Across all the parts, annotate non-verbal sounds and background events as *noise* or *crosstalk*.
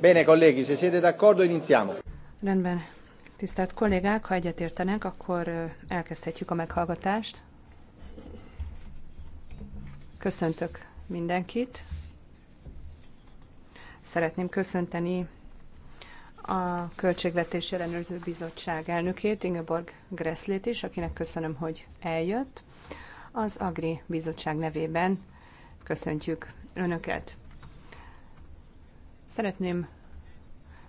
Bene, colleghi, se siete d'accordo iniziamo. Rendben. Tisztelt kollégák, ha egyetértenek, akkor elkezdhetjük a meghallgatást. Köszöntök mindenkit. Szeretném köszönteni a Költségvetési Ellenőrző Bizottság elnökét, Ingeborg Gresslét is, akinek köszönöm, hogy eljött. Az Agri Bizottság nevében köszöntjük Önöket. Szeretném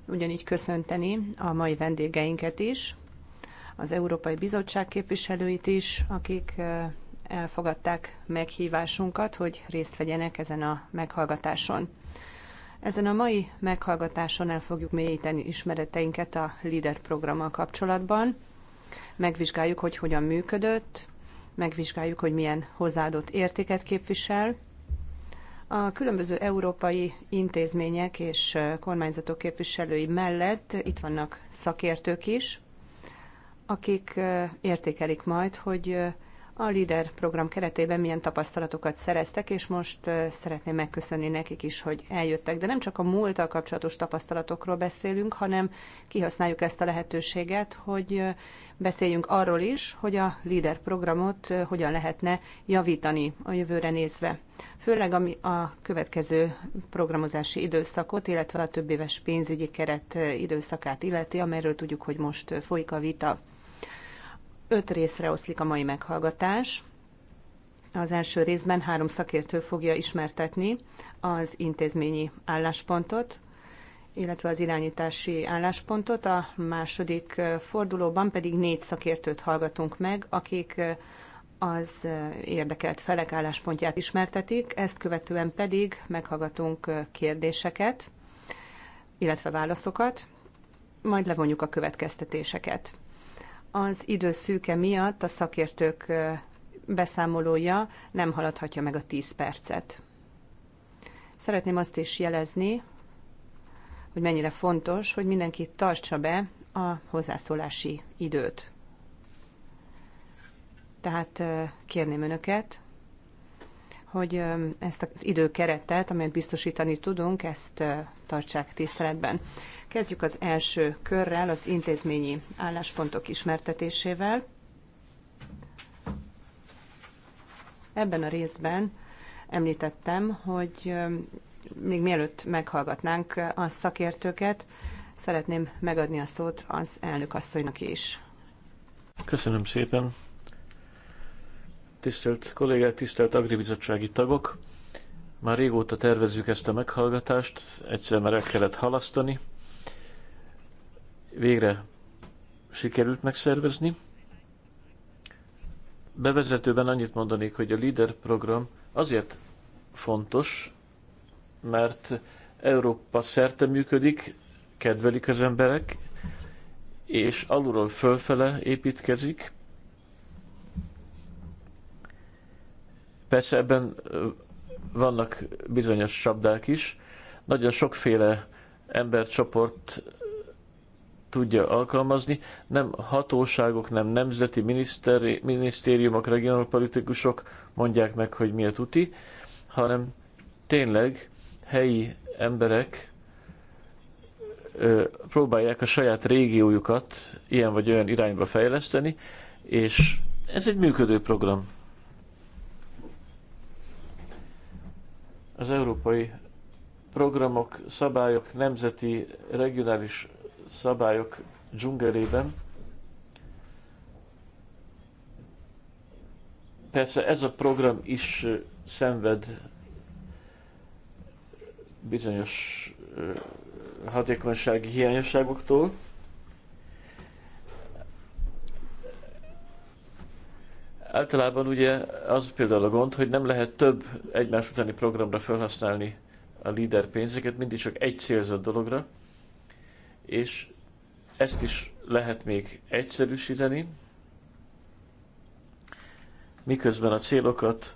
ugyanígy köszönteni a mai vendégeinket is, az Európai Bizottság képviselőit is, akik elfogadták meghívásunkat, hogy részt vegyenek ezen a meghallgatáson. Ezen a mai meghallgatáson el fogjuk mélyíteni ismereteinket a LEADER programmal kapcsolatban. Megvizsgáljuk, hogy hogyan működött, megvizsgáljuk, hogy milyen hozzáadott értéket képvisel, a különböző európai intézmények és kormányzatok képviselői mellett itt vannak szakértők is, akik értékelik majd, hogy a LIDER program keretében milyen tapasztalatokat szereztek, és most szeretném megköszönni nekik is, hogy eljöttek. De nem csak a múltal kapcsolatos tapasztalatokról beszélünk, hanem kihasználjuk ezt a lehetőséget, hogy beszéljünk arról is, hogy a LIDER programot hogyan lehetne javítani a jövőre nézve. Főleg ami a következő programozási időszakot, illetve a többéves pénzügyi keret időszakát illeti, amelyről tudjuk, hogy most folyik a vita. Öt részre oszlik a mai meghallgatás. Az első részben három szakértő fogja ismertetni az intézményi álláspontot, illetve az irányítási álláspontot. A második fordulóban pedig négy szakértőt hallgatunk meg, akik az érdekelt felek álláspontját ismertetik, ezt követően pedig meghallgatunk kérdéseket, illetve válaszokat, majd levonjuk a következtetéseket. Az idő szűke miatt a szakértők beszámolója nem haladhatja meg a 10 percet. Szeretném azt is jelezni, hogy mennyire fontos, hogy mindenki tartsa be a hozzászólási időt. Tehát kérném önöket, hogy ezt az időkeretet, amelyet biztosítani tudunk, ezt tartsák tiszteletben. Kezdjük az első körrel, az intézményi álláspontok ismertetésével. Ebben a részben említettem, hogy még mielőtt meghallgatnánk a szakértőket, szeretném megadni a szót az elnök asszonynak is. Köszönöm szépen. Tisztelt kollégák, tisztelt agribizottsági tagok! Már régóta tervezzük ezt a meghallgatást, egyszer már el kellett halasztani. Végre sikerült megszervezni. Bevezetőben annyit mondanék, hogy a LEADER program azért fontos, mert Európa szerte működik, kedvelik az emberek, és alulról fölfele építkezik, Persze ebben vannak bizonyos csapdák is. Nagyon sokféle embercsoport tudja alkalmazni. Nem hatóságok, nem nemzeti miniszteri, minisztériumok, regionálpolitikusok mondják meg, hogy mi a tuti, hanem tényleg helyi emberek ö, próbálják a saját régiójukat ilyen vagy olyan irányba fejleszteni, és ez egy működő program. az európai programok, szabályok, nemzeti, regionális szabályok dzsungelében. Persze ez a program is szenved bizonyos hatékonysági hiányosságoktól, Általában ugye az például a gond, hogy nem lehet több egymás utáni programra felhasználni a líder pénzeket, mindig csak egy célzott dologra, és ezt is lehet még egyszerűsíteni, miközben a célokat,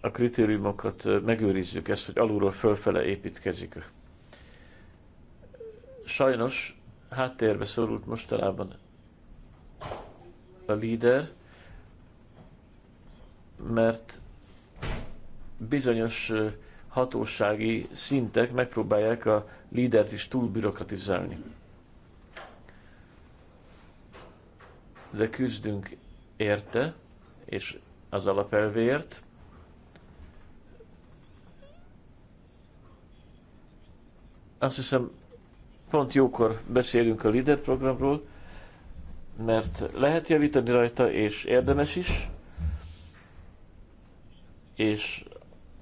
a kritériumokat megőrizzük, ezt, hogy alulról fölfele építkezik. Sajnos háttérbe szorult mostanában a líder, mert bizonyos hatósági szintek megpróbálják a lídert is túl bürokratizálni. De küzdünk érte, és az alapelvéért. Azt hiszem, pont jókor beszélünk a LIDER programról, mert lehet javítani rajta, és érdemes is, és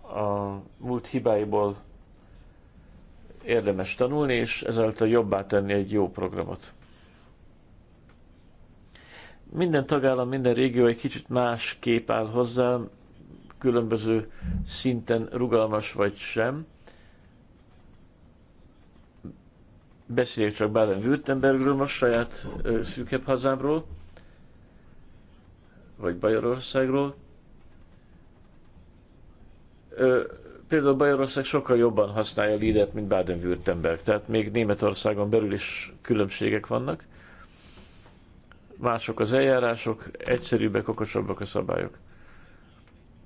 a múlt hibáiból érdemes tanulni, és ezáltal jobbá tenni egy jó programot. Minden tagállam, minden régió egy kicsit más kép áll hozzá, különböző szinten rugalmas vagy sem. Beszéljük csak Bálen württembergről a saját szűkebb hazámról, vagy Bajorországról például Bajorország sokkal jobban használja Lidet, mint Baden-Württemberg, tehát még Németországon belül is különbségek vannak. Mások az eljárások, egyszerűbbek, okosabbak a szabályok.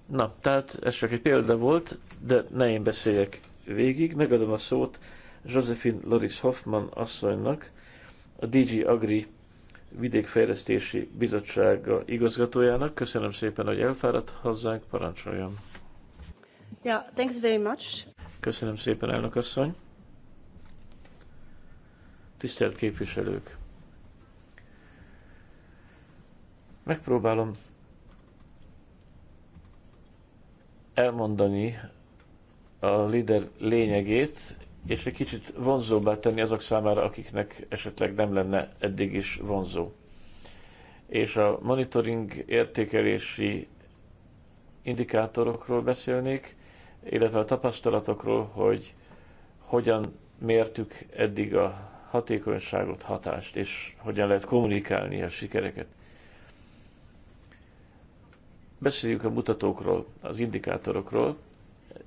Na, tehát ez csak egy példa volt, de ne én beszéljek végig. Megadom a szót Josephine Loris Hoffman asszonynak, a DG Agri Vidékfejlesztési Bizottsága igazgatójának. Köszönöm szépen, hogy elfáradt hozzánk, parancsoljon! Yeah, thanks very much. Köszönöm szépen, elnök asszony. Tisztelt képviselők! Megpróbálom elmondani a líder lényegét, és egy kicsit vonzóbbá tenni azok számára, akiknek esetleg nem lenne eddig is vonzó. És a monitoring értékelési indikátorokról beszélnék, illetve a tapasztalatokról, hogy hogyan mértük eddig a hatékonyságot, hatást, és hogyan lehet kommunikálni a sikereket. Beszéljük a mutatókról, az indikátorokról.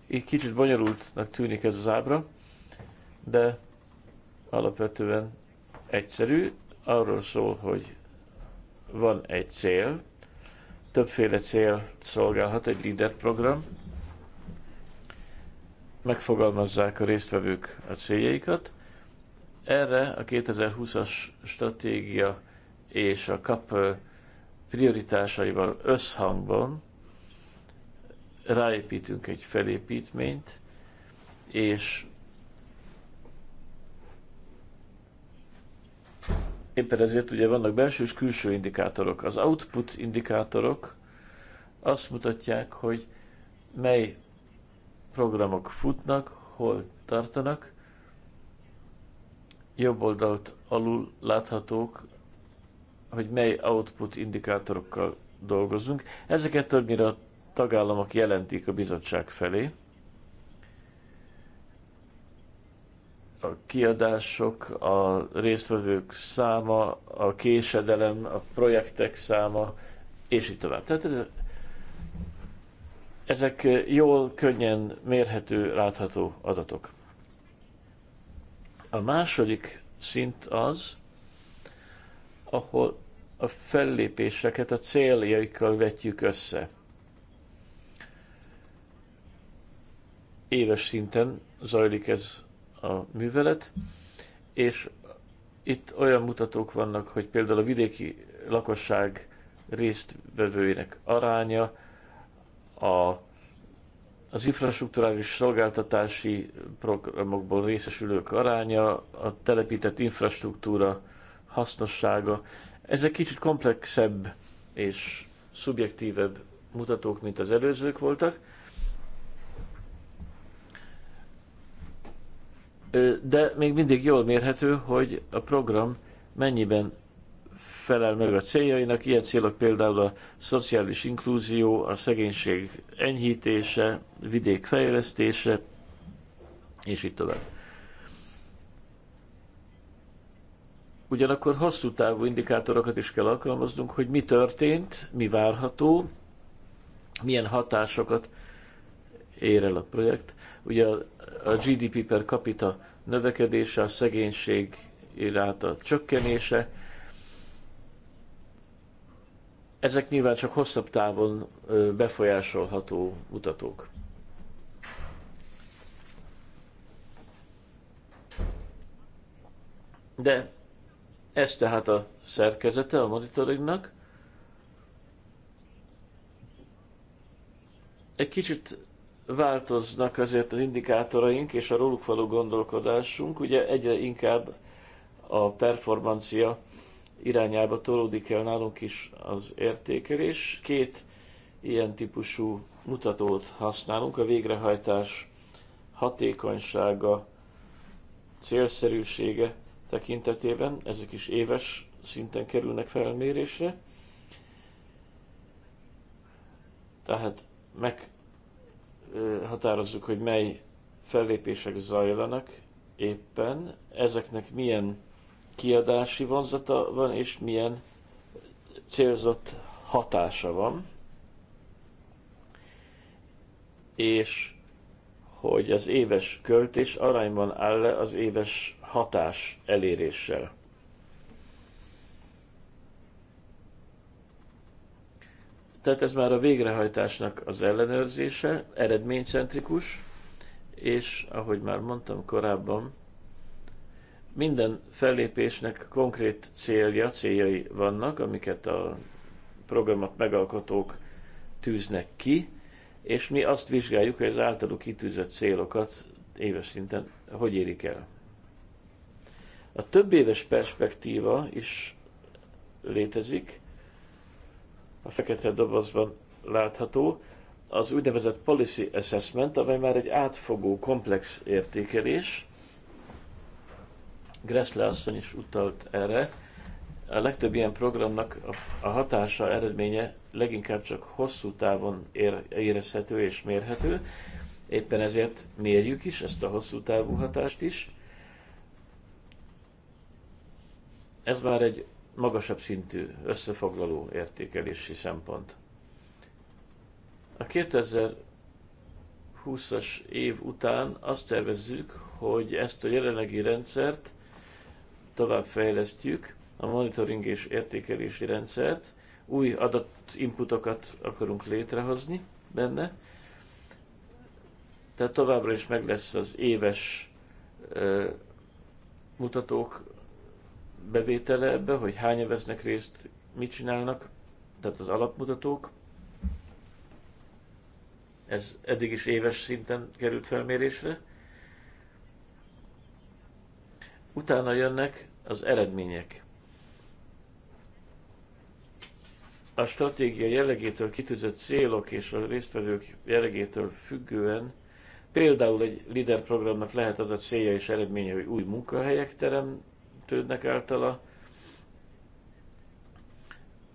Így kicsit bonyolultnak tűnik ez az ábra, de alapvetően egyszerű. Arról szól, hogy van egy cél, többféle cél szolgálhat egy leader program, megfogalmazzák a résztvevők a céljaikat. Erre a 2020-as stratégia és a kap prioritásaival összhangban ráépítünk egy felépítményt, és éppen ezért ugye vannak belső és külső indikátorok. Az output indikátorok azt mutatják, hogy mely programok futnak, hol tartanak. Jobb oldalt alul láthatók, hogy mely output indikátorokkal dolgozunk. Ezeket többnyire a tagállamok jelentik a bizottság felé. A kiadások, a résztvevők száma, a késedelem, a projektek száma, és így tovább. Tehát ez ezek eh, jól, könnyen mérhető, látható adatok. A második szint az, ahol a fellépéseket a céljaikkal vetjük össze. Éves szinten zajlik ez a művelet, és itt olyan mutatók vannak, hogy például a vidéki lakosság résztvevőinek aránya, a, az infrastruktúrális szolgáltatási programokból részesülők aránya, a telepített infrastruktúra hasznossága. Ezek kicsit komplexebb és szubjektívebb mutatók, mint az előzők voltak. De még mindig jól mérhető, hogy a program mennyiben felel meg a céljainak, ilyen célok például a szociális inklúzió, a szegénység enyhítése, vidék fejlesztése, és így tovább. Ugyanakkor hosszú távú indikátorokat is kell alkalmaznunk, hogy mi történt, mi várható, milyen hatásokat ér el a projekt. Ugye a GDP per capita növekedése, a szegénység a csökkenése, ezek nyilván csak hosszabb távon befolyásolható mutatók. De ez tehát a szerkezete a monitoringnak. Egy kicsit változnak azért az indikátoraink és a róluk való gondolkodásunk, ugye egyre inkább a performancia irányába tolódik el nálunk is az értékelés. Két ilyen típusú mutatót használunk, a végrehajtás hatékonysága, célszerűsége tekintetében, ezek is éves szinten kerülnek felmérésre. Tehát meghatározzuk, hogy mely fellépések zajlanak éppen, ezeknek milyen kiadási vonzata van, és milyen célzott hatása van, és hogy az éves költés arányban áll-e az éves hatás eléréssel. Tehát ez már a végrehajtásnak az ellenőrzése, eredménycentrikus, és ahogy már mondtam korábban, minden fellépésnek konkrét célja, céljai vannak, amiket a programot megalkotók tűznek ki, és mi azt vizsgáljuk, hogy az általuk kitűzött célokat éves szinten hogy érik el. A több éves perspektíva is létezik, a fekete dobozban látható, az úgynevezett policy assessment, amely már egy átfogó, komplex értékelés, Gressle asszony is utalt erre, a legtöbb ilyen programnak a hatása, eredménye leginkább csak hosszú távon ér, érezhető és mérhető, éppen ezért mérjük is ezt a hosszú távú hatást is. Ez már egy magasabb szintű, összefoglaló értékelési szempont. A 2020-as év után azt tervezzük, hogy ezt a jelenlegi rendszert továbbfejlesztjük a monitoring és értékelési rendszert, új inputokat akarunk létrehozni benne, tehát továbbra is meg lesz az éves ö, mutatók bevétele ebbe, hogy hány vesznek részt, mit csinálnak, tehát az alapmutatók. Ez eddig is éves szinten került felmérésre. Utána jönnek az eredmények. A stratégia jellegétől kitűzött célok és a résztvevők jellegétől függően például egy LIDER programnak lehet az a célja és eredménye, hogy új munkahelyek teremtődnek általa,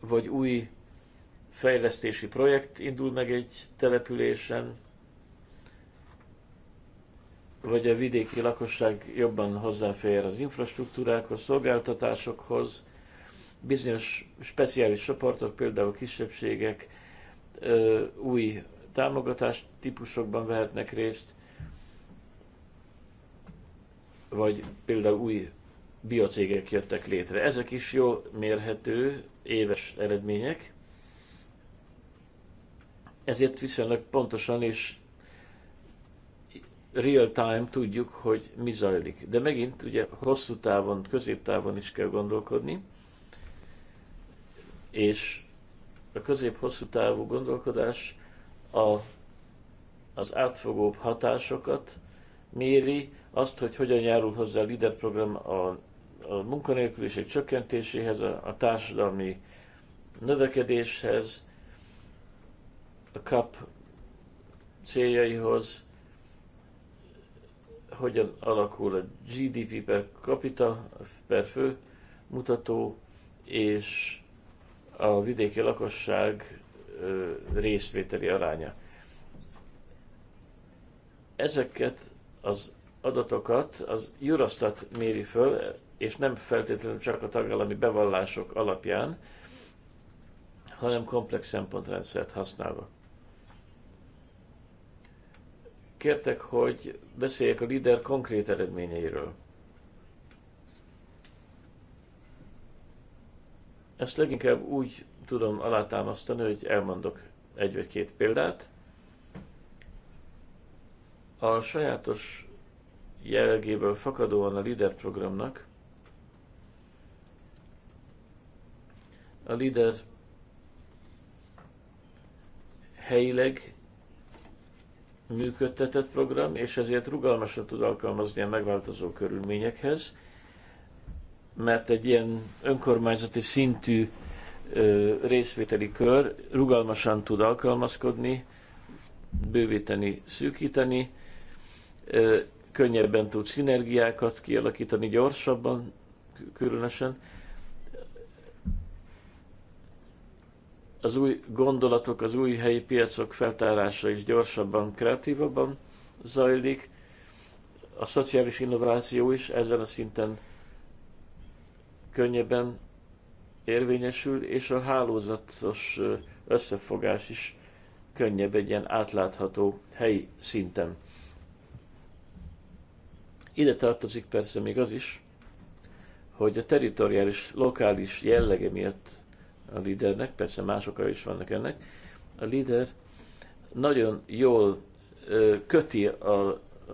vagy új fejlesztési projekt indul meg egy településen, vagy a vidéki lakosság jobban hozzáfér az infrastruktúrákhoz, szolgáltatásokhoz, bizonyos speciális csoportok, például kisebbségek új támogatás típusokban vehetnek részt, vagy például új biocégek jöttek létre. Ezek is jó mérhető éves eredmények, ezért viszonylag pontosan és real time tudjuk, hogy mi zajlik. De megint ugye hosszú távon, középtávon is kell gondolkodni, és a közép-hosszú távú gondolkodás a, az átfogóbb hatásokat méri, azt, hogy hogyan járul hozzá a LIDER program a, a munkanélküliség csökkentéséhez, a, a társadalmi növekedéshez, a CAP céljaihoz, hogyan alakul a GDP per capita, per fő mutató, és a vidéki lakosság részvételi aránya. Ezeket az adatokat az Eurostat méri föl, és nem feltétlenül csak a tagállami bevallások alapján, hanem komplex szempontrendszert használva kértek, hogy beszéljek a líder konkrét eredményeiről. Ezt leginkább úgy tudom alátámasztani, hogy elmondok egy vagy két példát. A sajátos jellegéből fakadóan a LIDER programnak a LIDER helyileg működtetett program, és ezért rugalmasan tud alkalmazni a megváltozó körülményekhez, mert egy ilyen önkormányzati szintű ö, részvételi kör rugalmasan tud alkalmazkodni, bővíteni, szűkíteni, ö, könnyebben tud szinergiákat kialakítani, gyorsabban különösen, az új gondolatok, az új helyi piacok feltárása is gyorsabban, kreatívabban zajlik. A szociális innováció is ezen a szinten könnyebben érvényesül, és a hálózatos összefogás is könnyebb egy ilyen átlátható helyi szinten. Ide tartozik persze még az is, hogy a teritoriális, lokális jellege miatt a lídernek, persze mások is vannak ennek. A líder nagyon jól köti a,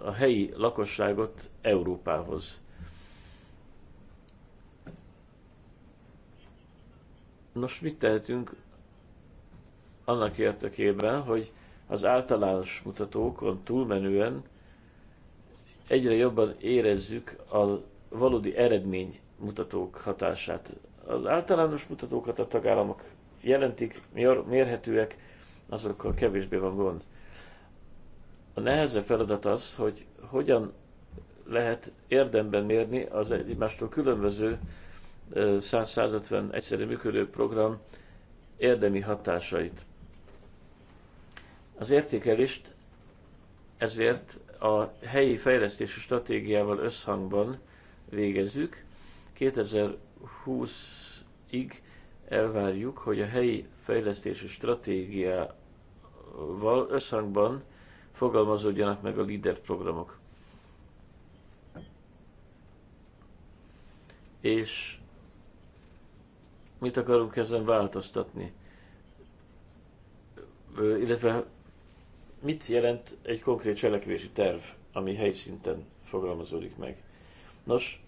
a helyi lakosságot Európához. Nos, mit tehetünk annak érdekében, hogy az általános mutatókon túlmenően egyre jobban érezzük a valódi eredmény mutatók hatását az általános mutatókat a tagállamok jelentik, mérhetőek, azokkal kevésbé van gond. A nehezebb feladat az, hogy hogyan lehet érdemben mérni az egymástól különböző 150 egyszerű működő program érdemi hatásait. Az értékelést ezért a helyi fejlesztési stratégiával összhangban végezzük. 2020 ig elvárjuk, hogy a helyi fejlesztési stratégiával összhangban fogalmazódjanak meg a LEADER programok. És mit akarunk ezen változtatni? illetve mit jelent egy konkrét cselekvési terv, ami helyszinten fogalmazódik meg? Nos,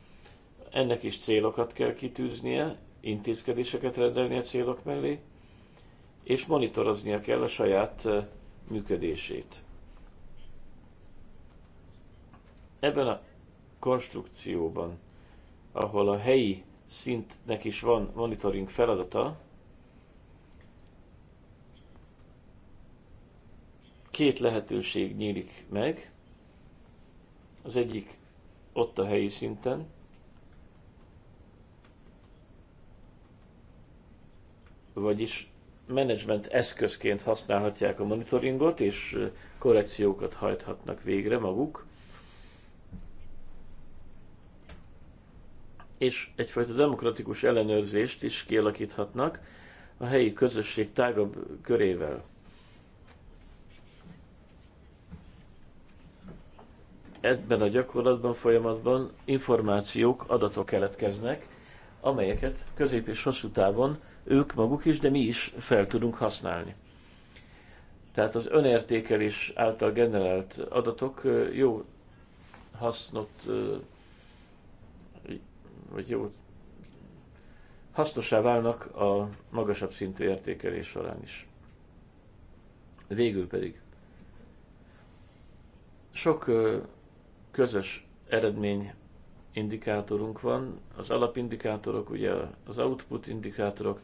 ennek is célokat kell kitűznie, intézkedéseket rendelni a célok mellé, és monitoroznia kell a saját működését. Ebben a konstrukcióban, ahol a helyi szintnek is van monitoring feladata, két lehetőség nyílik meg. Az egyik ott a helyi szinten, vagyis menedzsment eszközként használhatják a monitoringot, és korrekciókat hajthatnak végre maguk, és egyfajta demokratikus ellenőrzést is kialakíthatnak a helyi közösség tágabb körével. Ebben a gyakorlatban, folyamatban információk, adatok keletkeznek, amelyeket közép és hosszú távon ők maguk is, de mi is fel tudunk használni. Tehát az önértékelés által generált adatok jó hasznot, vagy jó hasznosá válnak a magasabb szintű értékelés során is. Végül pedig sok közös eredmény indikátorunk van, az alapindikátorok, ugye az output indikátorok,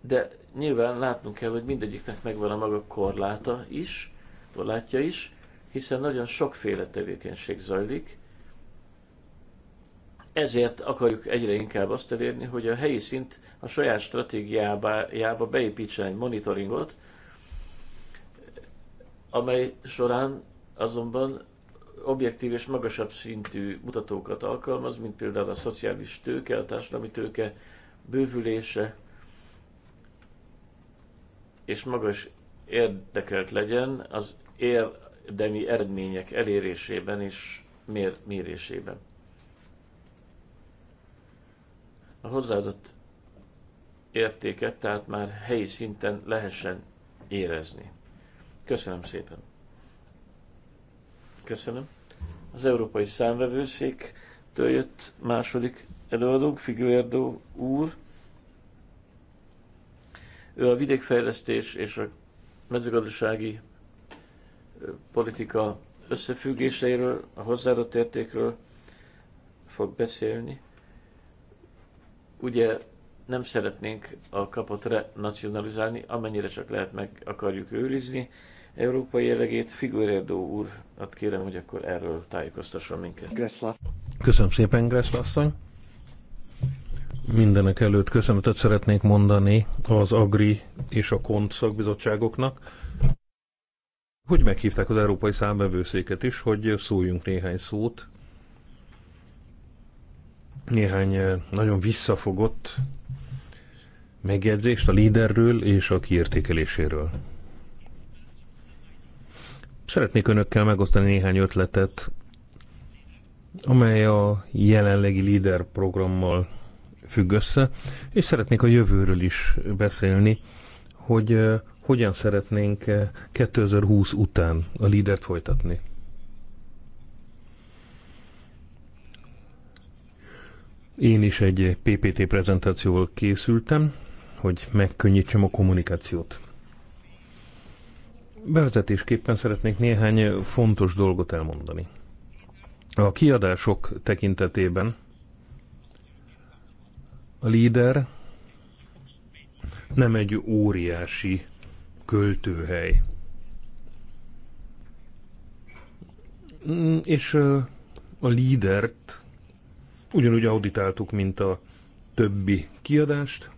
de nyilván látnunk kell, hogy mindegyiknek megvan a maga korláta is, korlátja is, hiszen nagyon sokféle tevékenység zajlik, ezért akarjuk egyre inkább azt elérni, hogy a helyi szint a saját stratégiába beépítsen egy monitoringot, amely során azonban objektív és magasabb szintű mutatókat alkalmaz, mint például a szociális tőke, a társadalmi tőke bővülése, és magas érdekelt legyen az érdemi eredmények elérésében és mér, mérésében. A hozzáadott értéket tehát már helyi szinten lehessen érezni. Köszönöm szépen! Köszönöm. Az Európai Számvevőszék jött második előadónk, Figuerdó úr. Ő a vidékfejlesztés és a mezőgazdasági politika összefüggéseiről, a hozzáadott értékről fog beszélni. Ugye nem szeretnénk a kapot renacionalizálni, amennyire csak lehet meg akarjuk őrizni, európai jellegét. Figueredo úr, hát kérem, hogy akkor erről tájékoztasson minket. Greszla. Köszönöm szépen, Greszla asszony. Mindenek előtt köszönetet szeretnék mondani az Agri és a Kont szakbizottságoknak, hogy meghívták az Európai Számbevőszéket is, hogy szóljunk néhány szót. Néhány eh, nagyon visszafogott megjegyzést a líderről és a kiértékeléséről. Szeretnék önökkel megosztani néhány ötletet, amely a jelenlegi LEADER programmal függ össze, és szeretnék a jövőről is beszélni, hogy eh, hogyan szeretnénk 2020 eh, után a lídert folytatni. Én is egy PPT prezentációval készültem, hogy megkönnyítsem a kommunikációt. Bevezetésképpen szeretnék néhány fontos dolgot elmondani. A kiadások tekintetében a líder nem egy óriási költőhely. És a lídert ugyanúgy auditáltuk, mint a többi kiadást,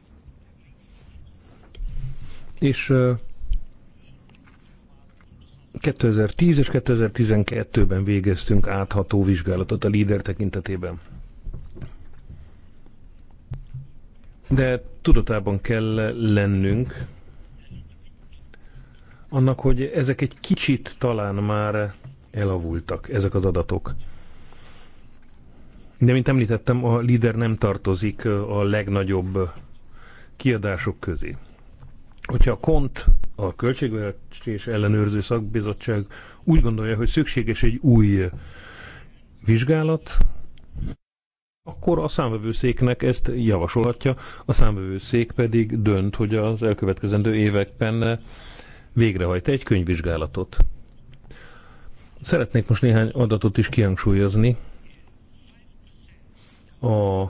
és 2010 és 2012-ben végeztünk átható vizsgálatot a líder tekintetében. De tudatában kell lennünk annak, hogy ezek egy kicsit talán már elavultak, ezek az adatok. De mint említettem, a líder nem tartozik a legnagyobb kiadások közé. Hogyha a kont a Költségvetés Ellenőrző Szakbizottság úgy gondolja, hogy szükséges egy új vizsgálat, akkor a számvevőszéknek ezt javasolhatja, a számvevőszék pedig dönt, hogy az elkövetkezendő években végrehajt egy könyvvizsgálatot. Szeretnék most néhány adatot is kihangsúlyozni. A,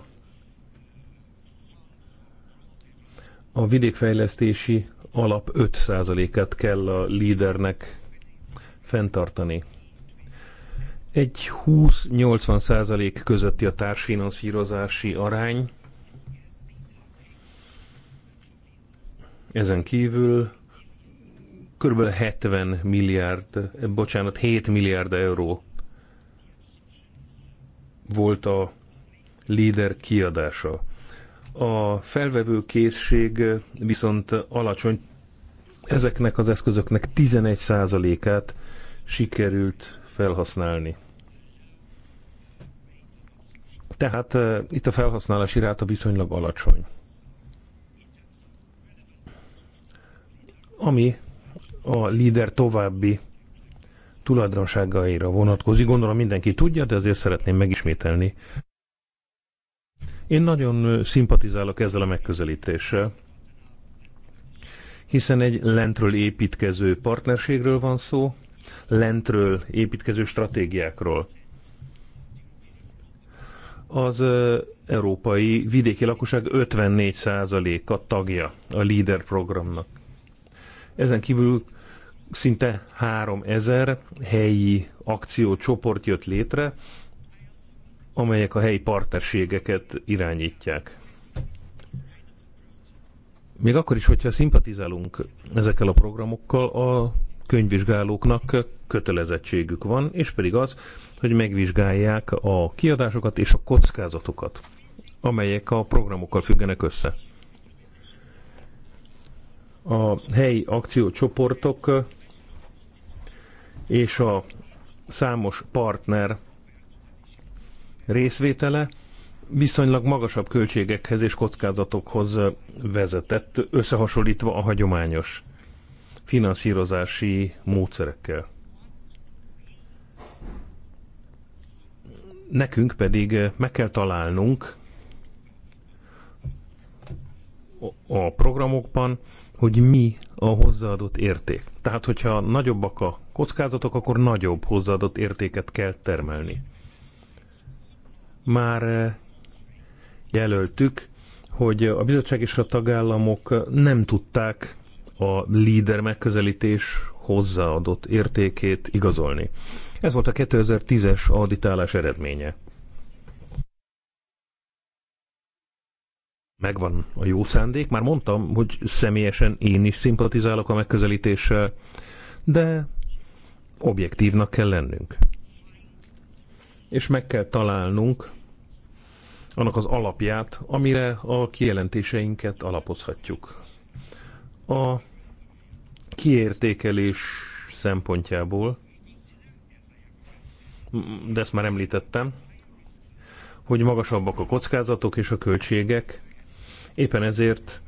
a vidékfejlesztési alap 5%-át kell a lídernek fenntartani. Egy 20-80% közötti a társfinanszírozási arány. Ezen kívül kb. 70 milliárd, bocsánat, 7 milliárd euró volt a líder kiadása. A felvevő készség viszont alacsony. Ezeknek az eszközöknek 11%-át sikerült felhasználni. Tehát eh, itt a felhasználási ráta viszonylag alacsony. Ami a líder további tulajdonságaira vonatkozik. Gondolom mindenki tudja, de azért szeretném megismételni, én nagyon szimpatizálok ezzel a megközelítéssel, hiszen egy lentről építkező partnerségről van szó, lentről építkező stratégiákról. Az európai vidéki lakosság 54%-a tagja a LEADER programnak. Ezen kívül szinte 3000 helyi akciócsoport jött létre, amelyek a helyi partnerségeket irányítják. Még akkor is, hogyha szimpatizálunk ezekkel a programokkal, a könyvvizsgálóknak kötelezettségük van, és pedig az, hogy megvizsgálják a kiadásokat és a kockázatokat, amelyek a programokkal függenek össze. A helyi akciócsoportok és a számos partner részvétele viszonylag magasabb költségekhez és kockázatokhoz vezetett, összehasonlítva a hagyományos finanszírozási módszerekkel. Nekünk pedig meg kell találnunk a programokban, hogy mi a hozzáadott érték. Tehát, hogyha nagyobbak a kockázatok, akkor nagyobb hozzáadott értéket kell termelni már eh, jelöltük, hogy a bizottság és a tagállamok nem tudták a líder megközelítés hozzáadott értékét igazolni. Ez volt a 2010-es auditálás eredménye. Megvan a jó szándék, már mondtam, hogy személyesen én is szimpatizálok a megközelítéssel, de objektívnak kell lennünk és meg kell találnunk annak az alapját, amire a kijelentéseinket alapozhatjuk. A kiértékelés szempontjából, de ezt már említettem, hogy magasabbak a kockázatok és a költségek, éppen ezért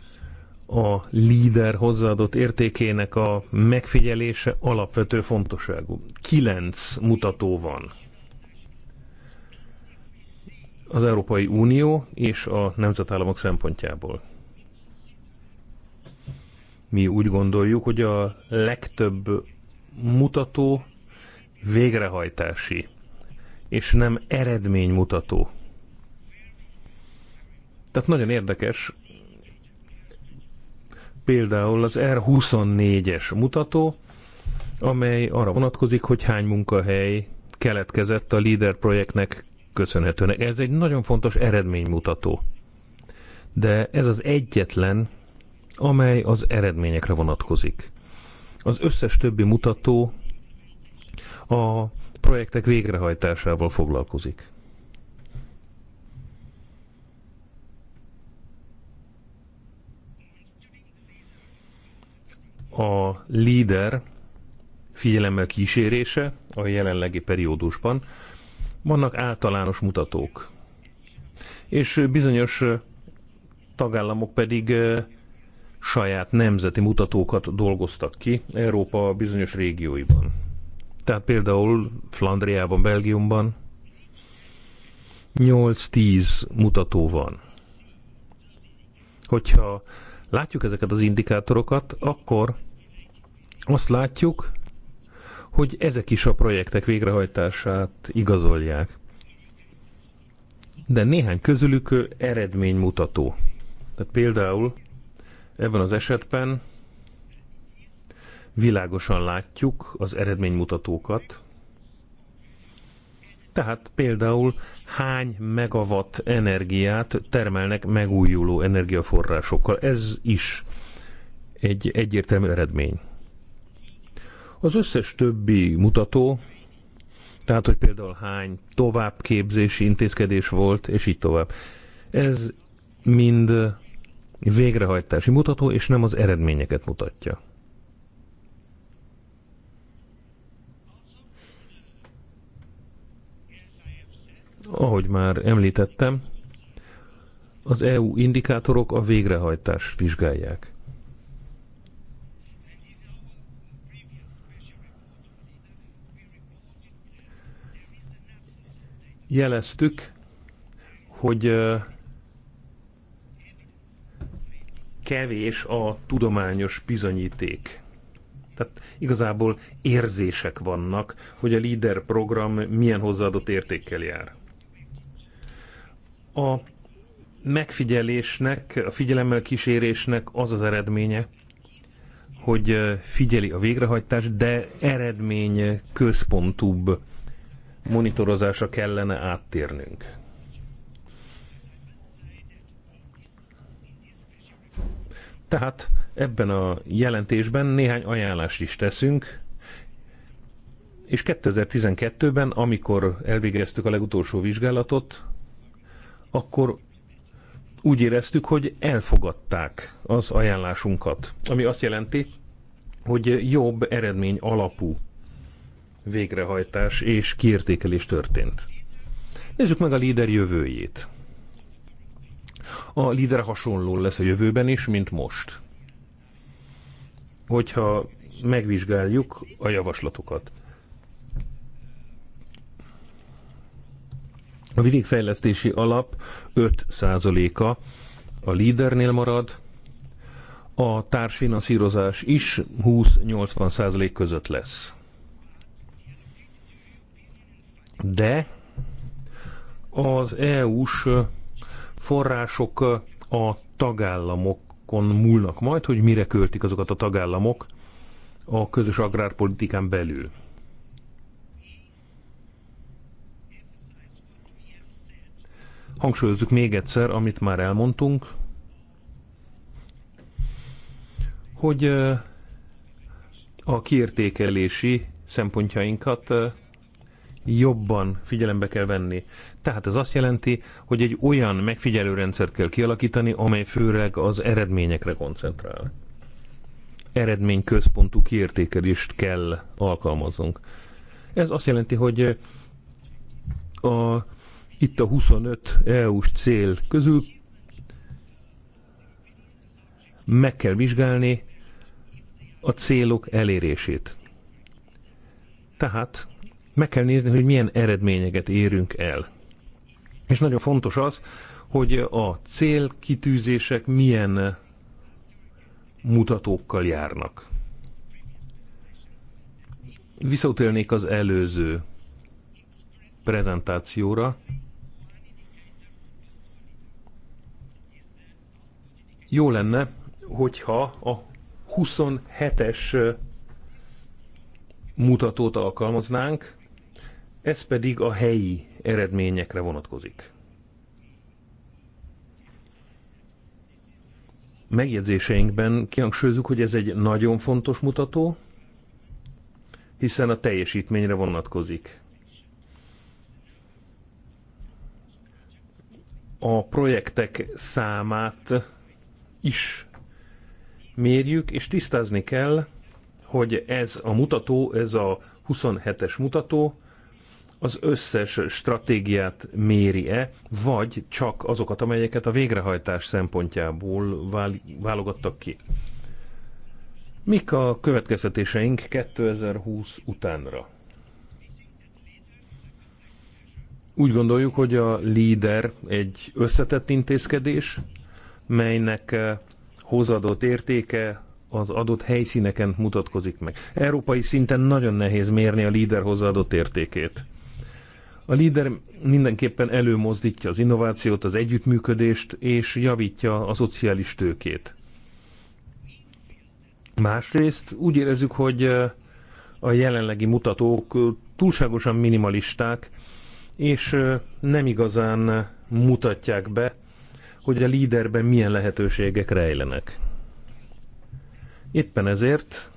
a líder hozzáadott értékének a megfigyelése alapvető fontosságú. Kilenc mutató van az Európai Unió és a nemzetállamok szempontjából. Mi úgy gondoljuk, hogy a legtöbb mutató végrehajtási, és nem eredménymutató. Tehát nagyon érdekes, például az R24-es mutató, amely arra vonatkozik, hogy hány munkahely keletkezett a LEADER projektnek köszönhetően. Ez egy nagyon fontos eredménymutató. De ez az egyetlen, amely az eredményekre vonatkozik. Az összes többi mutató a projektek végrehajtásával foglalkozik. A líder figyelemmel kísérése a jelenlegi periódusban vannak általános mutatók, és bizonyos tagállamok pedig saját nemzeti mutatókat dolgoztak ki Európa bizonyos régióiban. Tehát például Flandriában, Belgiumban 8-10 mutató van. Hogyha látjuk ezeket az indikátorokat, akkor azt látjuk, hogy ezek is a projektek végrehajtását igazolják. De néhány közülük eredménymutató. Tehát például ebben az esetben világosan látjuk az eredménymutatókat, tehát például hány megawatt energiát termelnek megújuló energiaforrásokkal. Ez is egy egyértelmű eredmény. Az összes többi mutató, tehát hogy például hány továbbképzési intézkedés volt, és így tovább. Ez mind végrehajtási mutató, és nem az eredményeket mutatja. Ahogy már említettem, az EU indikátorok a végrehajtást vizsgálják. jeleztük, hogy kevés a tudományos bizonyíték. Tehát igazából érzések vannak, hogy a LEADER program milyen hozzáadott értékkel jár. A megfigyelésnek, a figyelemmel kísérésnek az az eredménye, hogy figyeli a végrehajtást, de eredmény központúbb Monitorozása kellene áttérnünk. Tehát ebben a jelentésben néhány ajánlást is teszünk, és 2012-ben, amikor elvégeztük a legutolsó vizsgálatot, akkor úgy éreztük, hogy elfogadták az ajánlásunkat, ami azt jelenti, hogy jobb eredmény alapú végrehajtás és kiértékelés történt. Nézzük meg a líder jövőjét. A líder hasonló lesz a jövőben is, mint most. Hogyha megvizsgáljuk a javaslatokat. A vidékfejlesztési alap 5%-a a lídernél marad, a társfinanszírozás is 20-80% között lesz de az EU-s források a tagállamokon múlnak majd, hogy mire költik azokat a tagállamok a közös agrárpolitikán belül. Hangsúlyozzuk még egyszer, amit már elmondtunk, hogy a kiértékelési szempontjainkat jobban figyelembe kell venni. Tehát ez azt jelenti, hogy egy olyan rendszert kell kialakítani, amely főleg az eredményekre koncentrál. Eredményközpontú kiértékelést kell alkalmaznunk. Ez azt jelenti, hogy a, itt a 25 EU-s cél közül meg kell vizsgálni a célok elérését. Tehát meg kell nézni, hogy milyen eredményeket érünk el. És nagyon fontos az, hogy a célkitűzések milyen mutatókkal járnak. Visszautélnék az előző prezentációra. Jó lenne, hogyha a 27-es mutatót alkalmaznánk, ez pedig a helyi eredményekre vonatkozik. Megjegyzéseinkben kihangsúlyozunk, hogy ez egy nagyon fontos mutató, hiszen a teljesítményre vonatkozik. A projektek számát is mérjük, és tisztázni kell, hogy ez a mutató, ez a 27-es mutató az összes stratégiát méri-e, vagy csak azokat, amelyeket a végrehajtás szempontjából válogattak ki. Mik a következtetéseink 2020 utánra? Úgy gondoljuk, hogy a líder egy összetett intézkedés, melynek eh, hozadott értéke az adott helyszíneken mutatkozik meg. Európai szinten nagyon nehéz mérni a líder hozzáadott értékét. A líder mindenképpen előmozdítja az innovációt, az együttműködést, és javítja a szociális tőkét. Másrészt úgy érezzük, hogy a jelenlegi mutatók túlságosan minimalisták, és nem igazán mutatják be, hogy a líderben milyen lehetőségek rejlenek. Éppen ezért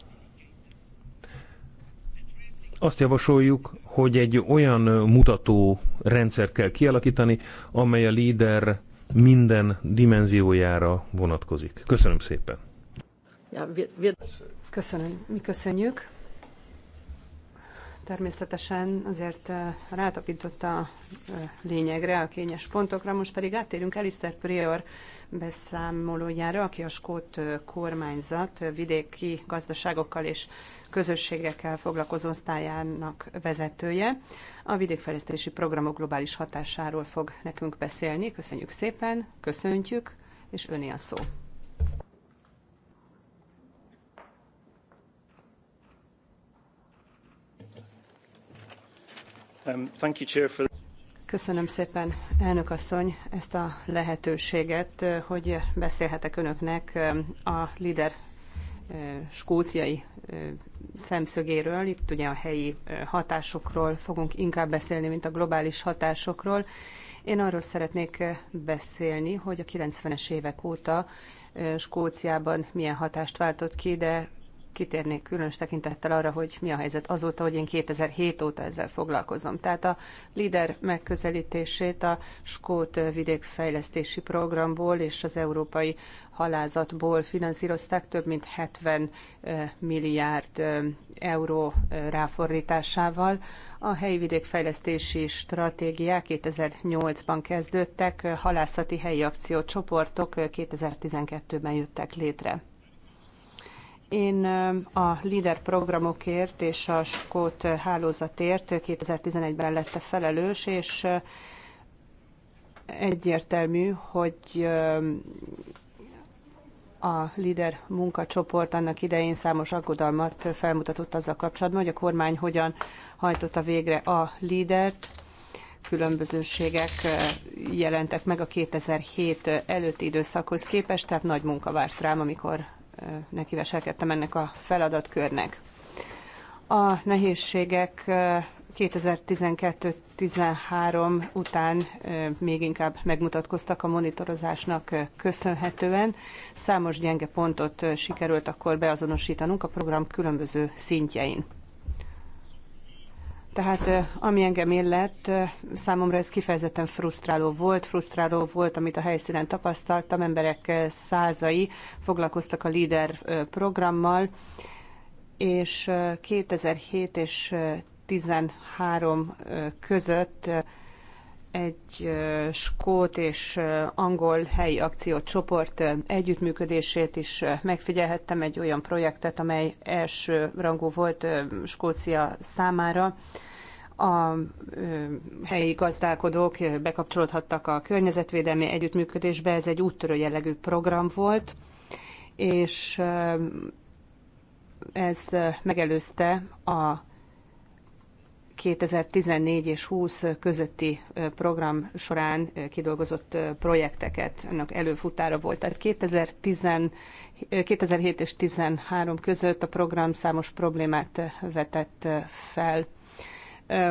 azt javasoljuk, hogy egy olyan mutató rendszert kell kialakítani, amely a líder minden dimenziójára vonatkozik. Köszönöm szépen! Köszönöm, mi köszönjük természetesen azért rátapintott a lényegre, a kényes pontokra. Most pedig áttérünk Elister Prior beszámolójára, aki a skót kormányzat vidéki gazdaságokkal és közösségekkel foglalkozó osztályának vezetője. A vidékfejlesztési programok globális hatásáról fog nekünk beszélni. Köszönjük szépen, köszöntjük, és öné a szó. Um, Köszönöm szépen, elnök asszony, ezt a lehetőséget, uh, hogy beszélhetek önöknek um, a Leader uh, skóciai uh, szemszögéről. Itt ugye a helyi hatásokról fogunk inkább beszélni, mint a globális hatásokról. Én arról szeretnék beszélni, hogy a 90-es évek óta Skóciában milyen hatást váltott ki, de kitérnék különös tekintettel arra, hogy mi a helyzet azóta, hogy én 2007 óta ezzel foglalkozom. Tehát a LIDER megközelítését a Skót vidékfejlesztési programból és az Európai Halázatból finanszírozták több mint 70 milliárd euró ráfordításával. A helyi vidékfejlesztési stratégiák 2008-ban kezdődtek, halászati helyi akciócsoportok 2012-ben jöttek létre. Én a LIDER programokért és a Skót hálózatért 2011-ben lette felelős, és egyértelmű, hogy a LIDER munkacsoport annak idején számos aggodalmat felmutatott azzal kapcsolatban, hogy a kormány hogyan hajtotta végre a LEADER-t, Különbözőségek jelentek meg a 2007 előtti időszakhoz képest, tehát nagy munka várt rám, amikor nekiveselkedtem ennek a feladatkörnek. A nehézségek 2012-13 után még inkább megmutatkoztak a monitorozásnak köszönhetően. Számos gyenge pontot sikerült akkor beazonosítanunk a program különböző szintjein. Tehát ami engem illet, számomra ez kifejezetten frusztráló volt. Frusztráló volt, amit a helyszínen tapasztaltam. Emberek százai foglalkoztak a LEADER programmal, és 2007 és 13 között egy skót és angol helyi akciócsoport együttműködését is megfigyelhettem, egy olyan projektet, amely első rangú volt Skócia számára a helyi gazdálkodók bekapcsolódhattak a környezetvédelmi együttműködésbe, ez egy úttörő jellegű program volt, és ez megelőzte a 2014 és 20 közötti program során kidolgozott projekteket, ennek előfutára volt. Tehát 2010, 2007 és 2013 között a program számos problémát vetett fel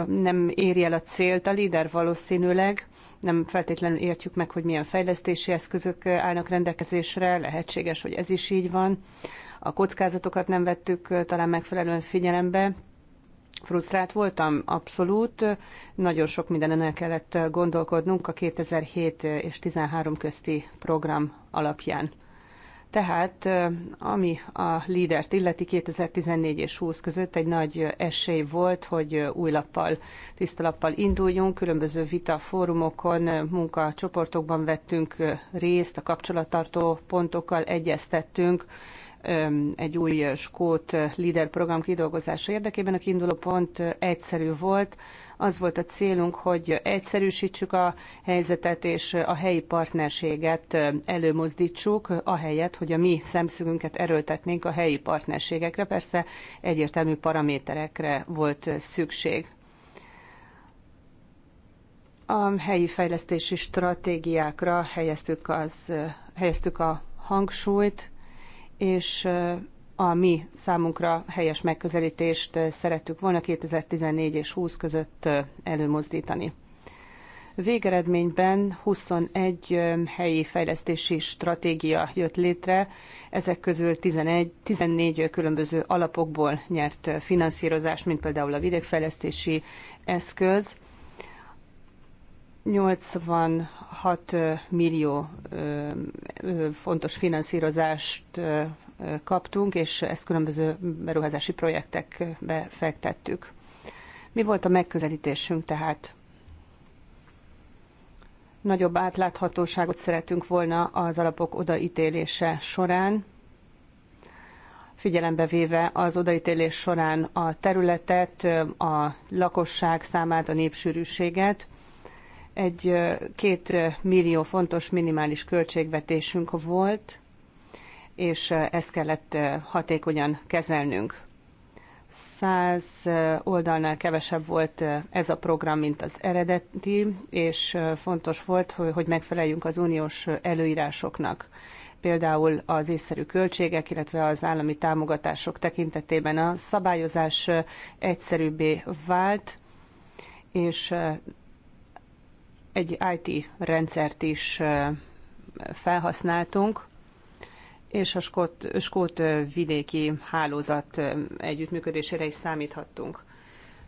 nem éri el a célt a líder valószínűleg, nem feltétlenül értjük meg, hogy milyen fejlesztési eszközök állnak rendelkezésre, lehetséges, hogy ez is így van. A kockázatokat nem vettük talán megfelelően figyelembe. Frusztrált voltam, abszolút. Nagyon sok mindenen el kellett gondolkodnunk a 2007 és 2013 közti program alapján. Tehát ami a lídert illeti 2014 és 20 között egy nagy esély volt, hogy új lappal, tiszta lappal induljunk, különböző vita fórumokon, munkacsoportokban vettünk részt, a kapcsolattartó pontokkal egyeztettünk, egy új skót program kidolgozása érdekében. A kiinduló pont egyszerű volt, az volt a célunk, hogy egyszerűsítsük a helyzetet és a helyi partnerséget előmozdítsuk, ahelyett, hogy a mi szemszögünket erőltetnénk a helyi partnerségekre. Persze egyértelmű paraméterekre volt szükség a helyi fejlesztési stratégiákra helyeztük, az, helyeztük a hangsúlyt, és a mi számunkra helyes megközelítést szerettük volna 2014 és 20 között előmozdítani. Végeredményben 21 helyi fejlesztési stratégia jött létre, ezek közül 11, 14 különböző alapokból nyert finanszírozás, mint például a vidékfejlesztési eszköz. 86 millió fontos finanszírozást kaptunk, és ezt különböző beruházási projektekbe fektettük. Mi volt a megközelítésünk tehát? Nagyobb átláthatóságot szeretünk volna az alapok odaítélése során, figyelembe véve az odaítélés során a területet, a lakosság számát, a népsűrűséget. Egy két millió fontos minimális költségvetésünk volt, és ezt kellett hatékonyan kezelnünk. Száz oldalnál kevesebb volt ez a program, mint az eredeti, és fontos volt, hogy megfeleljünk az uniós előírásoknak például az észszerű költségek, illetve az állami támogatások tekintetében a szabályozás egyszerűbbé vált, és egy IT rendszert is felhasználtunk, és a skót, skót vidéki hálózat együttműködésére is számíthattunk.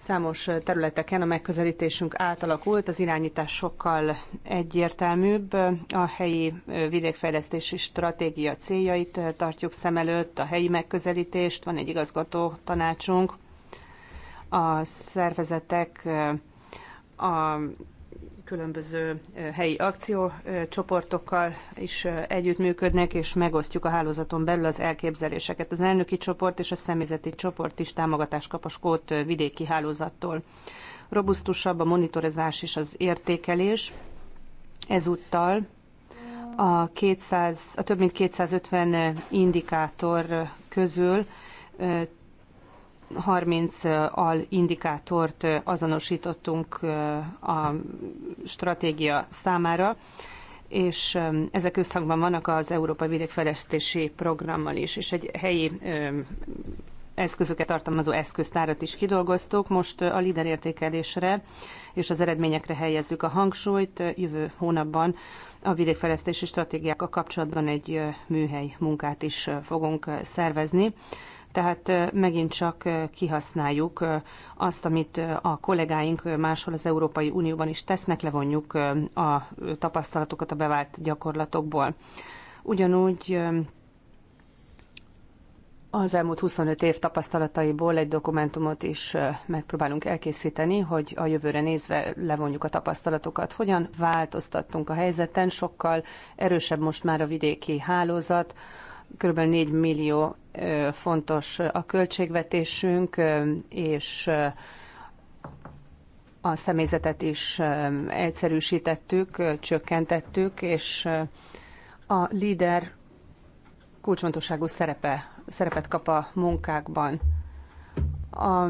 Számos területeken a megközelítésünk átalakult, az irányítás sokkal egyértelműbb, a helyi vidékfejlesztési stratégia céljait tartjuk szem előtt, a helyi megközelítést, van egy igazgató tanácsunk, a szervezetek a különböző helyi akciócsoportokkal is együttműködnek, és megosztjuk a hálózaton belül az elképzeléseket. Az elnöki csoport és a személyzeti csoport is támogatást kap a Skót vidéki hálózattól. Robusztusabb a monitorozás és az értékelés. Ezúttal a, 200, a több mint 250 indikátor közül 30 al indikátort azonosítottunk a stratégia számára, és ezek összhangban vannak az Európai Vidékfejlesztési Programmal is, és egy helyi eszközöket tartalmazó eszköztárat is kidolgoztuk. Most a LIDER értékelésre és az eredményekre helyezzük a hangsúlyt. Jövő hónapban a vidékfejlesztési stratégiákkal kapcsolatban egy műhely munkát is fogunk szervezni tehát megint csak kihasználjuk azt, amit a kollégáink máshol az Európai Unióban is tesznek, levonjuk a tapasztalatokat a bevált gyakorlatokból. Ugyanúgy az elmúlt 25 év tapasztalataiból egy dokumentumot is megpróbálunk elkészíteni, hogy a jövőre nézve levonjuk a tapasztalatokat. Hogyan változtattunk a helyzeten, sokkal erősebb most már a vidéki hálózat, kb. 4 millió fontos a költségvetésünk, és a személyzetet is egyszerűsítettük, csökkentettük, és a líder kulcsfontosságú szerepe, szerepet kap a munkákban. A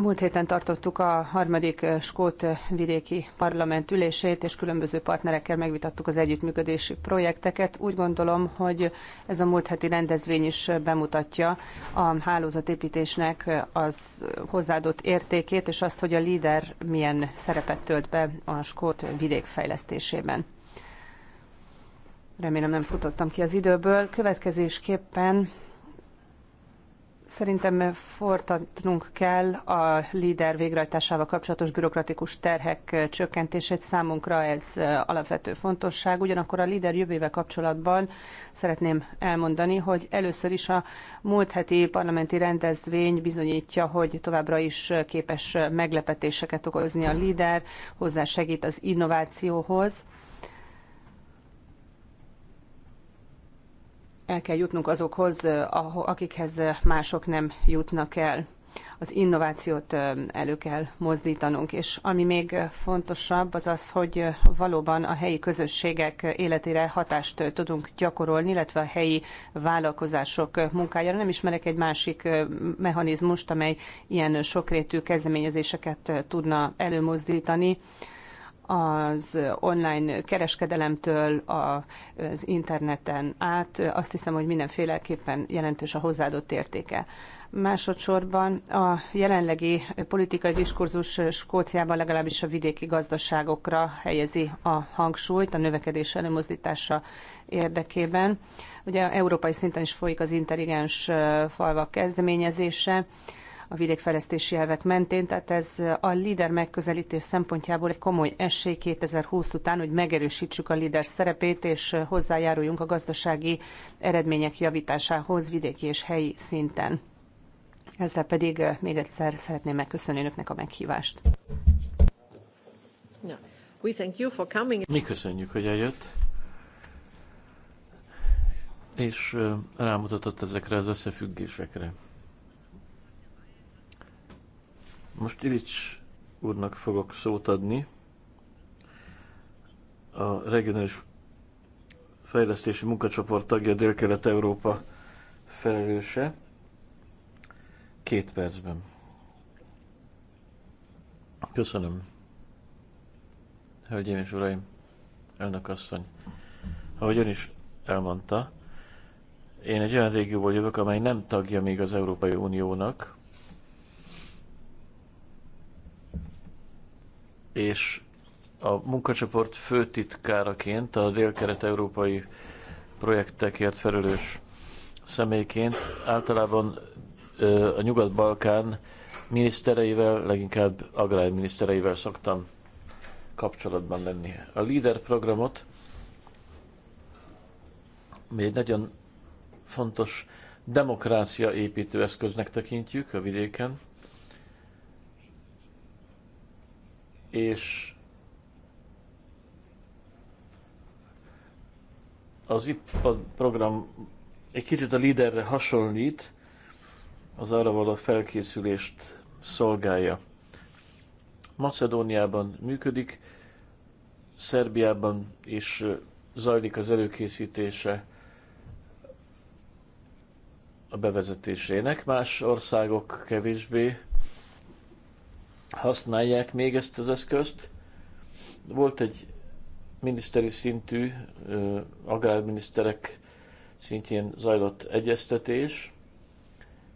Múlt héten tartottuk a harmadik eh, Skót eh, vidéki parlament ülését, és különböző partnerekkel megvitattuk az együttműködési projekteket. Úgy gondolom, hogy ez a múlt heti rendezvény is eh, bemutatja a hálózatépítésnek az hozzáadott értékét, és azt, hogy a líder milyen szerepet tölt be a Skót vidék fejlesztésében. Remélem nem futottam ki az időből. Következésképpen Szerintem fortatnunk kell a líder végrehajtásával kapcsolatos bürokratikus terhek csökkentését. Számunkra ez alapvető fontosság. Ugyanakkor a líder jövővel kapcsolatban szeretném elmondani, hogy először is a múlt heti parlamenti rendezvény bizonyítja, hogy továbbra is képes meglepetéseket okozni a líder, hozzá segít az innovációhoz el kell jutnunk azokhoz, eh, akikhez eh, mások nem jutnak el. Az innovációt eh, elő kell mozdítanunk, és ami még fontosabb, az az, hogy valóban a helyi közösségek életére hatást tudunk gyakorolni, illetve a helyi vállalkozások munkájára. Nem ismerek egy másik mechanizmust, amely ilyen sokrétű kezdeményezéseket tudna előmozdítani az online kereskedelemtől az interneten át, azt hiszem, hogy mindenféleképpen jelentős a hozzáadott értéke. Másodszorban a jelenlegi politikai diskurzus Skóciában legalábbis a vidéki gazdaságokra helyezi a hangsúlyt a növekedés előmozdítása érdekében. Ugye európai szinten is folyik az intelligens falvak kezdeményezése, a vidékfejlesztési elvek mentén, tehát ez a líder megközelítés szempontjából egy komoly esély 2020 után, hogy megerősítsük a líder szerepét, és hozzájáruljunk a gazdasági eredmények javításához vidéki és helyi szinten. Ezzel pedig eh, még egyszer szeretném megköszönni önöknek a meghívást. We thank you for coming. Mi köszönjük, hogy eljött és eh, rámutatott ezekre az összefüggésekre. Most Ilics úrnak fogok szót adni. A regionális fejlesztési munkacsoport tagja Dél-Kelet-Európa felelőse. Két percben. Köszönöm. Hölgyeim és uraim, elnök asszony. Ahogy ön is elmondta, én egy olyan régióból jövök, amely nem tagja még az Európai Uniónak, és a munkacsoport főtitkáraként, a dél európai projektekért felelős személyként általában a Nyugat-Balkán minisztereivel, leginkább agrárminisztereivel szoktam kapcsolatban lenni. A LEADER programot, mi egy nagyon fontos demokrácia építő eszköznek tekintjük a vidéken, és az IPA program egy kicsit a liderre hasonlít, az arra való felkészülést szolgálja. Macedóniában működik, Szerbiában is zajlik az előkészítése a bevezetésének, más országok kevésbé használják még ezt az eszközt. Volt egy miniszteri szintű, agrárminiszterek szintjén zajlott egyeztetés,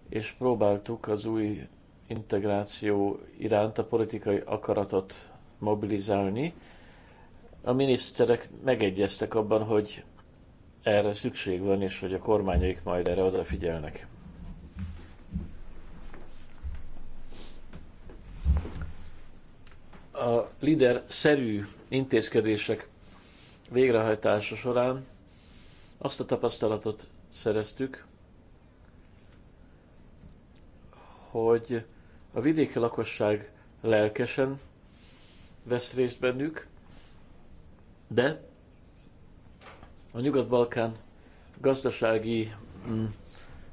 és próbáltuk az új integráció iránt a politikai akaratot mobilizálni. A miniszterek megegyeztek abban, hogy erre szükség van, és hogy a kormányaik majd erre odafigyelnek. a LIDER-szerű intézkedések végrehajtása során azt a tapasztalatot szereztük, hogy a vidéki lakosság lelkesen vesz részt bennük, de a Nyugat-Balkán gazdasági mm,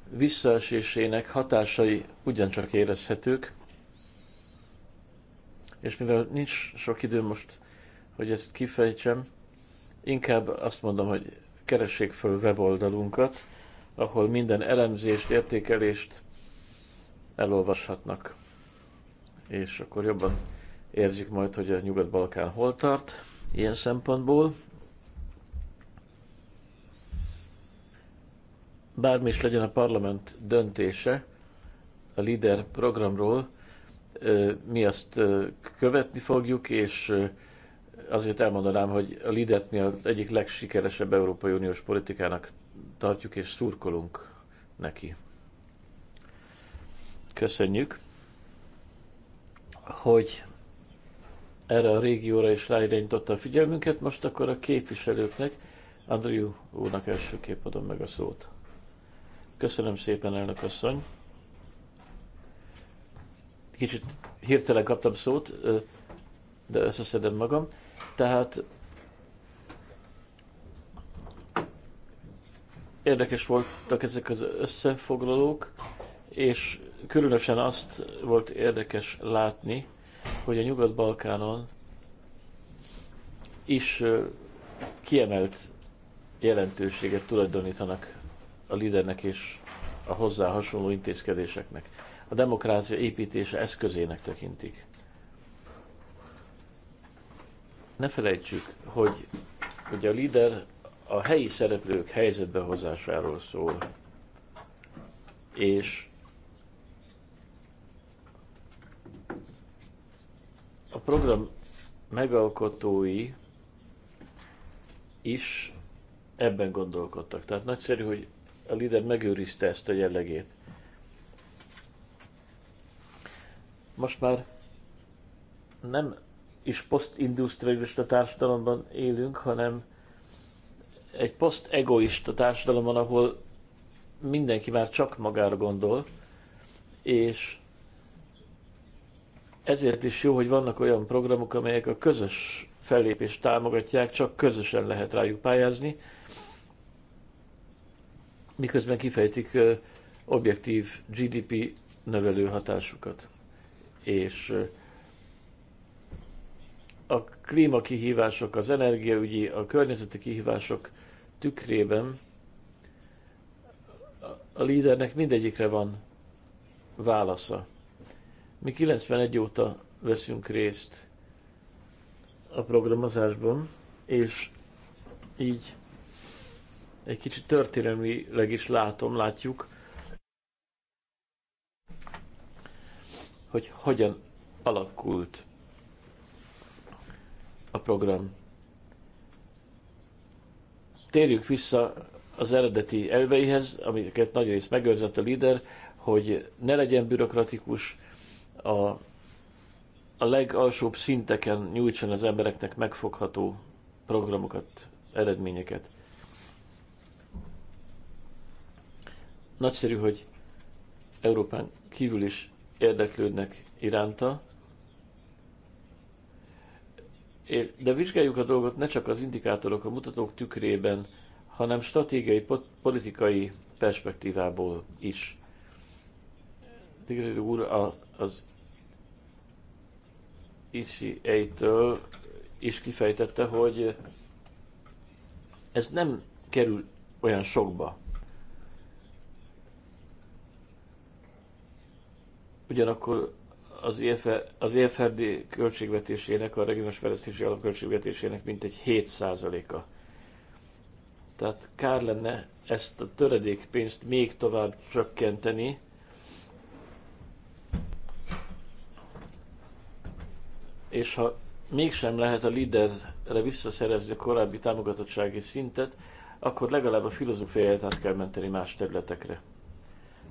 visszaesésének hatásai ugyancsak érezhetők és mivel nincs sok idő most, hogy ezt kifejtsem, inkább azt mondom, hogy keressék föl weboldalunkat, ahol minden elemzést, értékelést elolvashatnak. És akkor jobban érzik majd, hogy a Nyugat-Balkán hol tart ilyen szempontból. Bármi is legyen a parlament döntése a LIDER programról, mi azt követni fogjuk, és azért elmondanám, hogy a lidet mi az egyik legsikeresebb Európai Uniós politikának tartjuk, és szurkolunk neki. Köszönjük, hogy erre a régióra is ráirányította a figyelmünket, most akkor a képviselőknek, Andrew úrnak elsőképp adom meg a szót. Köszönöm szépen, elnök asszony! Kicsit hirtelen kaptam szót, de összeszedem magam. Tehát érdekes voltak ezek az összefoglalók, és különösen azt volt érdekes látni, hogy a Nyugat-Balkánon is kiemelt jelentőséget tulajdonítanak a lidernek és a hozzá hasonló intézkedéseknek a demokrácia építése eszközének tekintik. Ne felejtsük, hogy hogy a líder a helyi szereplők helyzetbehozásáról szól, és a program megalkotói is ebben gondolkodtak. Tehát nagyszerű, hogy a líder megőrizte ezt a jellegét. Most már nem is posztindustrialista társadalomban élünk, hanem egy posztegoista egoista társadalomban, ahol mindenki már csak magára gondol, és ezért is jó, hogy vannak olyan programok, amelyek a közös fellépést támogatják, csak közösen lehet rájuk pályázni, miközben kifejtik objektív GDP növelő hatásukat és a klímakihívások, az energiaügyi, a környezeti kihívások tükrében a lídernek mindegyikre van válasza. Mi 91 óta veszünk részt a programozásban, és így egy kicsit történelmileg is látom, látjuk, hogy hogyan alakult a program. térjük vissza az eredeti elveihez, amiket nagyrészt megőrzett a líder, hogy ne legyen bürokratikus, a, a legalsóbb szinteken nyújtson az embereknek megfogható programokat, eredményeket. Nagyszerű, hogy Európán kívül is érdeklődnek iránta. De vizsgáljuk a dolgot ne csak az indikátorok, a mutatók tükrében, hanem stratégiai, politikai perspektívából is. Tigrid úr a, az ica től is kifejtette, hogy ez nem kerül olyan sokba. Ugyanakkor az, EFR, az EFRD költségvetésének, a regionális fejlesztési alapköltségvetésének mintegy 7%-a. Tehát kár lenne ezt a töredék pénzt még tovább csökkenteni, és ha mégsem lehet a liderre visszaszerezni a korábbi támogatottsági szintet, akkor legalább a filozófiáját át kell menteni más területekre.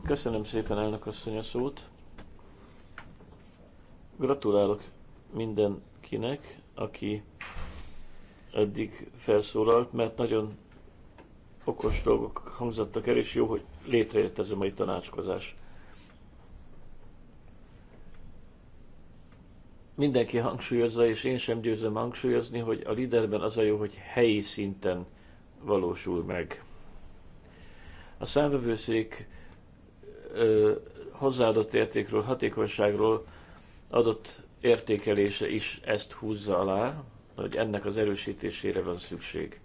Köszönöm szépen elnök asszony a szót! Gratulálok mindenkinek, aki eddig felszólalt, mert nagyon okos dolgok hangzottak el, és jó, hogy létrejött ez a mai tanácskozás. Mindenki hangsúlyozza, és én sem győzöm hangsúlyozni, hogy a liderben az a jó, hogy helyi szinten valósul meg. A számvevőszék hozzáadott értékről, hatékonyságról adott értékelése is ezt húzza alá, hogy ennek az erősítésére van szükség.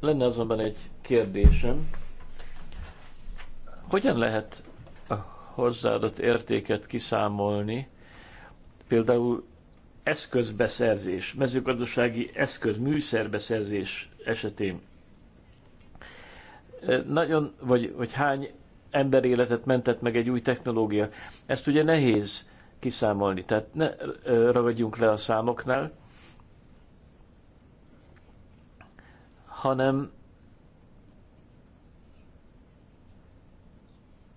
Lenne azonban egy kérdésem, hogyan lehet a hozzáadott értéket kiszámolni, például eszközbeszerzés, mezőgazdasági eszköz, műszerbeszerzés esetén. Nagyon, vagy, vagy hány emberéletet mentett meg egy új technológia. Ezt ugye nehéz kiszámolni, tehát ne ragadjunk le a számoknál, hanem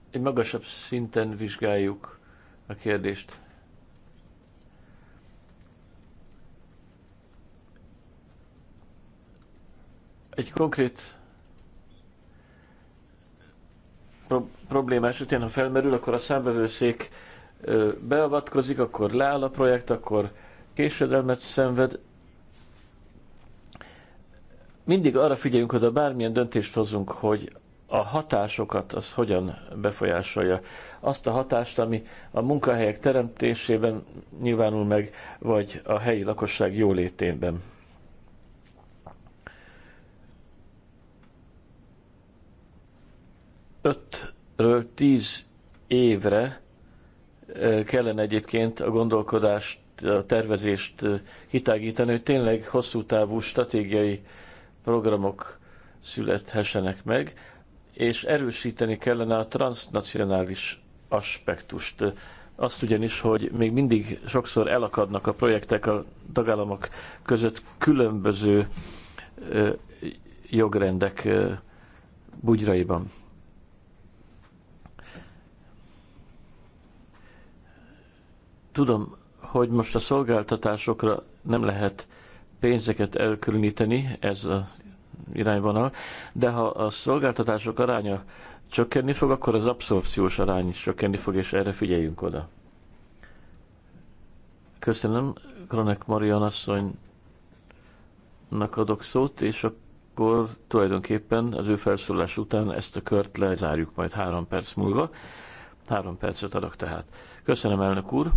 egy magasabb szinten vizsgáljuk a kérdést. Egy konkrét pro- probléma esetén, ha felmerül, akkor a számbevőszék beavatkozik, akkor leáll a projekt, akkor késődelmet szenved. Mindig arra figyeljünk oda, bármilyen döntést hozunk, hogy a hatásokat az hogyan befolyásolja. Azt a hatást, ami a munkahelyek teremtésében nyilvánul meg, vagy a helyi lakosság jólétében. 5-ről 10 évre kellene egyébként a gondolkodást, a tervezést hitágítani, hogy tényleg hosszú távú stratégiai programok születhessenek meg, és erősíteni kellene a transnacionális aspektust. Azt ugyanis, hogy még mindig sokszor elakadnak a projektek a tagállamok között különböző jogrendek bugyraiban. Tudom, hogy most a szolgáltatásokra nem lehet pénzeket elkülöníteni, ez a irányvonal, de ha a szolgáltatások aránya csökkenni fog, akkor az abszorpciós arány is csökkenni fog, és erre figyeljünk oda. Köszönöm, Kronek Marian asszonynak adok szót, és akkor tulajdonképpen az ő felszólás után ezt a kört lezárjuk majd három perc múlva. Három percet adok tehát. Köszönöm, elnök úr!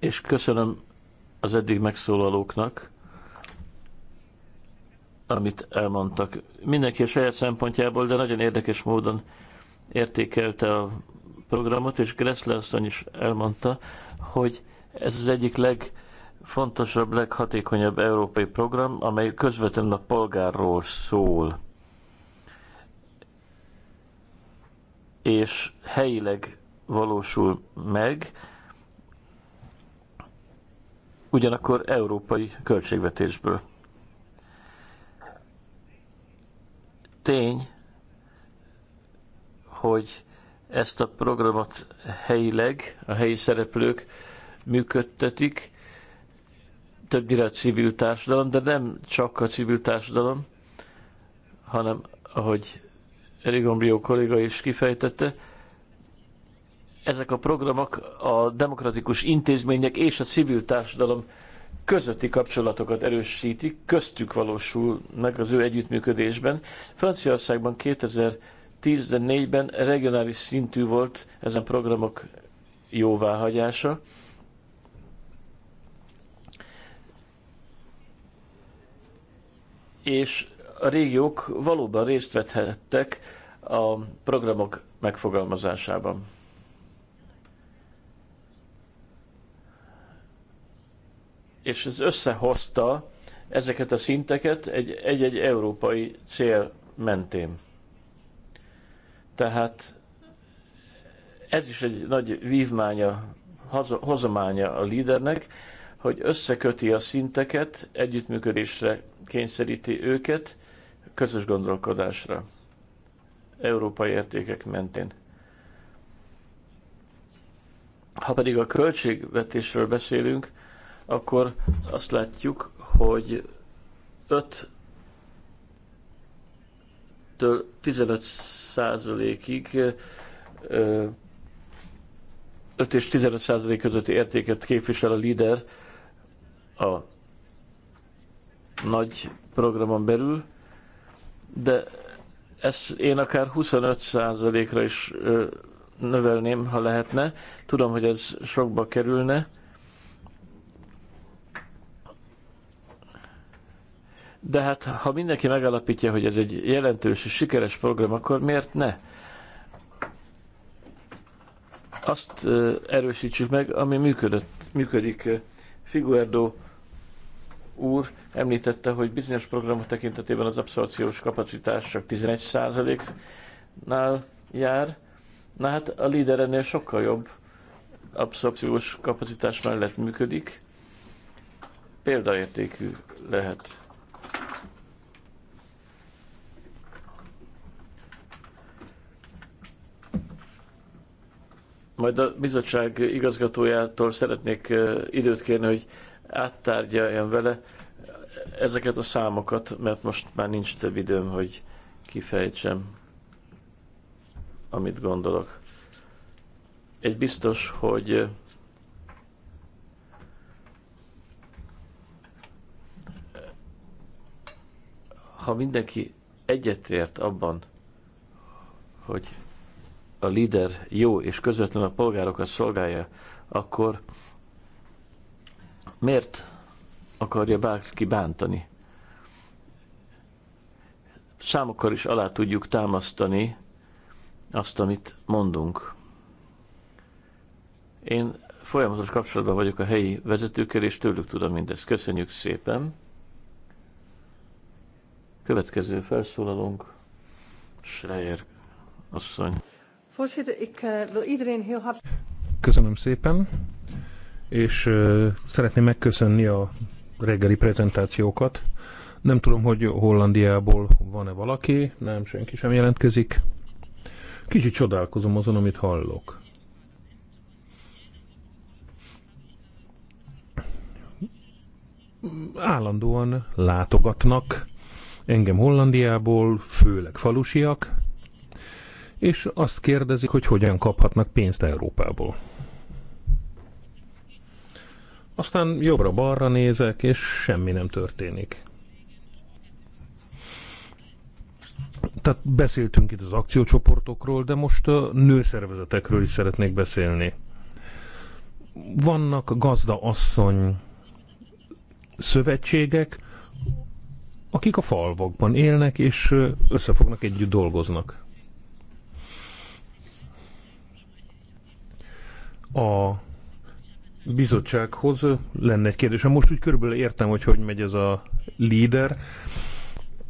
és köszönöm az eddig megszólalóknak, amit elmondtak. Mindenki a saját szempontjából, de nagyon érdekes módon értékelte a programot, és Gressler asszony is elmondta, hogy ez az egyik legfontosabb, leghatékonyabb európai program, amely közvetlenül a polgárról szól. És helyileg valósul meg, ugyanakkor európai költségvetésből. Tény, hogy ezt a programot helyileg a helyi szereplők működtetik, többnyire a civil társadalom, de nem csak a civil társadalom, hanem ahogy Erigombió kolléga is kifejtette, ezek a programok a demokratikus intézmények és a civil társadalom közötti kapcsolatokat erősítik, köztük valósul meg az ő együttműködésben. Franciaországban 2014-ben regionális szintű volt ezen programok jóváhagyása. És a régiók valóban részt vethettek a programok megfogalmazásában. és ez összehozta ezeket a szinteket egy-egy európai cél mentén. Tehát ez is egy nagy vívmánya, hozománya a lídernek, hogy összeköti a szinteket, együttműködésre kényszeríti őket, közös gondolkodásra, európai értékek mentén. Ha pedig a költségvetésről beszélünk, akkor azt látjuk, hogy 5-től 15 százalékig 5 és 15 százalék közötti értéket képvisel a líder a nagy programon belül, de ezt én akár 25 százalékra is növelném, ha lehetne. Tudom, hogy ez sokba kerülne, de hát ha mindenki megalapítja, hogy ez egy jelentős és sikeres program, akkor miért ne? Azt erősítsük meg, ami működött, működik. Figuerdo úr említette, hogy bizonyos programok tekintetében az abszorciós kapacitás csak 11%-nál jár. Na hát a líder ennél sokkal jobb abszorpciós kapacitás mellett működik. Példaértékű lehet Majd a bizottság igazgatójától szeretnék időt kérni, hogy áttárgyaljam vele ezeket a számokat, mert most már nincs több időm, hogy kifejtsem, amit gondolok. Egy biztos, hogy ha mindenki egyetért abban, hogy a líder jó és közvetlenül a polgárokat szolgálja, akkor miért akarja bárki bántani? Számokkal is alá tudjuk támasztani azt, amit mondunk. Én folyamatos kapcsolatban vagyok a helyi vezetőkkel, és tőlük tudom mindezt. Köszönjük szépen! Következő felszólalunk. Schreier asszony. Voorzitter, ik eh, wil iedereen heel hartelijk... Köszönöm szépen, és eh, szeretném megköszönni a reggeli prezentációkat. Nem tudom, hogy Hollandiából van-e valaki, nem, senki sem jelentkezik. Kicsit csodálkozom azon, amit hallok. Állandóan látogatnak engem Hollandiából, főleg falusiak, és azt kérdezik, hogy hogyan kaphatnak pénzt Európából. Aztán jobbra-balra nézek, és semmi nem történik. Tehát beszéltünk itt az akciócsoportokról, de most a nőszervezetekről is szeretnék beszélni. Vannak gazda asszony szövetségek, akik a falvakban élnek, és összefognak, együtt dolgoznak. a bizottsághoz lenne egy kérdés. Most úgy körülbelül értem, hogy hogy megy ez a líder,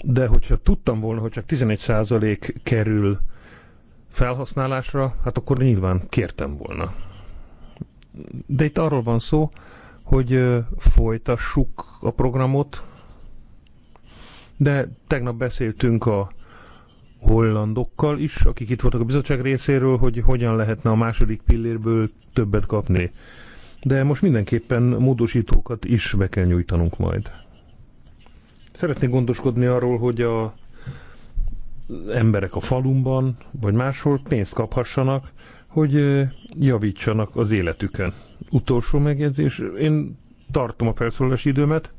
de hogyha tudtam volna, hogy csak 11% kerül felhasználásra, hát akkor nyilván kértem volna. De itt arról van szó, hogy folytassuk a programot, de tegnap beszéltünk a hollandokkal is, akik itt voltak a bizottság részéről, hogy hogyan lehetne a második pillérből többet kapni. De most mindenképpen módosítókat is be kell nyújtanunk majd. Szeretnék gondoskodni arról, hogy a emberek a falumban, vagy máshol pénzt kaphassanak, hogy javítsanak az életükön. Utolsó megjegyzés, én tartom a felszólalási időmet.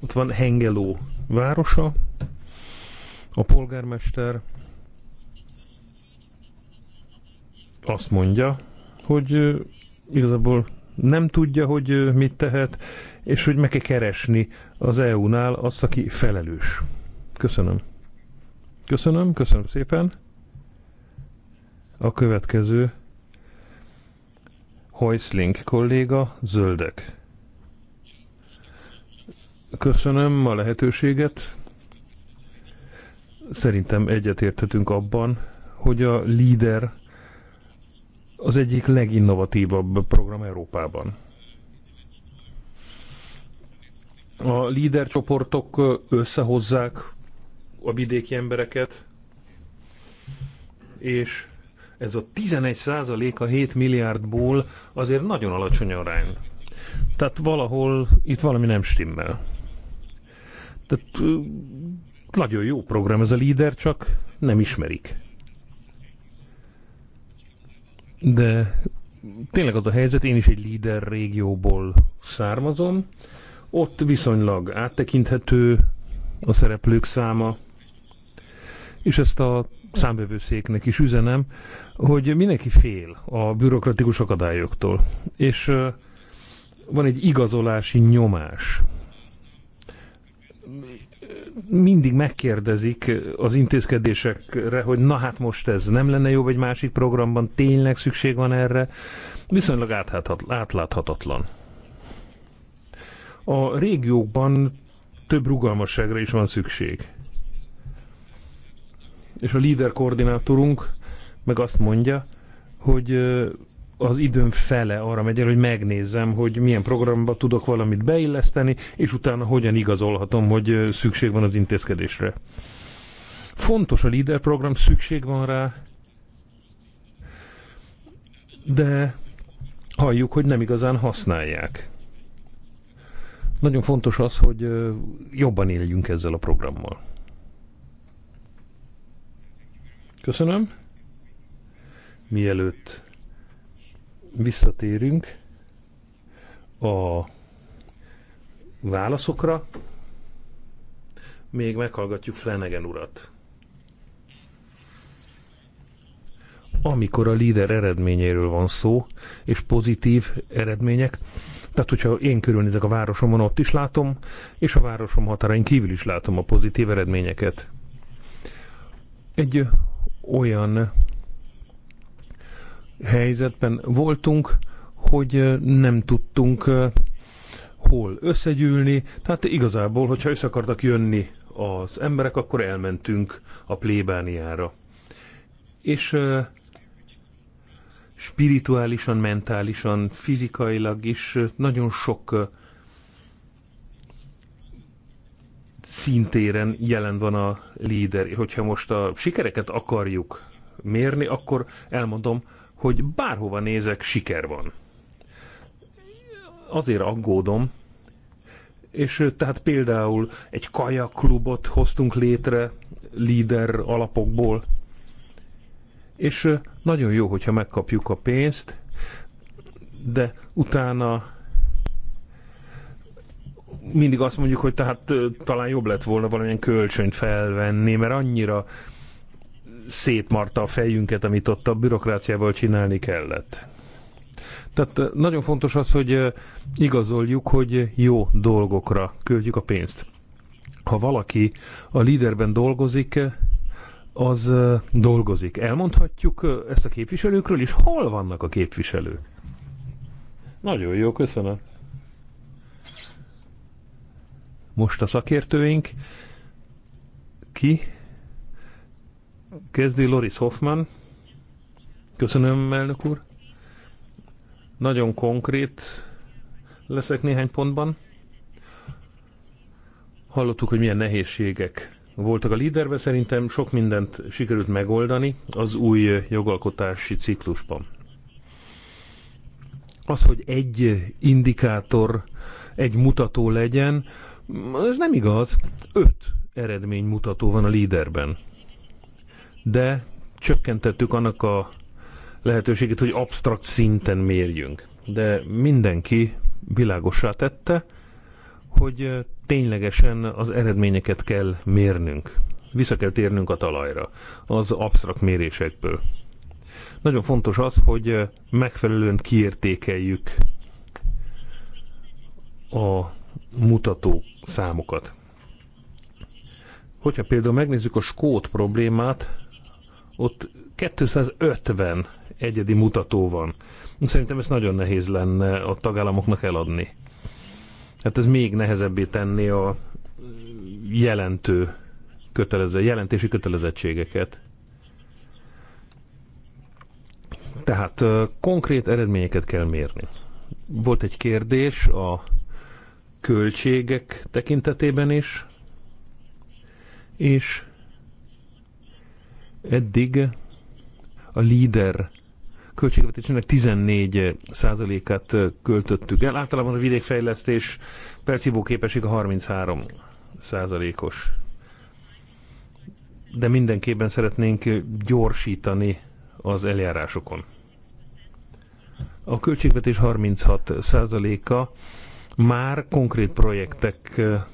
Ott van Hengeló városa, a polgármester azt mondja, hogy igazából nem tudja, hogy mit tehet, és hogy meg kell keresni az EU-nál azt, aki felelős. Köszönöm. Köszönöm, köszönöm szépen. A következő Hojszling kolléga, zöldek. Köszönöm a lehetőséget szerintem egyetérthetünk abban, hogy a LEADER az egyik leginnovatívabb program Európában. A LEADER csoportok összehozzák a vidéki embereket, és ez a 11 a 7 milliárdból azért nagyon alacsony arány. Tehát valahol itt valami nem stimmel. Tehát nagyon jó program ez a líder, csak nem ismerik. De tényleg az a helyzet, én is egy líder régióból származom. Ott viszonylag áttekinthető a szereplők száma, és ezt a számbevőszéknek is üzenem, hogy mindenki fél a bürokratikus akadályoktól. És van egy igazolási nyomás mindig megkérdezik az intézkedésekre, hogy na hát most ez nem lenne jobb egy másik programban, tényleg szükség van erre, viszonylag átláthatatlan. A régiókban több rugalmasságra is van szükség. És a líder koordinátorunk meg azt mondja, hogy az időm fele arra megy el, hogy megnézem, hogy milyen programba tudok valamit beilleszteni, és utána hogyan igazolhatom, hogy szükség van az intézkedésre. Fontos a LEADER program, szükség van rá, de halljuk, hogy nem igazán használják. Nagyon fontos az, hogy jobban éljünk ezzel a programmal. Köszönöm. Mielőtt visszatérünk a válaszokra, még meghallgatjuk Flanagan urat. Amikor a líder eredményéről van szó, és pozitív eredmények, tehát hogyha én körülnézek a városomon, ott is látom, és a városom határain kívül is látom a pozitív eredményeket. Egy olyan helyzetben voltunk, hogy nem tudtunk hol összegyűlni, tehát igazából, hogyha össze akartak jönni az emberek, akkor elmentünk a plébániára. És spirituálisan, mentálisan, fizikailag is nagyon sok szintéren jelen van a líder. Hogyha most a sikereket akarjuk mérni, akkor elmondom, hogy bárhova nézek, siker van. Azért aggódom, és tehát például egy kajaklubot hoztunk létre líder alapokból, és nagyon jó, hogyha megkapjuk a pénzt, de utána mindig azt mondjuk, hogy tehát talán jobb lett volna valamilyen kölcsönt felvenni, mert annyira szétmarta a fejünket, amit ott a bürokráciával csinálni kellett. Tehát eh, nagyon fontos az, hogy eh, igazoljuk, hogy jó dolgokra költjük a pénzt. Ha valaki a líderben dolgozik, eh, az dolgozik. Elmondhatjuk ezt a képviselőkről is, hol vannak a képviselők? Nagyon jó, köszönöm. Most a szakértőink. Ki? kezdi Loris Hoffman. Köszönöm, elnök úr. Nagyon konkrét leszek néhány pontban. Hallottuk, hogy milyen nehézségek voltak a líderbe, szerintem sok mindent sikerült megoldani az új jogalkotási ciklusban. Az, hogy egy indikátor, egy mutató legyen, ez nem igaz. Öt eredménymutató van a líderben de csökkentettük annak a lehetőségét, hogy absztrakt szinten mérjünk. De mindenki világosá tette, hogy ténylegesen az eredményeket kell mérnünk. Vissza kell térnünk a talajra, az absztrakt mérésekből. Nagyon fontos az, hogy megfelelően kiértékeljük a mutató számokat. Hogyha például megnézzük a skót problémát, ott 250 egyedi mutató van. Szerintem ezt nagyon nehéz lenne a tagállamoknak eladni. Hát ez még nehezebbé tenni a jelentő kötelező, jelentési kötelezettségeket. Tehát konkrét eredményeket kell mérni. Volt egy kérdés a költségek tekintetében is, és eddig a líder költségvetésének 14 százalékát költöttük el. Általában a vidékfejlesztés percívó képesség a 33 százalékos. De mindenképpen szeretnénk gyorsítani az eljárásokon. A költségvetés 36 százaléka már konkrét projektekre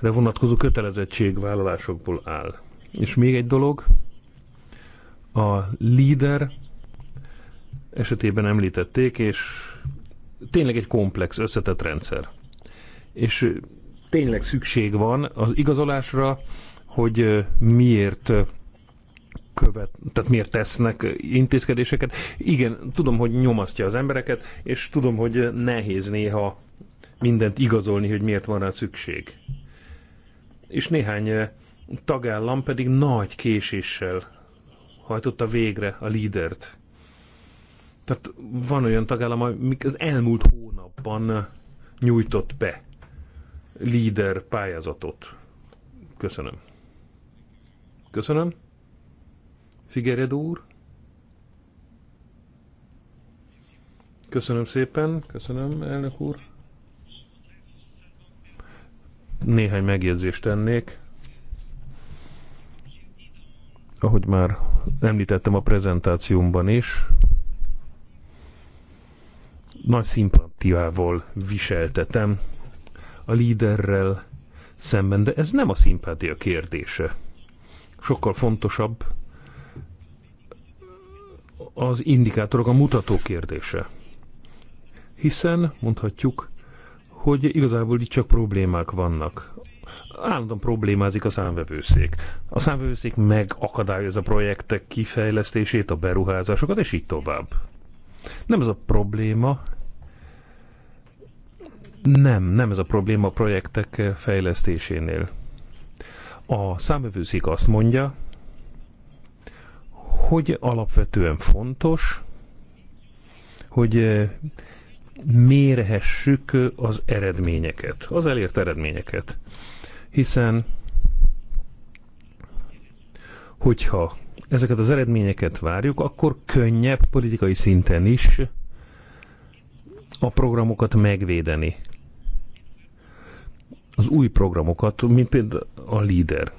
vonatkozó kötelezettségvállalásokból áll. És még egy dolog, a líder esetében említették, és tényleg egy komplex, összetett rendszer. És tényleg szükség van az igazolásra, hogy miért követ, tehát miért tesznek intézkedéseket. Igen, tudom, hogy nyomasztja az embereket, és tudom, hogy nehéz néha mindent igazolni, hogy miért van rá szükség. És néhány tagállam pedig nagy késéssel hajtotta végre a lídert. Tehát van olyan tagállam, amik az elmúlt hónapban nyújtott be líder pályázatot. Köszönöm. Köszönöm. Figered úr. Köszönöm szépen, köszönöm, elnök úr. Néhány megjegyzést tennék ahogy már említettem a prezentációmban is, nagy szimpatiával viseltetem a líderrel szemben, de ez nem a szimpátia kérdése. Sokkal fontosabb az indikátorok, a mutató kérdése. Hiszen mondhatjuk, hogy igazából itt csak problémák vannak állandóan problémázik a számvevőszék. A számvevőszék megakadályozza a projektek kifejlesztését, a beruházásokat, és így tovább. Nem ez a probléma, nem, nem ez a probléma a projektek fejlesztésénél. A számvevőszék azt mondja, hogy alapvetően fontos, hogy eh, mérhessük az eredményeket, az elért eredményeket hiszen hogyha ezeket az eredményeket várjuk, akkor könnyebb politikai szinten is a programokat megvédeni. Az új programokat, mint például a LEADER.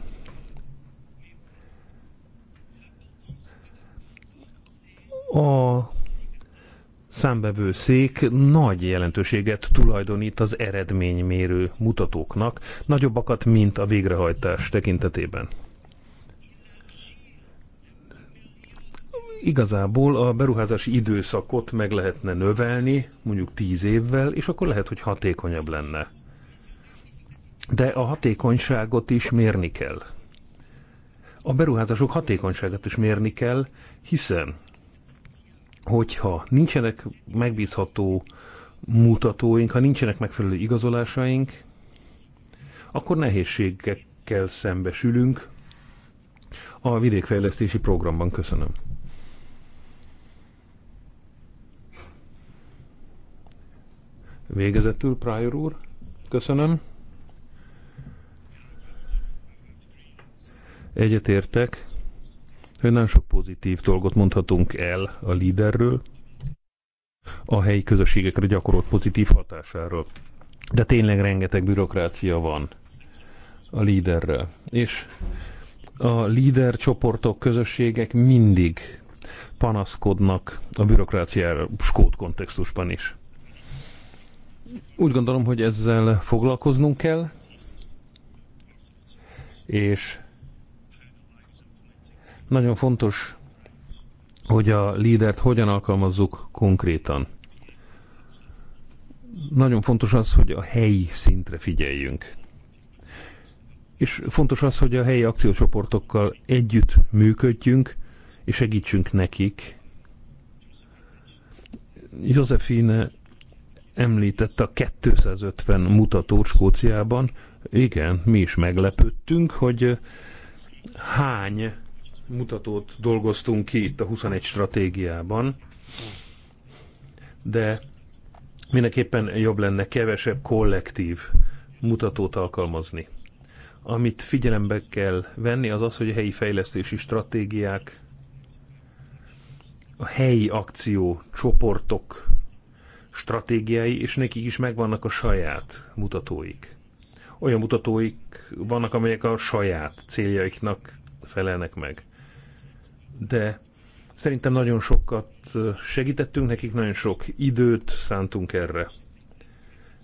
A szék nagy jelentőséget tulajdonít az eredménymérő mutatóknak, nagyobbakat, mint a végrehajtás tekintetében. Igazából a beruházási időszakot meg lehetne növelni, mondjuk 10 évvel, és akkor lehet, hogy hatékonyabb lenne. De a hatékonyságot is mérni kell. A beruházások hatékonyságát is mérni kell, hiszen hogyha nincsenek megbízható mutatóink, ha nincsenek megfelelő igazolásaink, akkor nehézségekkel szembesülünk a vidékfejlesztési programban. Köszönöm. Végezetül, Prior úr, köszönöm. Egyetértek hogy nagyon sok pozitív dolgot mondhatunk el a líderről, a helyi közösségekre gyakorolt pozitív hatásáról. De tényleg rengeteg bürokrácia van a líderrel. És a líder csoportok, közösségek mindig panaszkodnak a bürokráciára skót kontextusban is. Úgy gondolom, hogy ezzel foglalkoznunk kell, és nagyon fontos, hogy a lídert hogyan alkalmazzuk konkrétan. Nagyon fontos az, hogy a helyi szintre figyeljünk. És fontos az, hogy a helyi akciócsoportokkal együtt működjünk, és segítsünk nekik. Józefine említette a 250 mutatót Skóciában. Igen, mi is meglepődtünk, hogy hány mutatót dolgoztunk ki itt a 21 stratégiában, de mindenképpen jobb lenne kevesebb kollektív mutatót alkalmazni. Amit figyelembe kell venni, az az, hogy a helyi fejlesztési stratégiák, a helyi akció csoportok stratégiái, és nekik is megvannak a saját mutatóik. Olyan mutatóik vannak, amelyek a saját céljaiknak felelnek meg de szerintem nagyon sokat segítettünk nekik, nagyon sok időt szántunk erre.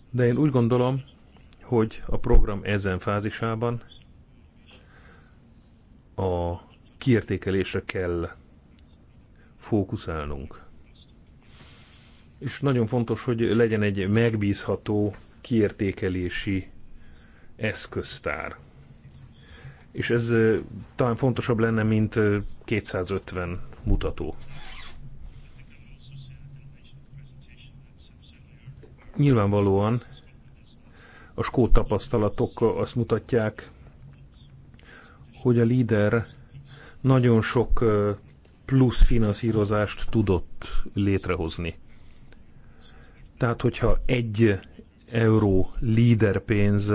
De én úgy gondolom, hogy a program ezen fázisában a kiértékelésre kell fókuszálnunk. És nagyon fontos, hogy legyen egy megbízható kiértékelési eszköztár és ez talán fontosabb lenne, mint 250 mutató. Nyilvánvalóan a skót tapasztalatok azt mutatják, hogy a líder nagyon sok plusz finanszírozást tudott létrehozni. Tehát, hogyha egy euró líder pénz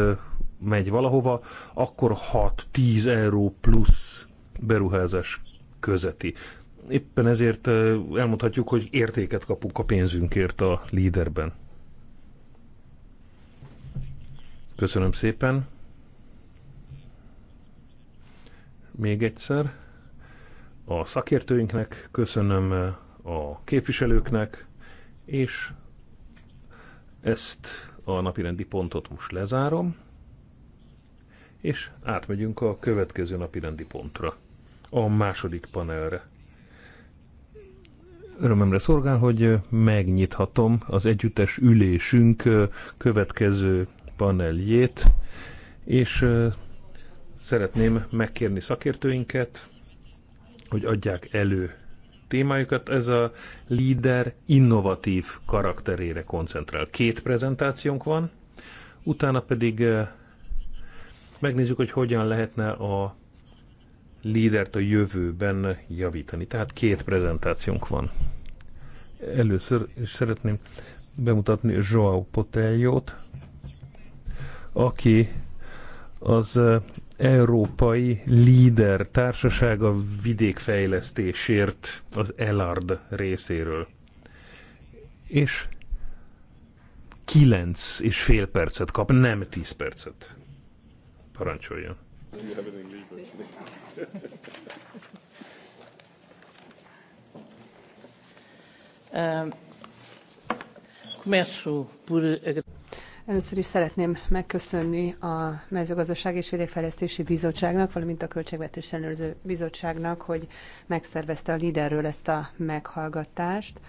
megy valahova, akkor 6-10 euró plusz beruházás közeti. Éppen ezért elmondhatjuk, hogy értéket kapunk a pénzünkért a líderben. Köszönöm szépen. Még egyszer a szakértőinknek, köszönöm a képviselőknek, és ezt a napirendi pontot most lezárom és átmegyünk a következő napi rendi pontra, a második panelre. Örömemre szolgál, hogy megnyithatom az együttes ülésünk következő paneljét, és szeretném megkérni szakértőinket, hogy adják elő témájukat. Ez a líder innovatív karakterére koncentrál. Két prezentációnk van, utána pedig megnézzük, hogy hogyan lehetne a lídert a jövőben javítani. Tehát két prezentációnk van. Először szeretném bemutatni Joao Poteljót, aki az eh, Európai Líder Társasága vidékfejlesztésért az ELARD részéről. És kilenc és fél percet kap, nem tíz percet. Parancsoljon. Először is szeretném megköszönni a Mezőgazdaság és Vidékfejlesztési Bizottságnak, valamint a Költségvetés Ellenőrző Bizottságnak, hogy megszervezte a Liderről ezt a meghallgatást,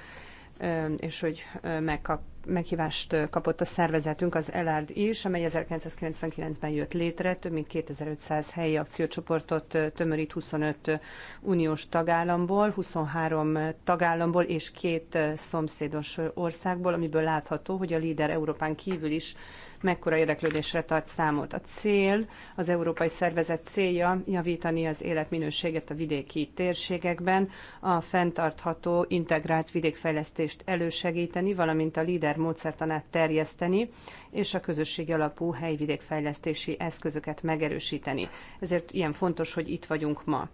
és hogy megkap, meghívást kapott a szervezetünk, az Elárd is, amely 1999-ben jött létre, több mint 2500 helyi akciócsoportot tömörít 25 uniós tagállamból, 23 tagállamból és két szomszédos országból, amiből látható, hogy a líder Európán kívül is mekkora érdeklődésre tart számot. A cél, az európai szervezet célja javítani az életminőséget a vidéki térségekben, a fenntartható integrált vidékfejlesztést elősegíteni, valamint a líder módszertanát terjeszteni, és a közösségi alapú helyvidékfejlesztési eszközöket megerősíteni. Ezért ilyen fontos, hogy itt vagyunk ma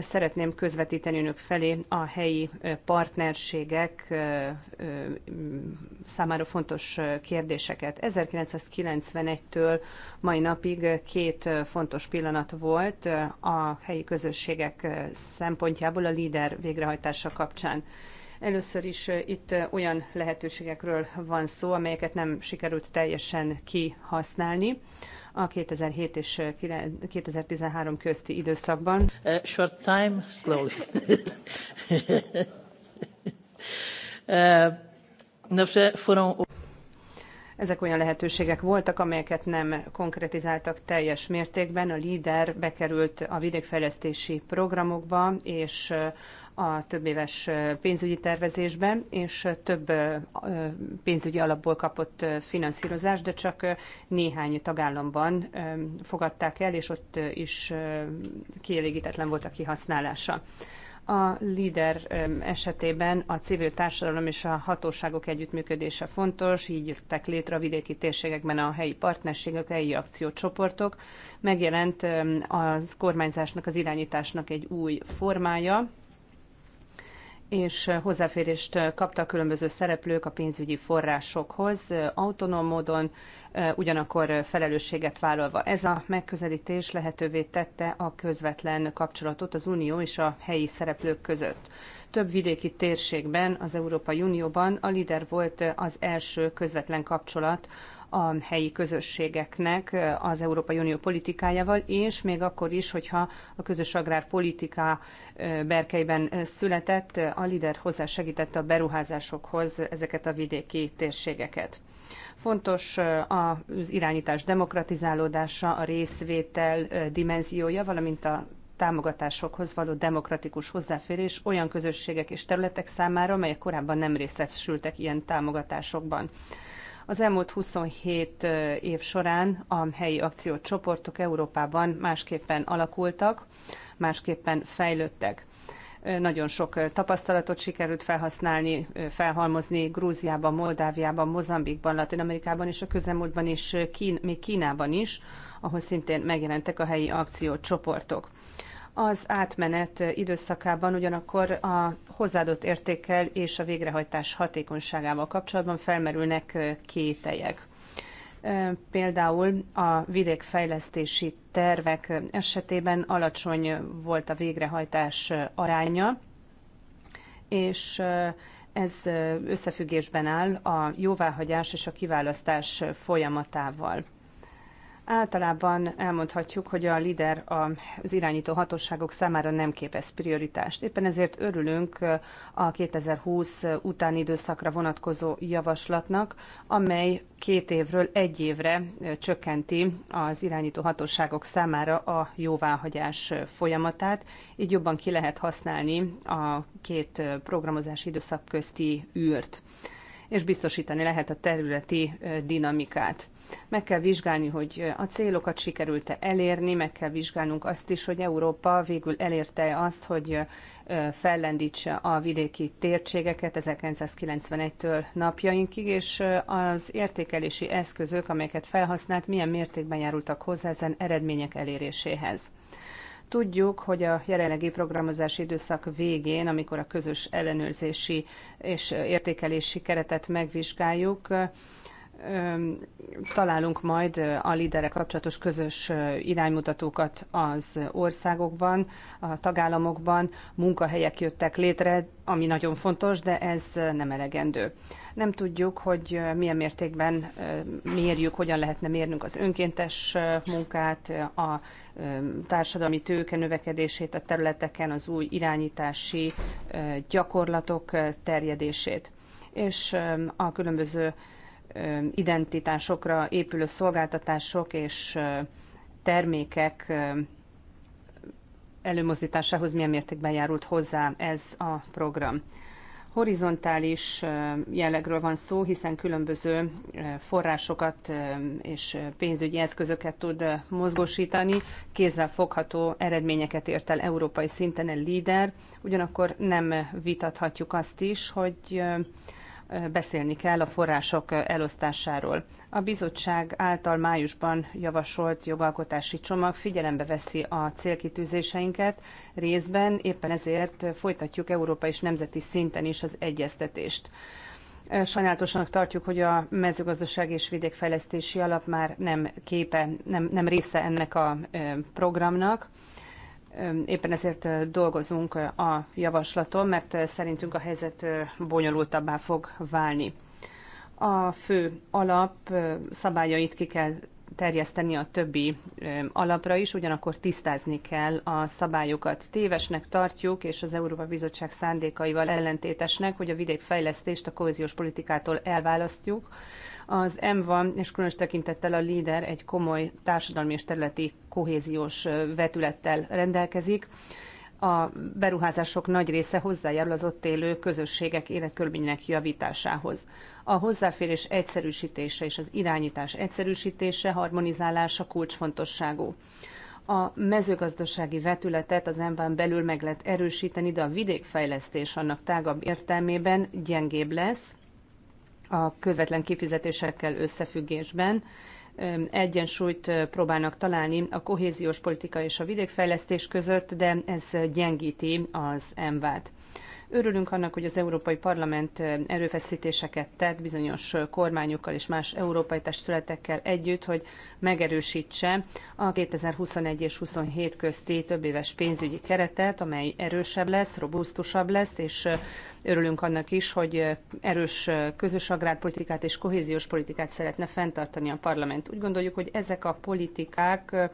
szeretném közvetíteni önök felé a helyi partnerségek számára fontos kérdéseket. 1991-től mai napig két fontos pillanat volt a helyi közösségek szempontjából a líder végrehajtása kapcsán. Először is itt olyan lehetőségekről van szó, amelyeket nem sikerült teljesen kihasználni a 2007 és 2013 eh, közti időszakban. Uh, short time, slowly. uh, *laughs* ezek olyan lehetőségek voltak, amelyeket nem konkretizáltak teljes mértékben. A líder bekerült a vidékfejlesztési programokba, és a több éves pénzügyi tervezésben, és több pénzügyi alapból kapott finanszírozást, de csak néhány tagállamban fogadták el, és ott is kielégítetlen volt a kihasználása. A líder esetében a civil társadalom és a hatóságok együttműködése fontos, így jöttek létre a vidéki térségekben a helyi partnerségek, a helyi akciócsoportok. Megjelent az kormányzásnak, az irányításnak egy új formája, és hozzáférést kaptak különböző szereplők a pénzügyi forrásokhoz, autonóm módon, ugyanakkor felelősséget vállalva. Ez a megközelítés lehetővé tette a közvetlen kapcsolatot az Unió és a helyi szereplők között. Több vidéki térségben, az Európai Unióban a LIDER volt az első közvetlen kapcsolat a helyi közösségeknek az Európai Unió politikájával, és még akkor is, hogyha a közös agrárpolitika berkeiben született, a LIDER hozzásegítette a beruházásokhoz ezeket a vidéki térségeket. Fontos az irányítás demokratizálódása, a részvétel dimenziója, valamint a támogatásokhoz való demokratikus hozzáférés olyan közösségek és területek számára, melyek korábban nem részesültek ilyen támogatásokban. Az elmúlt 27 év során a helyi akciócsoportok Európában másképpen alakultak, másképpen fejlődtek nagyon sok tapasztalatot sikerült felhasználni, felhalmozni Grúziában, Moldáviában, Mozambikban, Latin Amerikában és a közelmúltban is, Kín, még Kínában is, ahol szintén megjelentek a helyi akciócsoportok az átmenet időszakában ugyanakkor a hozzáadott értékkel és a végrehajtás hatékonyságával kapcsolatban felmerülnek kételyek. Például a vidékfejlesztési tervek esetében alacsony volt a végrehajtás aránya, és ez összefüggésben áll a jóváhagyás és a kiválasztás folyamatával. Általában elmondhatjuk, hogy a LIDER az irányító hatóságok számára nem képez prioritást. Éppen ezért örülünk a 2020 utáni időszakra vonatkozó javaslatnak, amely két évről egy évre csökkenti az irányító hatóságok számára a jóváhagyás folyamatát, így jobban ki lehet használni a két programozási időszak közti űrt és biztosítani lehet a területi dinamikát. Meg kell vizsgálni, hogy a célokat sikerült-e elérni, meg kell vizsgálnunk azt is, hogy Európa végül elérte azt, hogy fellendítse a vidéki térségeket 1991-től napjainkig, és az értékelési eszközök, amelyeket felhasznált, milyen mértékben járultak hozzá ezen eredmények eléréséhez. Tudjuk, hogy a jelenlegi programozási időszak végén, amikor a közös ellenőrzési és értékelési keretet megvizsgáljuk, találunk majd a lidere kapcsolatos közös iránymutatókat az országokban, a tagállamokban, munkahelyek jöttek létre, ami nagyon fontos, de ez nem elegendő. Nem tudjuk, hogy milyen mértékben mérjük, hogyan lehetne mérnünk az önkéntes munkát, a társadalmi tőke növekedését a területeken, az új irányítási gyakorlatok terjedését és a különböző identitásokra épülő szolgáltatások és termékek előmozdításához milyen mértékben járult hozzá ez a program. Horizontális jellegről van szó, hiszen különböző forrásokat és pénzügyi eszközöket tud mozgósítani, kézzel fogható eredményeket ért el európai szinten a líder, ugyanakkor nem vitathatjuk azt is, hogy beszélni kell a források elosztásáról. A bizottság által májusban javasolt jogalkotási csomag figyelembe veszi a célkitűzéseinket részben, éppen ezért folytatjuk Európa és nemzeti szinten is az egyeztetést. Sajnálatosnak tartjuk, hogy a mezőgazdaság és vidékfejlesztési alap már nem képe, nem, nem része ennek a programnak Éppen ezért dolgozunk a javaslaton, mert szerintünk a helyzet bonyolultabbá fog válni. A fő alap szabályait ki kell terjeszteni a többi alapra is, ugyanakkor tisztázni kell a szabályokat. Tévesnek tartjuk, és az Európa Bizottság szándékaival ellentétesnek, hogy a vidékfejlesztést a kohéziós politikától elválasztjuk, az MVA, és különös tekintettel a líder egy komoly társadalmi és területi kohéziós vetülettel rendelkezik. A beruházások nagy része hozzájárul az ott élő közösségek életkörülményének javításához. A hozzáférés egyszerűsítése és az irányítás egyszerűsítése, harmonizálása kulcsfontosságú a mezőgazdasági vetületet az emban belül meg lehet erősíteni, de a vidékfejlesztés annak tágabb értelmében gyengébb lesz, a közvetlen kifizetésekkel összefüggésben egyensúlyt próbálnak találni a kohéziós politika és a vidékfejlesztés között, de ez gyengíti az EMVÁT. Örülünk annak, hogy az Európai Parlament eh, erőfeszítéseket tett bizonyos eh, kormányokkal és más európai testületekkel együtt, hogy megerősítse a 2021 és 27 közti éves pénzügyi keretet, amely erősebb lesz, robusztusabb lesz, és eh, örülünk annak is, hogy erős közös agrárpolitikát és kohéziós politikát szeretne fenntartani a parlament. Úgy gondoljuk, hogy ezek a politikák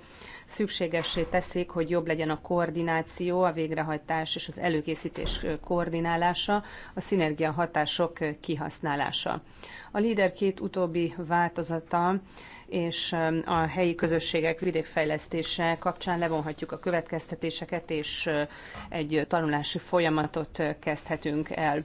szükségessé teszik, hogy jobb legyen a koordináció, a végrehajtás és az előkészítés koordinálása, a szinergia hatások kihasználása. A líder két utóbbi változata és um, a helyi közösségek vidékfejlesztése kapcsán levonhatjuk a következtetéseket, és uh, egy tanulási folyamatot uh, kezdhetünk el.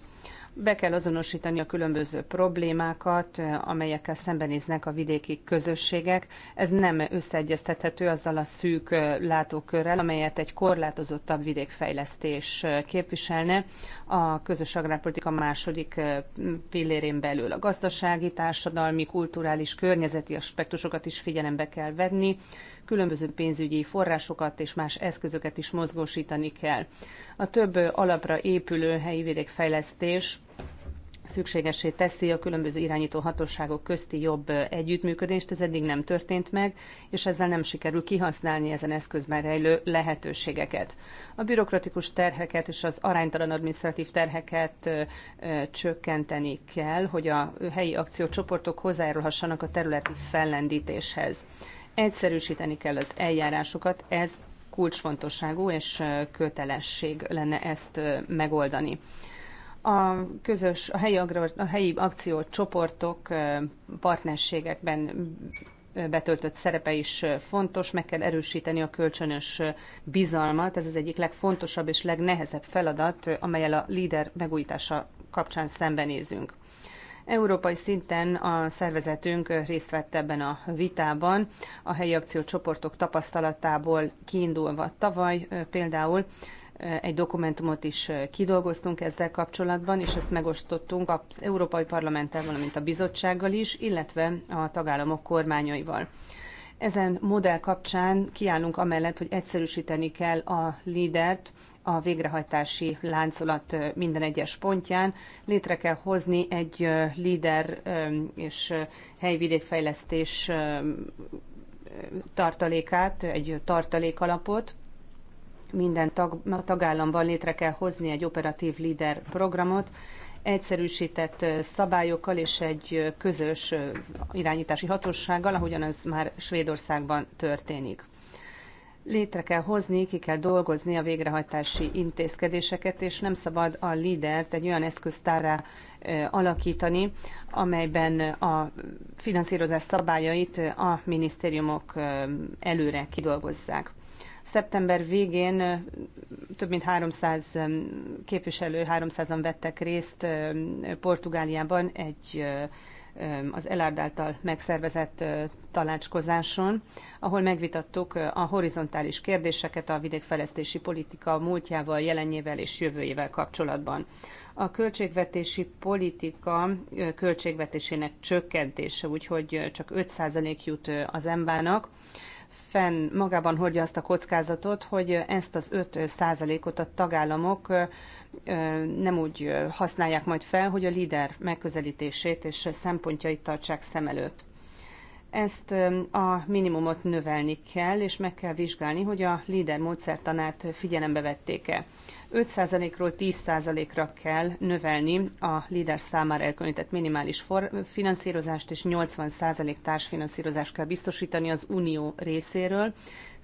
Be kell azonosítani a különböző problémákat, amelyekkel szembenéznek a vidéki közösségek. Ez nem összeegyeztethető azzal a szűk látókörrel, amelyet egy korlátozottabb vidékfejlesztés képviselne a közös agrárpolitika második eh, pillérén belül. A gazdasági, társadalmi, kulturális, környezeti aspektusokat is figyelembe kell venni, különböző pénzügyi forrásokat és más eszközöket is mozgósítani kell. A több alapra épülő helyi vidékfejlesztés szükségesé teszi a különböző irányító hatóságok közti jobb együttműködést, ez eddig nem történt meg, és ezzel nem sikerül kihasználni ezen eszközben rejlő lehetőségeket. A bürokratikus terheket és az aránytalan administratív terheket csökkenteni kell, hogy a helyi akciócsoportok hozzájárulhassanak a területi fellendítéshez. Egyszerűsíteni kell az eljárásokat, ez kulcsfontosságú és kötelesség lenne ezt megoldani. A közös, a helyi, agro, a helyi akciócsoportok partnerségekben betöltött szerepe is fontos, meg kell erősíteni a kölcsönös bizalmat. Ez az egyik legfontosabb és legnehezebb feladat, amelyel a líder megújítása kapcsán szembenézünk. Európai szinten a szervezetünk részt vett ebben a vitában, a helyi akciócsoportok tapasztalatából kiindulva tavaly például egy dokumentumot is kidolgoztunk ezzel kapcsolatban, és ezt megosztottunk az Európai Parlamenttel, valamint a bizottsággal is, illetve a tagállamok kormányaival. Ezen modell kapcsán kiállunk amellett, hogy egyszerűsíteni kell a lídert, a végrehajtási láncolat minden egyes pontján. Létre kell hozni egy líder és helyvidékfejlesztés tartalékát, egy tartalékalapot, minden tag, a tagállamban létre kell hozni egy operatív líder programot, egyszerűsített szabályokkal és egy közös irányítási hatósággal, ahogyan ez már Svédországban történik létre kell hozni, ki kell dolgozni a végrehajtási intézkedéseket, és nem szabad a lídert egy olyan eszköztárra alakítani, amelyben a finanszírozás szabályait a minisztériumok előre kidolgozzák. Szeptember végén több mint 300 képviselő, 300-an vettek részt Portugáliában egy az Elárd által megszervezett tanácskozáson, ahol megvitattuk a horizontális kérdéseket a vidékfejlesztési politika múltjával, jelenjével és jövőjével kapcsolatban. A költségvetési politika költségvetésének csökkentése, úgyhogy csak 5% jut az embának, fenn magában hordja azt a kockázatot, hogy ezt az 5%-ot a tagállamok nem úgy használják majd fel, hogy a líder megközelítését és szempontjait tartsák szem előtt. Ezt a minimumot növelni kell, és meg kell vizsgálni, hogy a líder módszertanát figyelembe vették-e. 5%-ról 10%-ra kell növelni a líder számára elkülönített minimális for- finanszírozást, és 80% társfinanszírozást kell biztosítani az unió részéről,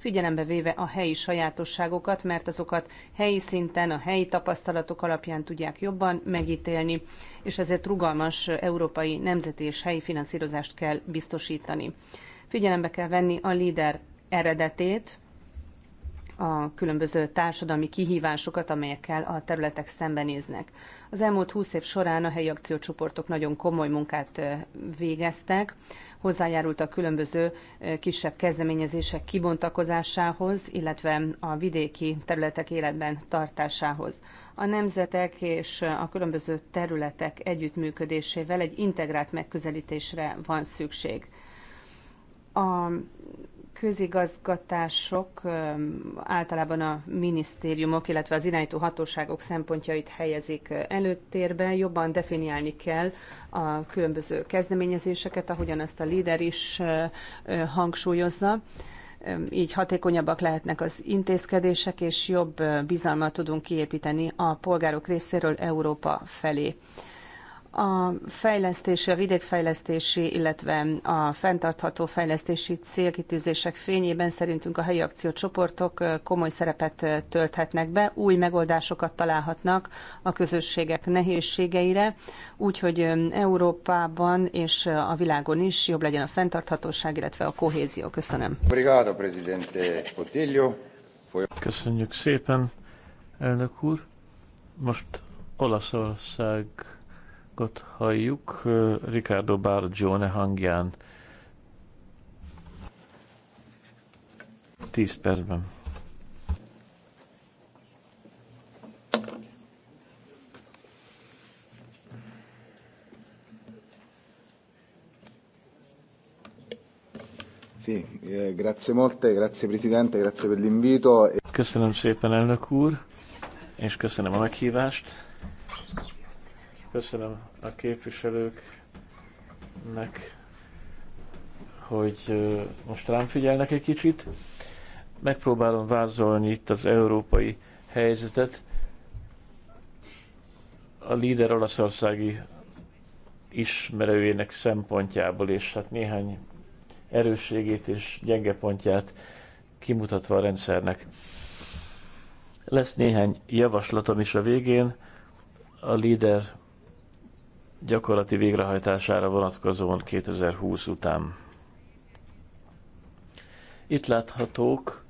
figyelembe véve a helyi sajátosságokat, mert azokat helyi szinten, a helyi tapasztalatok alapján tudják jobban megítélni, és ezért rugalmas európai nemzeti és helyi finanszírozást kell biztosítani. Figyelembe kell venni a líder eredetét, a különböző társadalmi kihívásokat, amelyekkel a területek szembenéznek. Az elmúlt 20 év során a helyi akciócsoportok nagyon komoly munkát végeztek, hozzájárult a különböző kisebb kezdeményezések kibontakozásához, illetve a vidéki területek életben tartásához. A nemzetek és a különböző területek együttműködésével egy integrált megközelítésre van szükség. A közigazgatások általában a minisztériumok, illetve az irányító hatóságok szempontjait helyezik előtérbe. Jobban definiálni kell a különböző kezdeményezéseket, ahogyan ezt a líder is hangsúlyozza. Így hatékonyabbak lehetnek az intézkedések, és jobb bizalmat tudunk kiépíteni a polgárok részéről Európa felé. A fejlesztési, a vidékfejlesztési, illetve a fenntartható fejlesztési célkitűzések fényében szerintünk a helyi akciócsoportok komoly szerepet tölthetnek be, új megoldásokat találhatnak a közösségek nehézségeire, úgyhogy Európában és a világon is jobb legyen a fenntarthatóság, illetve a kohézió. Köszönöm. Köszönjük szépen, elnök úr. Most Olaszország hangot halljuk Ricardo Bargione hangján. 10 percben. Eh, e- köszönöm szépen, elnök úr, és köszönöm a meghívást. Köszönöm a képviselőknek, hogy most rám figyelnek egy kicsit. Megpróbálom vázolni itt az európai helyzetet. A líder olaszországi ismerőjének szempontjából, és hát néhány erősségét és gyenge pontját kimutatva a rendszernek. Lesz néhány javaslatom is a végén, a líder gyakorlati végrehajtására vonatkozóan 2020 után. Itt láthatók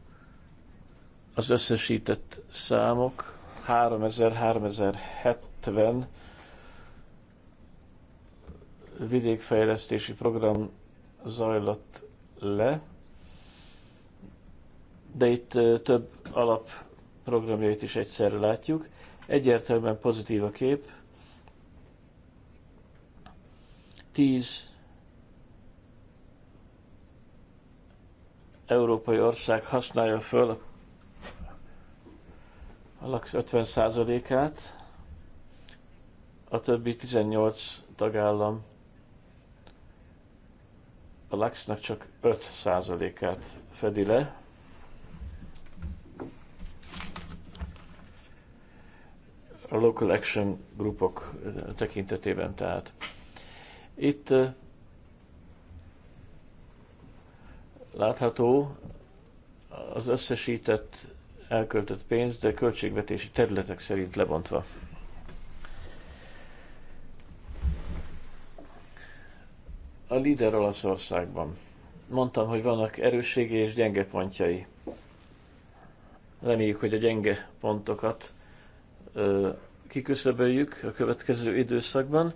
az összesített számok 3000-3070 vidékfejlesztési program zajlott le, de itt több alapprogramjait is egyszerre látjuk. Egyértelműen pozitív a kép, Tíz európai ország használja föl a lax 50%-át, a többi 18 tagállam a laxnak csak 5%-át fedi le. A local action grupok tekintetében tehát. Itt látható az összesített elköltött pénz, de költségvetési területek szerint lebontva. A líder Olaszországban. Mondtam, hogy vannak erősségei és gyenge pontjai. Reméljük, hogy a gyenge pontokat ö, kiküszöböljük a következő időszakban,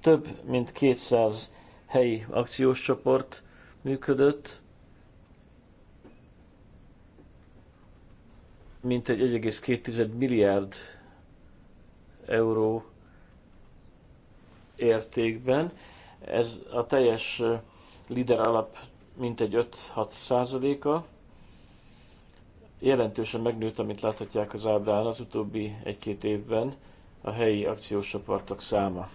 több mint 200 helyi akciós csoport működött, mint egy 1,2 milliárd euró értékben. Ez a teljes lider alap mintegy 5-6 százaléka. Jelentősen megnőtt, amit láthatják az ábrán az utóbbi egy-két évben a helyi akciós csoportok száma.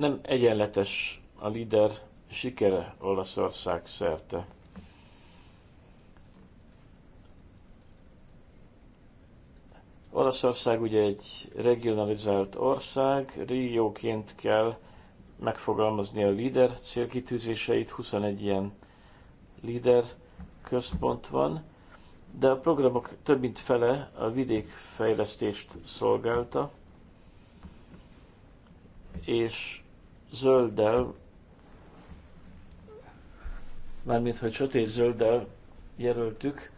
nem egyenletes a líder sikere Olaszország szerte. Olaszország ugye egy regionalizált ország, régióként kell megfogalmazni a líder célkitűzéseit, 21 ilyen líder központ van, de a programok több mint fele a vidékfejlesztést szolgálta, és zölddel, mármint hogy sötét zölddel jelöltük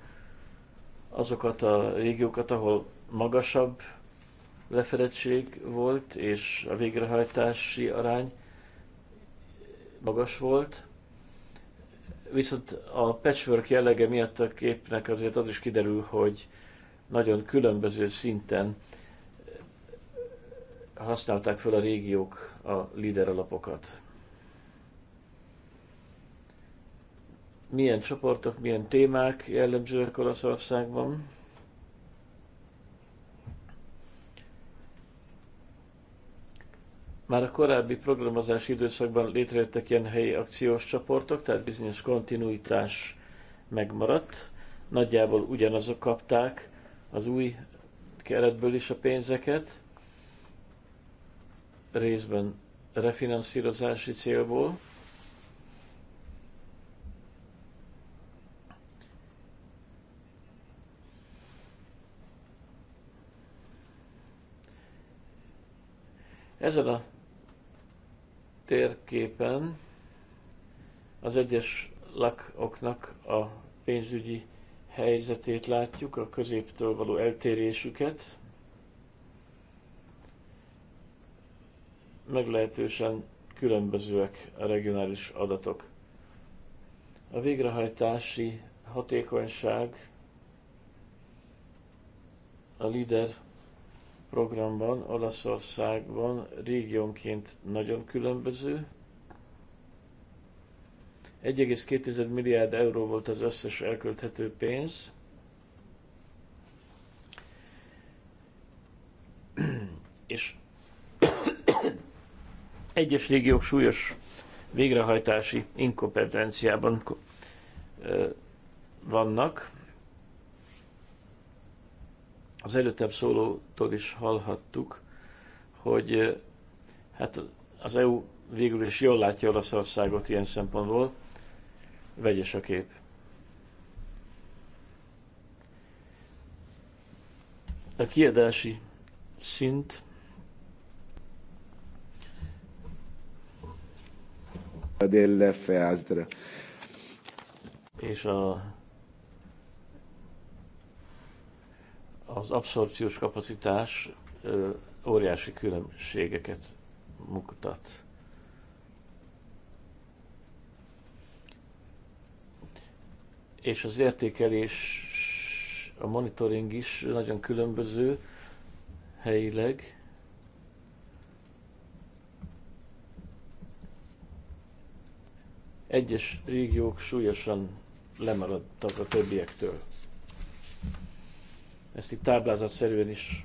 azokat a régiókat, ahol magasabb lefedettség volt, és a végrehajtási arány magas volt. Viszont a patchwork jellege miatt a képnek azért az is kiderül, hogy nagyon különböző szinten használták fel a régiók a LIDER alapokat. Milyen csoportok, milyen témák jellemzőek Olaszországban? Már a korábbi programozási időszakban létrejöttek ilyen helyi akciós csoportok, tehát bizonyos kontinuitás megmaradt. Nagyjából ugyanazok kapták az új keretből is a pénzeket részben refinanszírozási célból, Ezen a térképen az egyes lakoknak a pénzügyi helyzetét látjuk, a középtől való eltérésüket. meglehetősen különbözőek a regionális adatok. A végrehajtási hatékonyság a LIDER programban Olaszországban régiónként nagyon különböző. 1,2 milliárd euró volt az összes elkölthető pénz, Egyes régiók súlyos végrehajtási inkompetenciában vannak. Az előttebb szólótól is hallhattuk, hogy hát az EU végül is jól látja Olaszországot ilyen szempontból, vegyes a kép. A kiadási szint E És a, az abszorpciós kapacitás ö, óriási különbségeket mutat. És az értékelés, a monitoring is nagyon különböző helyileg. Egyes régiók súlyosan lemaradtak a többiektől. Ezt itt táblázatszerűen is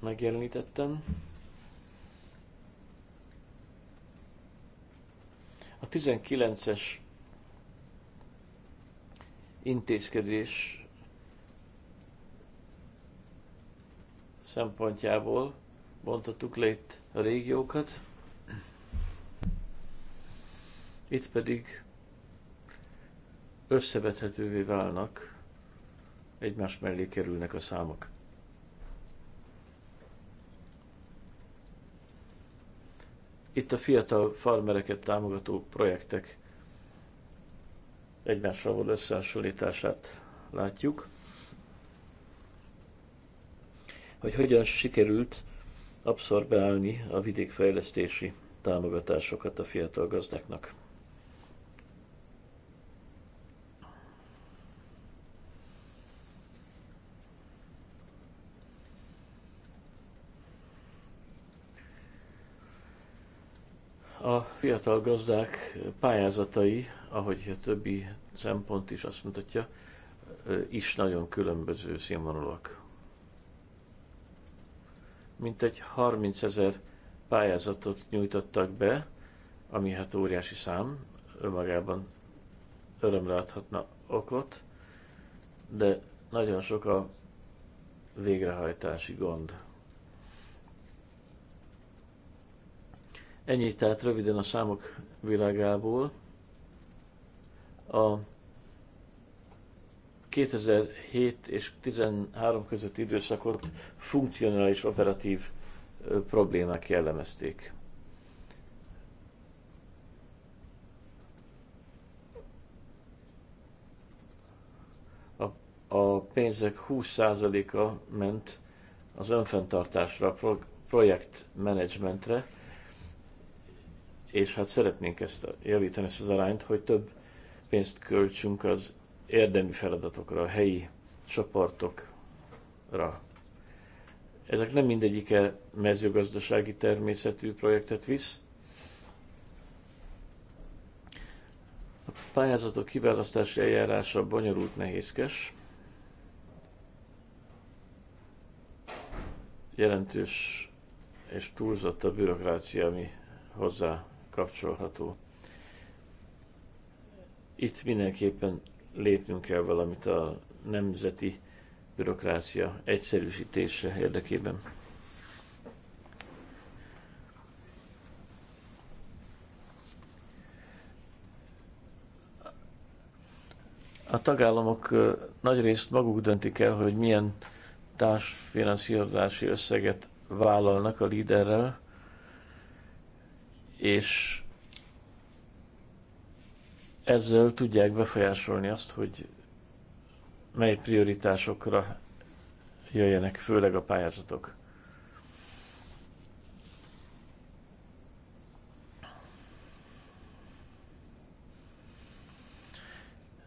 megjelenítettem. A 19-es intézkedés szempontjából bontottuk le itt a régiókat. Itt pedig összevethetővé válnak, egymás mellé kerülnek a számok. Itt a fiatal farmereket támogató projektek egymással való összehasonlítását látjuk, hogy hogyan sikerült abszorbálni a vidékfejlesztési támogatásokat a fiatal gazdáknak. a fiatal gazdák pályázatai, ahogy a többi szempont is azt mutatja, is nagyon különböző színvonalak. Mintegy 30 ezer pályázatot nyújtottak be, ami hát óriási szám, önmagában örömre adhatna okot, de nagyon sok a végrehajtási gond. Ennyi tehát röviden a számok világából. A 2007 és 13 közötti időszakot funkcionális operatív problémák jellemezték. A, a pénzek 20%-a ment az önfenntartásra, a projekt és hát szeretnénk ezt javítani, ezt az arányt, hogy több pénzt költsünk az érdemi feladatokra, a helyi csoportokra. Ezek nem mindegyike mezőgazdasági természetű projektet visz. A pályázatok kiválasztási eljárása bonyolult, nehézkes. Jelentős és túlzott a bürokrácia, ami hozzá kapcsolható. Itt mindenképpen lépnünk kell valamit a nemzeti bürokrácia egyszerűsítése érdekében. A tagállamok nagy részt maguk döntik el, hogy milyen társfinanszírozási összeget vállalnak a líderrel, és ezzel tudják befolyásolni azt, hogy mely prioritásokra jöjjenek főleg a pályázatok.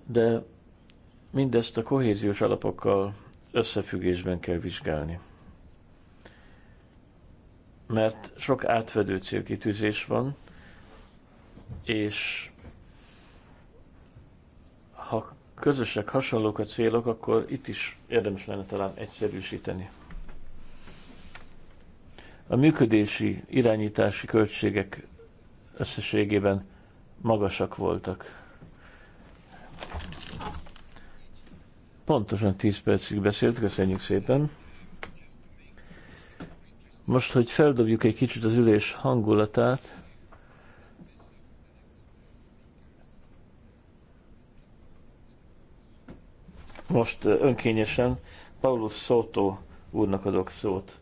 De mindezt a kohéziós alapokkal összefüggésben kell vizsgálni mert sok átvedő célkitűzés van, és ha közösek, hasonlók a célok, akkor itt is érdemes lenne talán egyszerűsíteni. A működési, irányítási költségek összességében magasak voltak. Pontosan 10 percig beszélt, köszönjük szépen. Most, hogy feldobjuk egy kicsit az ülés hangulatát, most önkényesen Paulus Szótó úrnak adok szót.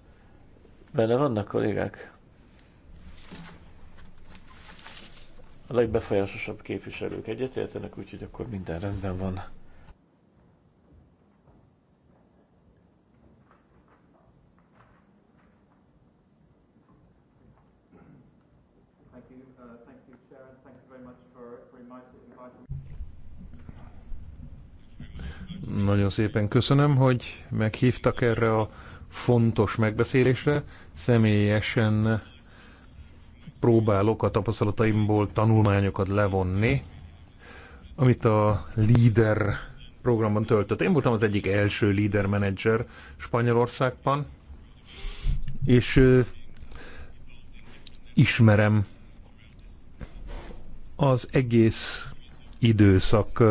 Benne vannak kollégák? A legbefolyásosabb képviselők egyetértenek, úgyhogy akkor minden rendben van. Nagyon szépen köszönöm, hogy meghívtak erre a fontos megbeszélésre. Személyesen próbálok a tapasztalataimból tanulmányokat levonni, amit a Leader programban töltött. Én voltam az egyik első Leader Manager Spanyolországban, és ismerem az egész időszak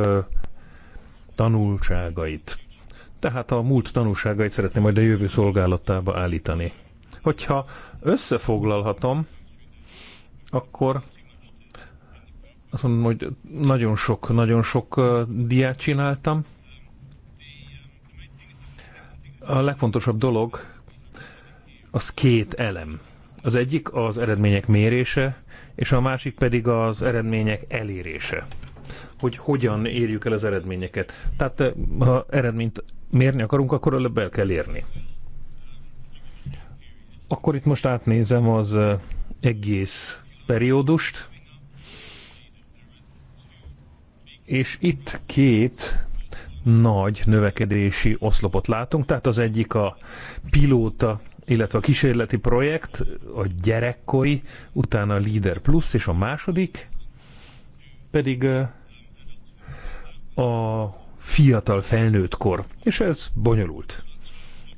tanulságait. Tehát a múlt tanulságait szeretném majd a jövő szolgálatába állítani. Hogyha összefoglalhatom, akkor azt mondom, hogy nagyon sok, nagyon sok diát csináltam. A legfontosabb dolog az két elem. Az egyik az eredmények mérése, és a másik pedig az eredmények elérése hogy hogyan érjük el az eredményeket. Tehát eh, ha eredményt mérni akarunk, akkor előbb el kell érni. Akkor itt most átnézem az eh, egész periódust, és itt két nagy növekedési oszlopot látunk, tehát az egyik a pilóta, illetve a kísérleti projekt, a gyerekkori, utána a Leader Plus, és a második pedig eh, a fiatal felnőtt kor és ez bonyolult.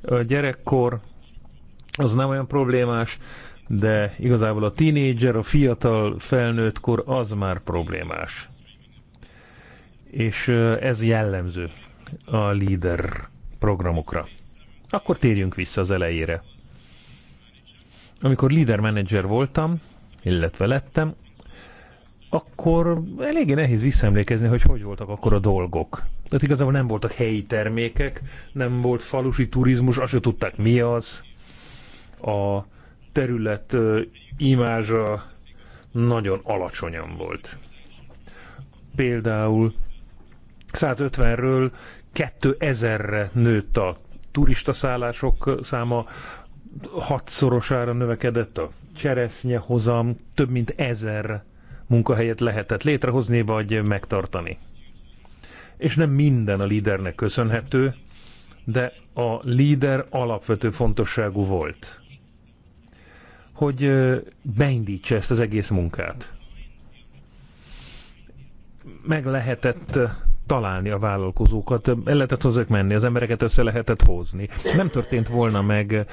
A gyerekkor az nem olyan problémás, de igazából a tínédzser, a fiatal felnőtt kor az már problémás. És ez jellemző a líder programokra. Akkor térjünk vissza az elejére. Amikor líder menedzser voltam, illetve lettem, akkor eléggé nehéz visszaemlékezni, hogy hogy voltak akkor a dolgok. Tehát igazából nem voltak helyi termékek, nem volt falusi turizmus, azt sem tudták mi az. A terület imázsa nagyon alacsonyan volt. Például 150-ről 2000-re nőtt a turista szállások száma, hatszorosára növekedett a cseresznye hozam, több mint ezer munkahelyet lehetett létrehozni vagy megtartani. És nem minden a lídernek köszönhető, de a líder alapvető fontosságú volt, hogy beindítsa ezt az egész munkát. Meg lehetett találni a vállalkozókat, el lehetett hozzák menni, az embereket össze lehetett hozni. Nem történt volna meg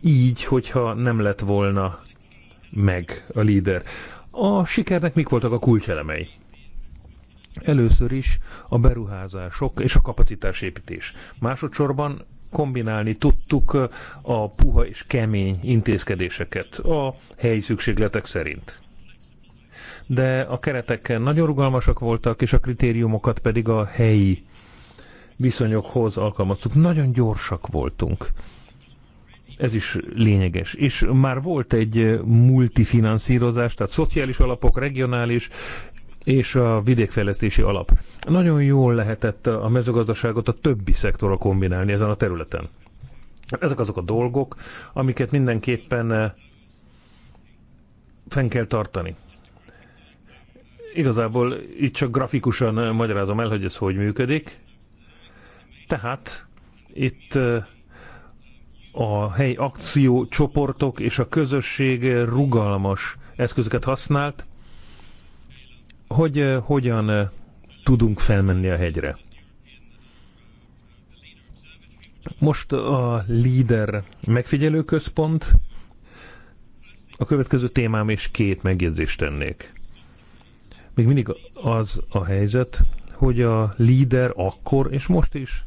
így, hogyha nem lett volna meg a líder. A sikernek mik voltak a kulcselemei? Először is a beruházások és a kapacitásépítés. Másodszorban kombinálni tudtuk a puha és kemény intézkedéseket a helyi szükségletek szerint. De a keretek nagyon rugalmasak voltak, és a kritériumokat pedig a helyi viszonyokhoz alkalmaztuk. Nagyon gyorsak voltunk ez is lényeges. És már volt egy eh, multifinanszírozás, tehát szociális alapok, regionális és a vidékfejlesztési alap. Nagyon jól lehetett a mezőgazdaságot a többi szektorra kombinálni ezen a területen. Ezek azok a dolgok, amiket mindenképpen eh, fenn kell tartani. Igazából itt csak grafikusan magyarázom el, hogy ez hogy működik. Tehát itt eh, a helyi akciócsoportok és a közösség rugalmas eszközöket használt, hogy eh, hogyan eh, tudunk felmenni a hegyre. Most a Leader megfigyelőközpont. A következő témám és két megjegyzést tennék. Még mindig az a helyzet, hogy a Leader akkor és most is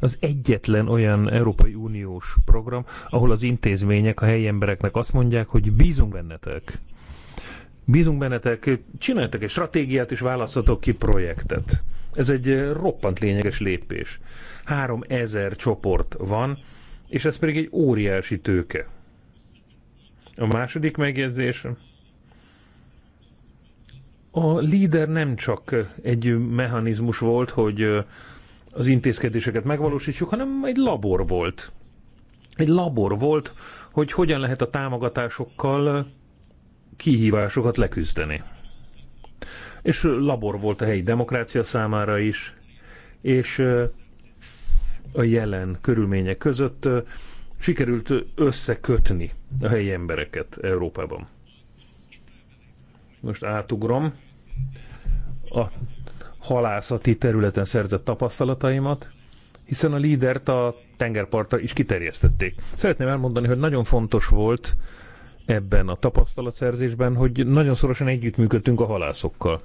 az egyetlen olyan Európai Uniós program, ahol az intézmények a helyi embereknek azt mondják, hogy bízunk bennetek. Bízunk bennetek, csináljatok egy stratégiát, és választhatok ki projektet. Ez egy eh, roppant lényeges lépés. 3000 csoport van, és ez pedig egy óriási tőke. A második megjegyzés. A líder nem csak egy mechanizmus volt, hogy eh, az intézkedéseket megvalósítsuk, hanem egy labor volt. Egy labor volt, hogy hogyan lehet a támogatásokkal kihívásokat leküzdeni. És labor volt a helyi demokrácia számára is, és a jelen körülmények között sikerült összekötni a helyi embereket Európában. Most átugrom a halászati területen szerzett tapasztalataimat, hiszen a lídert a tengerpartra is kiterjesztették. Szeretném elmondani, hogy nagyon fontos volt ebben a tapasztalatszerzésben, hogy nagyon szorosan együttműködtünk a halászokkal.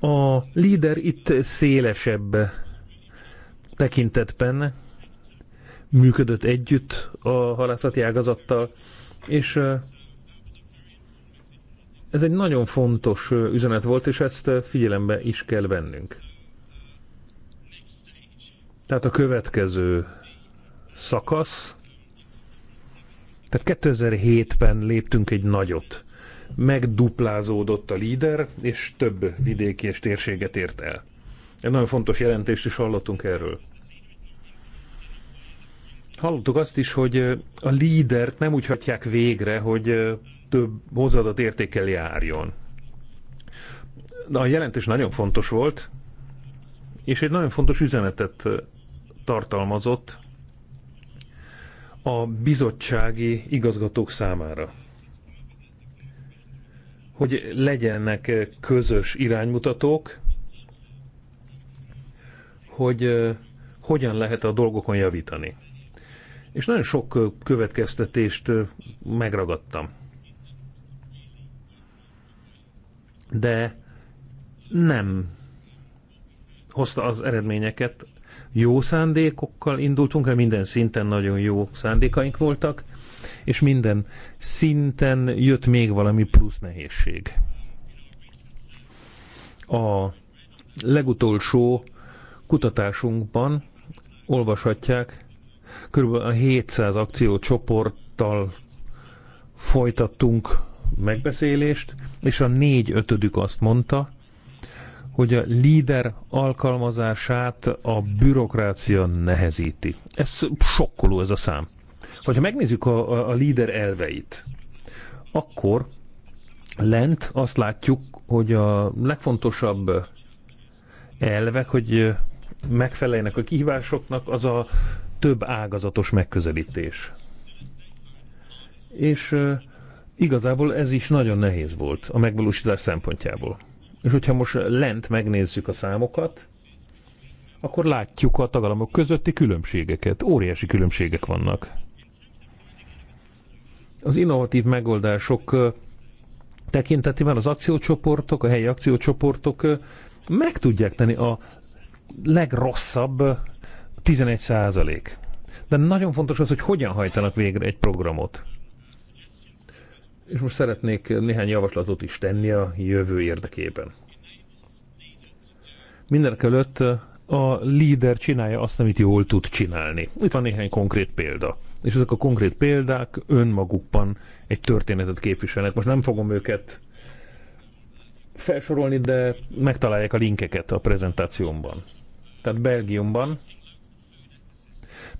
A líder itt szélesebb tekintetben működött együtt a halászati ágazattal, és ez egy nagyon fontos üzenet volt, és ezt figyelembe is kell vennünk. Tehát a következő szakasz, tehát 2007-ben léptünk egy nagyot. Megduplázódott a líder, és több vidéki és térséget ért el. Egy nagyon fontos jelentést is hallottunk erről. Hallottuk azt is, hogy a lídert nem úgy hatják végre, hogy több hozzáadott értékkel járjon. Na, a jelentés nagyon fontos volt, és egy nagyon fontos üzenetet tartalmazott a bizottsági igazgatók számára. Hogy legyenek közös iránymutatók, hogy hogyan lehet a dolgokon javítani. És nagyon sok következtetést megragadtam. de nem hozta az eredményeket. Jó szándékokkal indultunk el, minden szinten nagyon jó szándékaink voltak, és minden szinten jött még valami plusz nehézség. A legutolsó kutatásunkban olvashatják, körülbelül a 700 akciócsoporttal folytattunk megbeszélést, és a négy ötödük azt mondta, hogy a líder alkalmazását a bürokrácia nehezíti. Ez sokkoló ez a szám. Hogyha megnézzük a, a, a líder elveit, akkor lent azt látjuk, hogy a legfontosabb elvek, hogy megfeleljenek a kihívásoknak, az a több ágazatos megközelítés. És Igazából ez is nagyon nehéz volt a megvalósítás szempontjából. És hogyha most lent megnézzük a számokat, akkor látjuk a tagalamok közötti különbségeket. Óriási különbségek vannak. Az innovatív megoldások tekintetében az akciócsoportok, a helyi akciócsoportok meg tudják tenni a legrosszabb 11 százalék. De nagyon fontos az, hogy hogyan hajtanak végre egy programot és most szeretnék néhány javaslatot is tenni a jövő érdekében. Mindenek előtt a líder csinálja azt, amit jól tud csinálni. Itt van néhány konkrét példa. És ezek a konkrét példák önmagukban egy történetet képviselnek. Most nem fogom őket felsorolni, de megtalálják a linkeket a prezentációmban. Tehát Belgiumban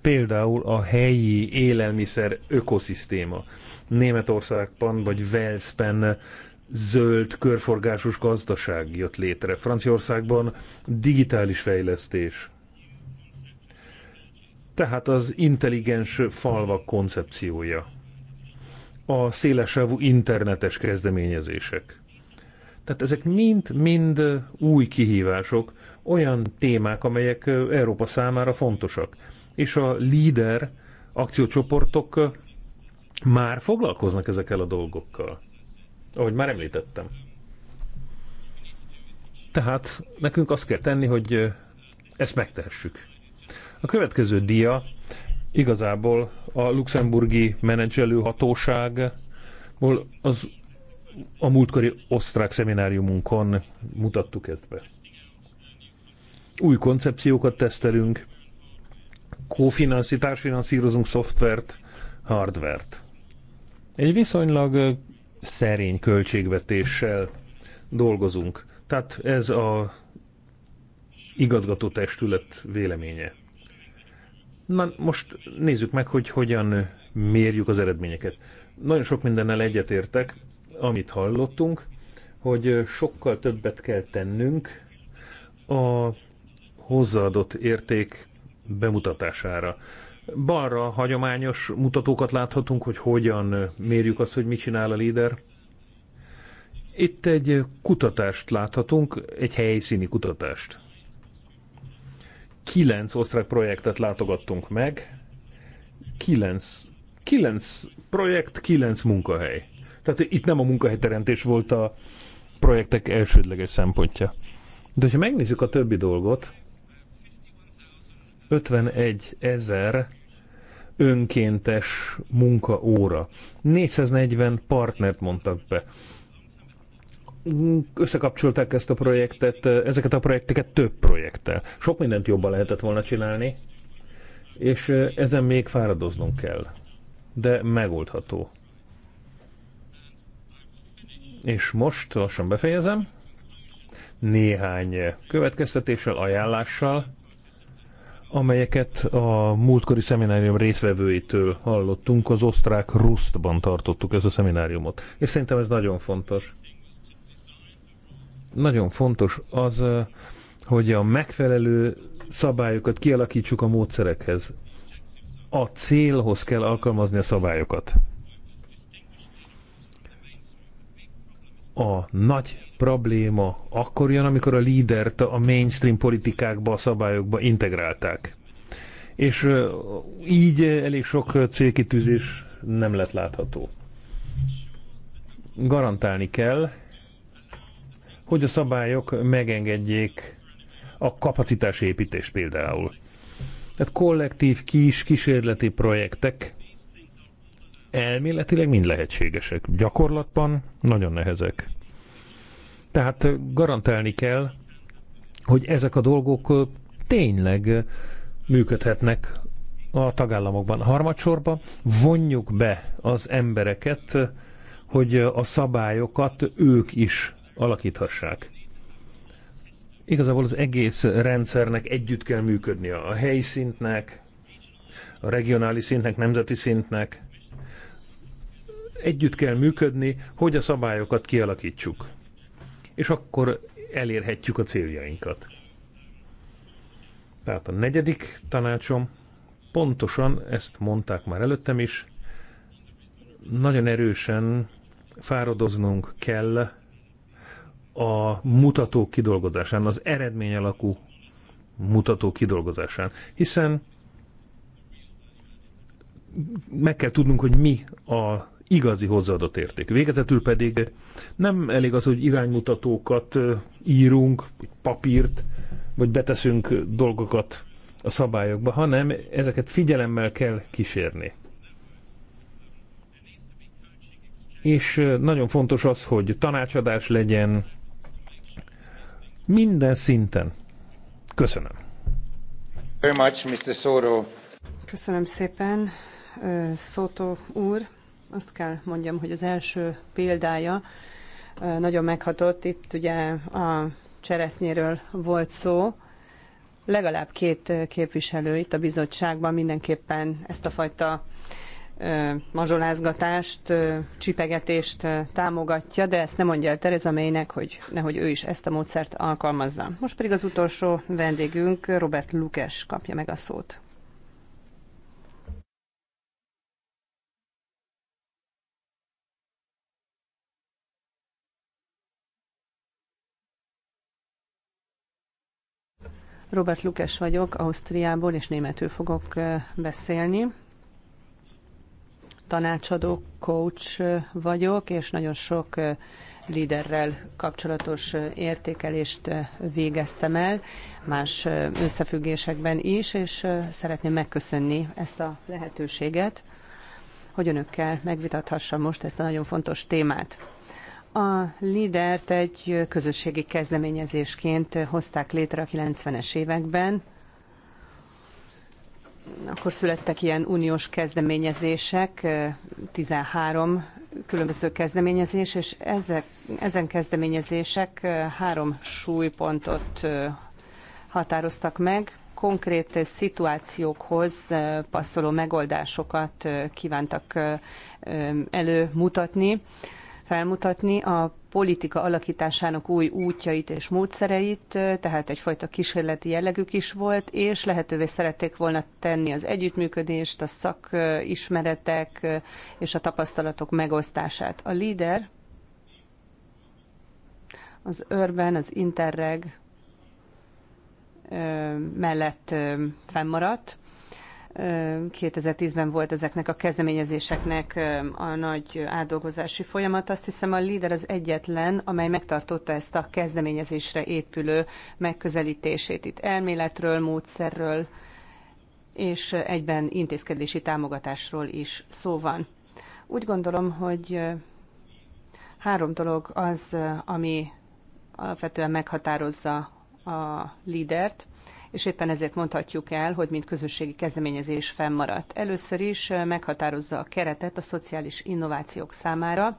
például a helyi élelmiszer ökoszisztéma. Németországban vagy Velszben zöld, körforgásos gazdaság jött létre. Franciaországban digitális fejlesztés. Tehát az intelligens falvak koncepciója. A szélesávú internetes kezdeményezések. Tehát ezek mind-mind új kihívások, olyan témák, amelyek Európa számára fontosak. És a líder akciócsoportok már foglalkoznak ezekkel a dolgokkal, ahogy már említettem. Tehát nekünk azt kell tenni, hogy ezt megtehessük. A következő dia igazából a luxemburgi menedzselő hatóságból az a múltkori osztrák szemináriumunkon mutattuk ezt be. Új koncepciókat tesztelünk, kófinanszi, társfinanszírozunk szoftvert, hardvert. Egy viszonylag szerény költségvetéssel dolgozunk. Tehát ez a igazgató testület véleménye. Na most nézzük meg, hogy hogyan mérjük az eredményeket. Nagyon sok mindennel egyetértek, amit hallottunk, hogy sokkal többet kell tennünk a hozzáadott érték bemutatására. Balra hagyományos mutatókat láthatunk, hogy hogyan mérjük azt, hogy mit csinál a líder. Itt egy kutatást láthatunk, egy helyszíni kutatást. Kilenc osztrák projektet látogattunk meg, kilenc, kilenc projekt, kilenc munkahely. Tehát itt nem a munkahelyteremtés volt a projektek elsődleges szempontja. De ha megnézzük a többi dolgot, 51 ezer önkéntes munkaóra. 440 partnert mondtak be. Összekapcsolták ezt a projektet, ezeket a projekteket több projekttel. Sok mindent jobban lehetett volna csinálni, és ezen még fáradoznunk kell. De megoldható. És most lassan befejezem. Néhány következtetéssel, ajánlással amelyeket a múltkori szeminárium részvevőitől hallottunk, az osztrák Rusztban tartottuk ezt a szemináriumot. És szerintem ez nagyon fontos. Nagyon fontos az, eh, hogy a megfelelő szabályokat kialakítsuk a módszerekhez. A célhoz kell alkalmazni a szabályokat. a nagy probléma akkor jön, amikor a lídert a mainstream politikákba, a szabályokba integrálták. És így elég sok célkitűzés nem lett látható. Garantálni kell, hogy a szabályok megengedjék a építést például. Tehát kollektív kis kísérleti projektek elméletileg mind lehetségesek. Gyakorlatban nagyon nehezek. Tehát garantálni kell, hogy ezek a dolgok tényleg működhetnek a tagállamokban. Harmadsorban vonjuk be az embereket, hogy a szabályokat ők is alakíthassák. Igazából az egész rendszernek együtt kell működnie, a helyi szintnek, a regionális szintnek, nemzeti szintnek, együtt kell működni, hogy a szabályokat kialakítsuk. És akkor elérhetjük a céljainkat. Tehát a negyedik tanácsom, pontosan ezt mondták már előttem is, nagyon erősen fáradoznunk kell a mutató kidolgozásán, az eredmény alakú mutató kidolgozásán, hiszen meg kell tudnunk, hogy mi a igazi hozzáadott érték. Végezetül pedig nem elég az, hogy iránymutatókat írunk, papírt, vagy beteszünk dolgokat a szabályokba, hanem ezeket figyelemmel kell kísérni. És nagyon fontos az, hogy tanácsadás legyen minden szinten. Köszönöm. Köszönöm szépen, Szótó úr azt kell mondjam, hogy az első példája nagyon meghatott. Itt ugye a cseresznyéről volt szó. Legalább két képviselő itt a bizottságban mindenképpen ezt a fajta mazsolázgatást, csipegetést támogatja, de ezt nem mondja el Tereza Maynek, hogy nehogy ő is ezt a módszert alkalmazza. Most pedig az utolsó vendégünk, Robert Lukes kapja meg a szót. Robert Lukes vagyok, Ausztriából, és németül fogok beszélni. Tanácsadó, coach vagyok, és nagyon sok líderrel kapcsolatos értékelést végeztem el, más összefüggésekben is, és szeretném megköszönni ezt a lehetőséget, hogy önökkel megvitathassam most ezt a nagyon fontos témát. A lidert egy közösségi kezdeményezésként hozták létre a 90-es években. Akkor születtek ilyen uniós kezdeményezések, 13 különböző kezdeményezés, és ezek, ezen kezdeményezések három súlypontot határoztak meg. Konkrét szituációkhoz passzoló megoldásokat kívántak előmutatni felmutatni a politika alakításának új útjait és módszereit, tehát egyfajta kísérleti jellegük is volt, és lehetővé szerették volna tenni az együttműködést, a szakismeretek és a tapasztalatok megosztását. A líder az Urban, az Interreg mellett fennmaradt, 2010-ben volt ezeknek a kezdeményezéseknek a nagy átdolgozási folyamat. Azt hiszem a líder az egyetlen, amely megtartotta ezt a kezdeményezésre épülő megközelítését. Itt elméletről, módszerről és egyben intézkedési támogatásról is szó van. Úgy gondolom, hogy három dolog az, ami alapvetően meghatározza a lídert és éppen ezért mondhatjuk el, hogy mint közösségi kezdeményezés fennmaradt. Először is meghatározza a keretet a szociális innovációk számára,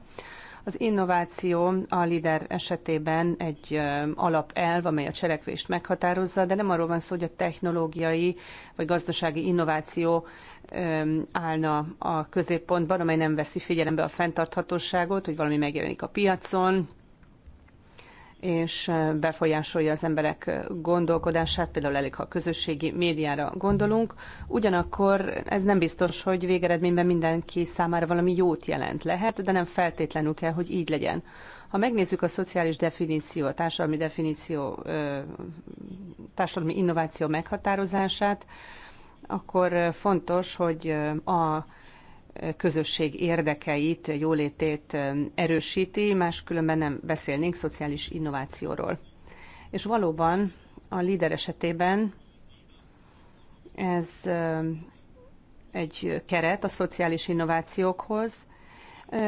az innováció a líder esetében egy alapelv, amely a cselekvést meghatározza, de nem arról van szó, hogy a technológiai vagy gazdasági innováció állna a középpontban, amely nem veszi figyelembe a fenntarthatóságot, hogy valami megjelenik a piacon, és befolyásolja az emberek gondolkodását, például elég, ha a közösségi médiára gondolunk. Ugyanakkor ez nem biztos, hogy végeredményben mindenki számára valami jót jelent lehet, de nem feltétlenül kell, hogy így legyen. Ha megnézzük a szociális definíció, a társadalmi definíció, társadalmi innováció meghatározását, akkor fontos, hogy a közösség érdekeit, jólétét erősíti, máskülönben nem beszélnénk szociális innovációról. És valóban a líder esetében ez egy keret a szociális innovációkhoz,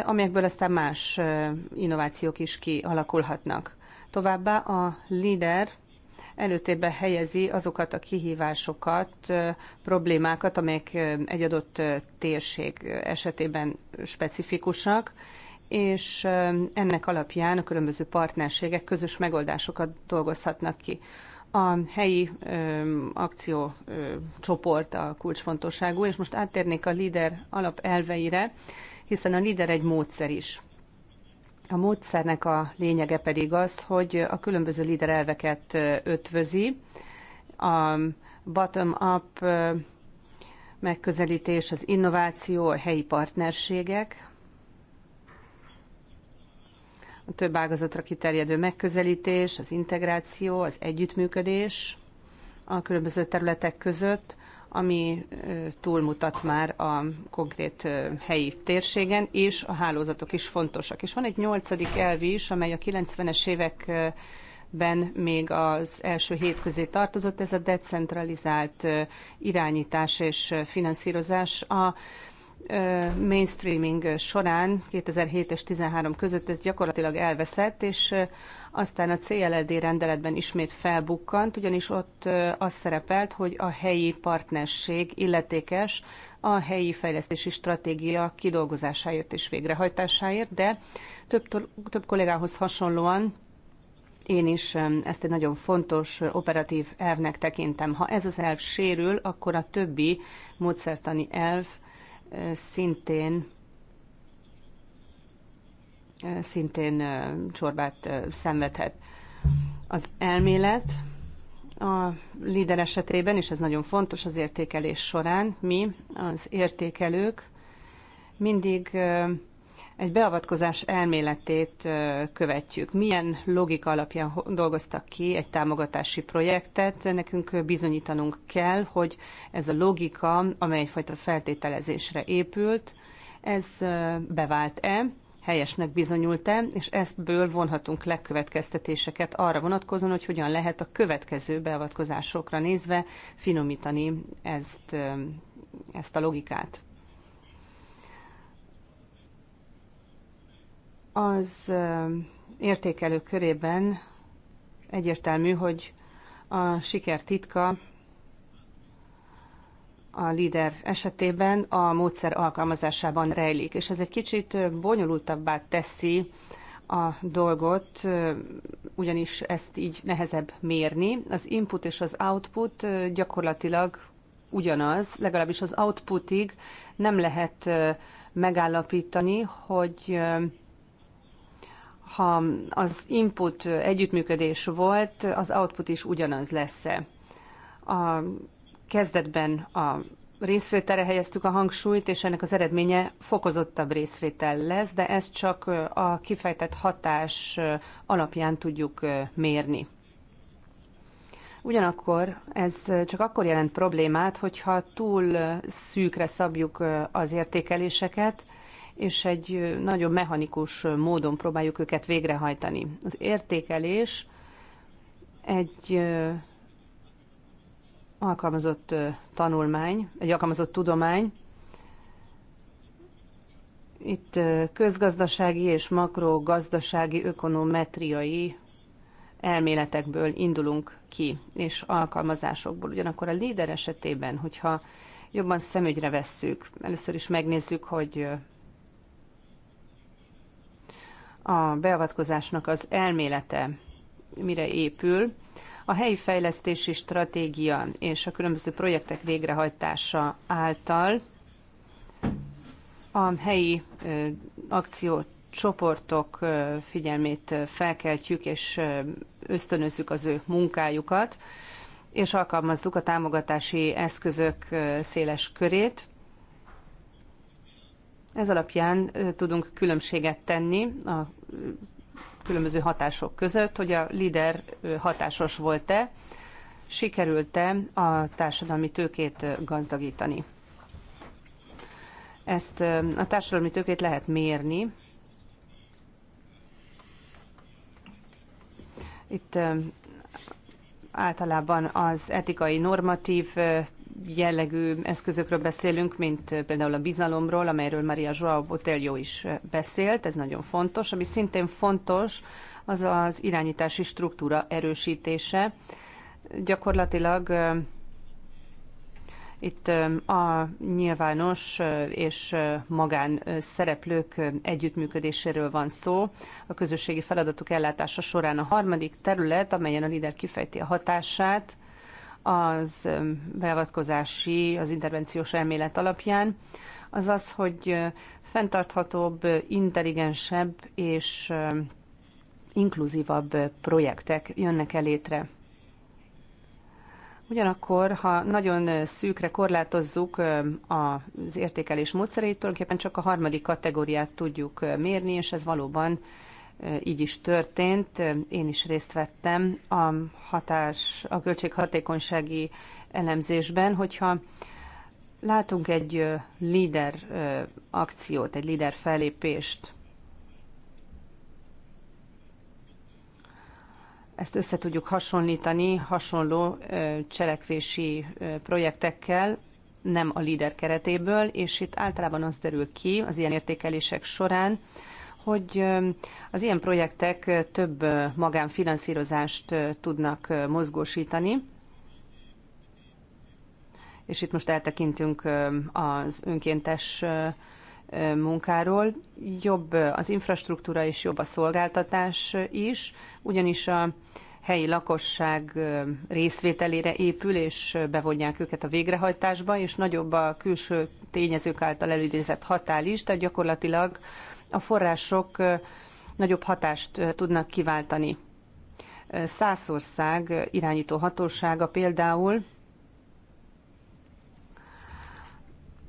amelyekből aztán más innovációk is kialakulhatnak. Továbbá a líder előtérbe helyezi azokat a kihívásokat, problémákat, amelyek egy adott térség esetében specifikusak, és ennek alapján a különböző partnerségek közös megoldásokat dolgozhatnak ki. A helyi akciócsoport a kulcsfontosságú, és most áttérnék a LIDER alapelveire, hiszen a LIDER egy módszer is. A módszernek a lényege pedig az, hogy a különböző liderelveket ötvözi, a bottom-up megközelítés, az innováció, a helyi partnerségek, a több ágazatra kiterjedő megközelítés, az integráció, az együttműködés a különböző területek között, ami túlmutat már a konkrét helyi térségen, és a hálózatok is fontosak. És van egy nyolcadik elv is, amely a 90-es években még az első hét közé tartozott, ez a decentralizált irányítás és finanszírozás. A mainstreaming során 2007 és 2013 között ez gyakorlatilag elveszett, és aztán a CLLD rendeletben ismét felbukkant, ugyanis ott az szerepelt, hogy a helyi partnerség illetékes a helyi fejlesztési stratégia kidolgozásáért és végrehajtásáért, de több, több kollégához hasonlóan én is ezt egy nagyon fontos operatív elvnek tekintem. Ha ez az elv sérül, akkor a többi módszertani elv szintén szintén csorbát szenvedhet. Az elmélet a líder esetében, és ez nagyon fontos az értékelés során, mi, az értékelők, mindig egy beavatkozás elméletét követjük. Milyen logika alapján dolgoztak ki egy támogatási projektet? Nekünk bizonyítanunk kell, hogy ez a logika, amely egyfajta feltételezésre épült, ez bevált-e, helyesnek bizonyult-e, és ebből vonhatunk legkövetkeztetéseket arra vonatkozóan, hogy hogyan lehet a következő beavatkozásokra nézve finomítani ezt, ezt a logikát. Az értékelő körében egyértelmű, hogy a siker titka a líder esetében a módszer alkalmazásában rejlik, és ez egy kicsit bonyolultabbá teszi a dolgot, ugyanis ezt így nehezebb mérni. Az input és az output gyakorlatilag ugyanaz, legalábbis az outputig nem lehet megállapítani, hogy ha az input együttműködés volt, az output is ugyanaz lesz-e. A kezdetben a részvételre helyeztük a hangsúlyt, és ennek az eredménye fokozottabb részvétel lesz, de ezt csak a kifejtett hatás alapján tudjuk mérni. Ugyanakkor ez csak akkor jelent problémát, hogyha túl szűkre szabjuk az értékeléseket, és egy nagyon mechanikus módon próbáljuk őket végrehajtani. Az értékelés egy alkalmazott tanulmány, egy alkalmazott tudomány. Itt közgazdasági és makrogazdasági ökonometriai elméletekből indulunk ki, és alkalmazásokból. Ugyanakkor a líder esetében, hogyha jobban szemügyre vesszük, először is megnézzük, hogy a beavatkozásnak az elmélete mire épül, a helyi fejlesztési stratégia és a különböző projektek végrehajtása által a helyi akciócsoportok figyelmét felkeltjük és ösztönözzük az ő munkájukat, és alkalmazzuk a támogatási eszközök széles körét. Ez alapján tudunk különbséget tenni a különböző hatások között, hogy a líder hatásos volt-e, sikerült-e a társadalmi tőkét gazdagítani. Ezt a társadalmi tőkét lehet mérni. Itt általában az etikai normatív jellegű eszközökről beszélünk, mint például a bizalomról, amelyről Maria Joao Botelho is beszélt, ez nagyon fontos. Ami szintén fontos, az az irányítási struktúra erősítése. Gyakorlatilag itt a nyilvános és magán szereplők együttműködéséről van szó. A közösségi feladatok ellátása során a harmadik terület, amelyen a líder kifejti a hatását, az beavatkozási, az intervenciós elmélet alapján, az az, hogy fenntarthatóbb, intelligensebb és inkluzívabb projektek jönnek el létre. Ugyanakkor, ha nagyon szűkre korlátozzuk az értékelés módszereit, tulajdonképpen csak a harmadik kategóriát tudjuk mérni, és ez valóban így is történt. Én is részt vettem a hatás, a költséghatékonysági elemzésben, hogyha látunk egy líder akciót, egy líder fellépést, ezt össze tudjuk hasonlítani hasonló cselekvési projektekkel, nem a líder keretéből, és itt általában az derül ki az ilyen értékelések során, hogy az ilyen projektek több magánfinanszírozást tudnak mozgósítani, és itt most eltekintünk az önkéntes munkáról. Jobb az infrastruktúra és jobb a szolgáltatás is, ugyanis a helyi lakosság részvételére épül, és bevonják őket a végrehajtásba, és nagyobb a külső tényezők által előidézett határ is, tehát gyakorlatilag a források nagyobb hatást tudnak kiváltani. Szászország irányító hatósága például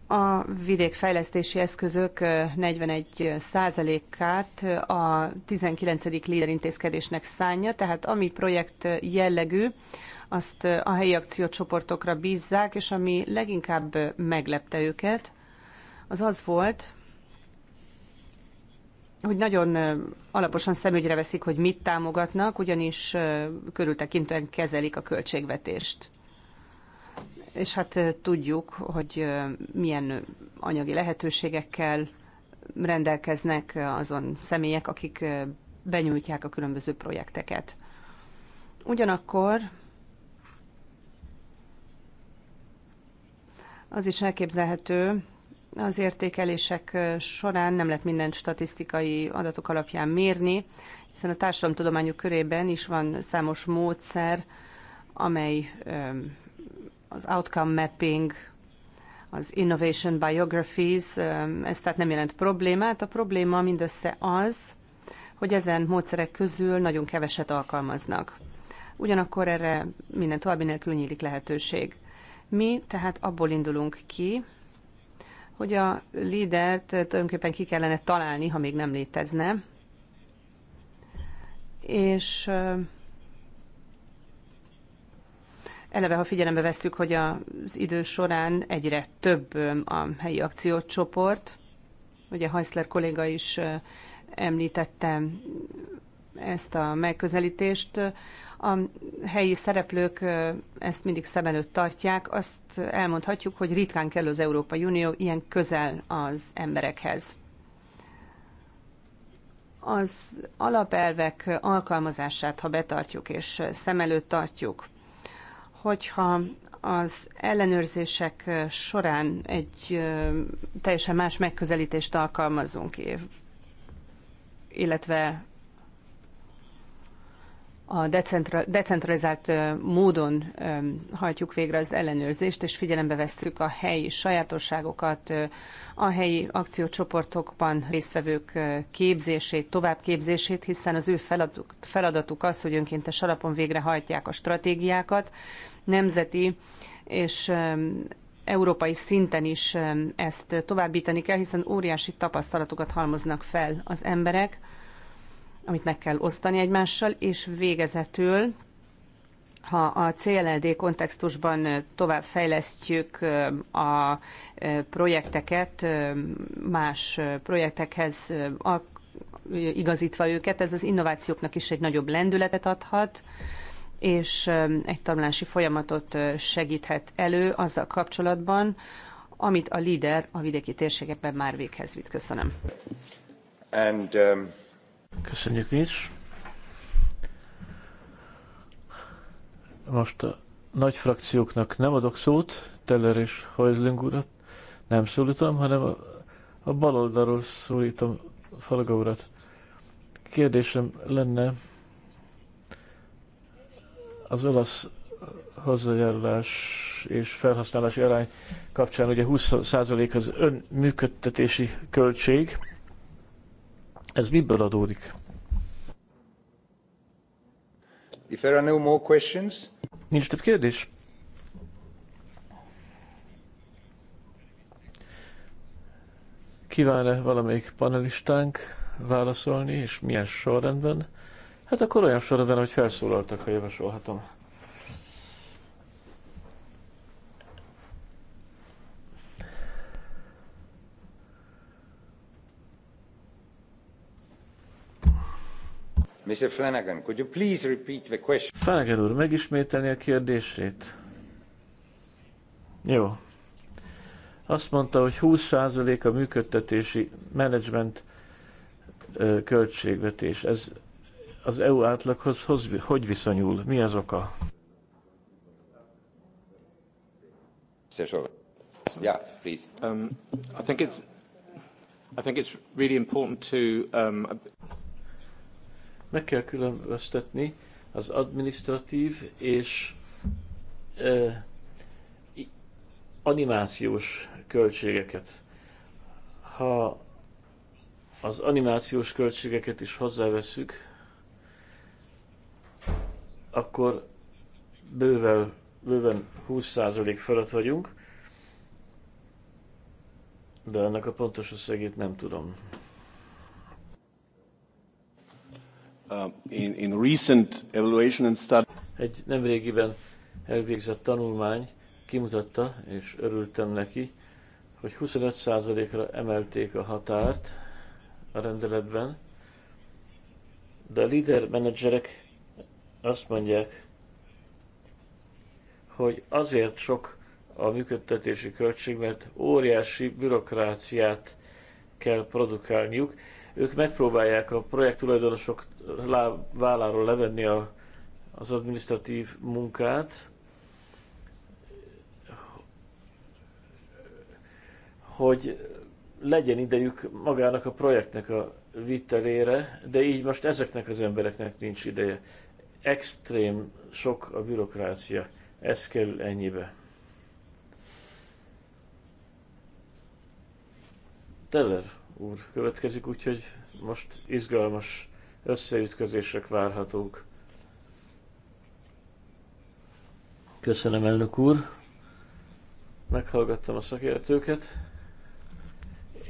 a vidékfejlesztési eszközök 41%-át a 19. líderintézkedésnek szánja, tehát ami projekt jellegű, azt a helyi akciócsoportokra bízzák, és ami leginkább meglepte őket, az az volt, hogy nagyon alaposan szemügyre veszik, hogy mit támogatnak, ugyanis körültekintően kezelik a költségvetést. És hát tudjuk, hogy milyen anyagi lehetőségekkel rendelkeznek azon személyek, akik benyújtják a különböző projekteket. Ugyanakkor az is elképzelhető, az értékelések során nem lehet minden statisztikai adatok alapján mérni, hiszen a társadalomtudományok körében is van számos módszer, amely az outcome mapping, az innovation biographies, ez tehát nem jelent problémát. A probléma mindössze az, hogy ezen módszerek közül nagyon keveset alkalmaznak. Ugyanakkor erre minden további nélkül nyílik lehetőség. Mi tehát abból indulunk ki, hogy a lídert tulajdonképpen ki kellene találni, ha még nem létezne. És Eleve, ha figyelembe veszük, hogy az idő során egyre több a helyi akciócsoport, ugye Heisler kolléga is említette ezt a megközelítést, a helyi szereplők ezt mindig szem előtt tartják, azt elmondhatjuk, hogy ritkán kell az Európai Unió ilyen közel az emberekhez. Az alapelvek alkalmazását, ha betartjuk és szem előtt tartjuk, hogyha az ellenőrzések során egy teljesen más megközelítést alkalmazunk, illetve a decentra, decentralizált módon hajtjuk végre az ellenőrzést, és figyelembe vesszük a helyi sajátosságokat, a helyi akciócsoportokban résztvevők képzését, továbbképzését, hiszen az ő feladatuk, az, hogy önkéntes alapon végrehajtják a stratégiákat, nemzeti és európai szinten is ezt továbbítani kell, hiszen óriási tapasztalatokat halmoznak fel az emberek, amit meg kell osztani egymással, és végezetül, ha a CLLD kontextusban tovább fejlesztjük a projekteket, más projektekhez igazítva őket, ez az innovációknak is egy nagyobb lendületet adhat, és egy tanulási folyamatot segíthet elő azzal kapcsolatban, amit a líder a vidéki térségekben már véghez vitt. Köszönöm. And, um... Köszönjük is. Most a nagy frakcióknak nem adok szót, Teller és Heusling urat nem szólítom, hanem a, a bal oldalról szólítom Falga urat. Kérdésem lenne az olasz hozzájárulás és felhasználási arány kapcsán ugye 20% az önműködtetési költség, ez miből adódik? If there are no more questions. Nincs több kérdés? Kíván-e valamelyik panelistánk válaszolni, és milyen sorrendben? Hát akkor olyan sorrendben, hogy felszólaltak, ha javasolhatom. Mr. Flanagan, could you please repeat the question? Flanagan úr, megismételni a kérdését? Jó. Azt mondta, hogy 20% a működtetési menedzsment költségvetés. Ez az EU átlaghoz hoz, hogy viszonyul? Mi az oka? Yeah, please. Um, I think it's I think it's really important to um, meg kell különböztetni az administratív és animációs költségeket. Ha az animációs költségeket is hozzáveszük, akkor bővel, bőven 20% fölött vagyunk, de ennek a pontos összegét nem tudom. Uh, in, in recent evaluation and study. Egy nemrégiben elvégzett tanulmány kimutatta, és örültem neki, hogy 25%-ra emelték a határt a rendeletben, de a leader menedzserek azt mondják, hogy azért sok a működtetési költség, mert óriási bürokráciát kell produkálniuk. Ők megpróbálják a projekt tulajdonosok válláról levenni a, az administratív munkát, hogy legyen idejük magának a projektnek a vitelére, de így most ezeknek az embereknek nincs ideje. Extrém sok a bürokrácia, ez kerül ennyibe. Teller úr következik, úgyhogy most izgalmas összeütközések várhatók. Köszönöm, elnök úr. Meghallgattam a szakértőket.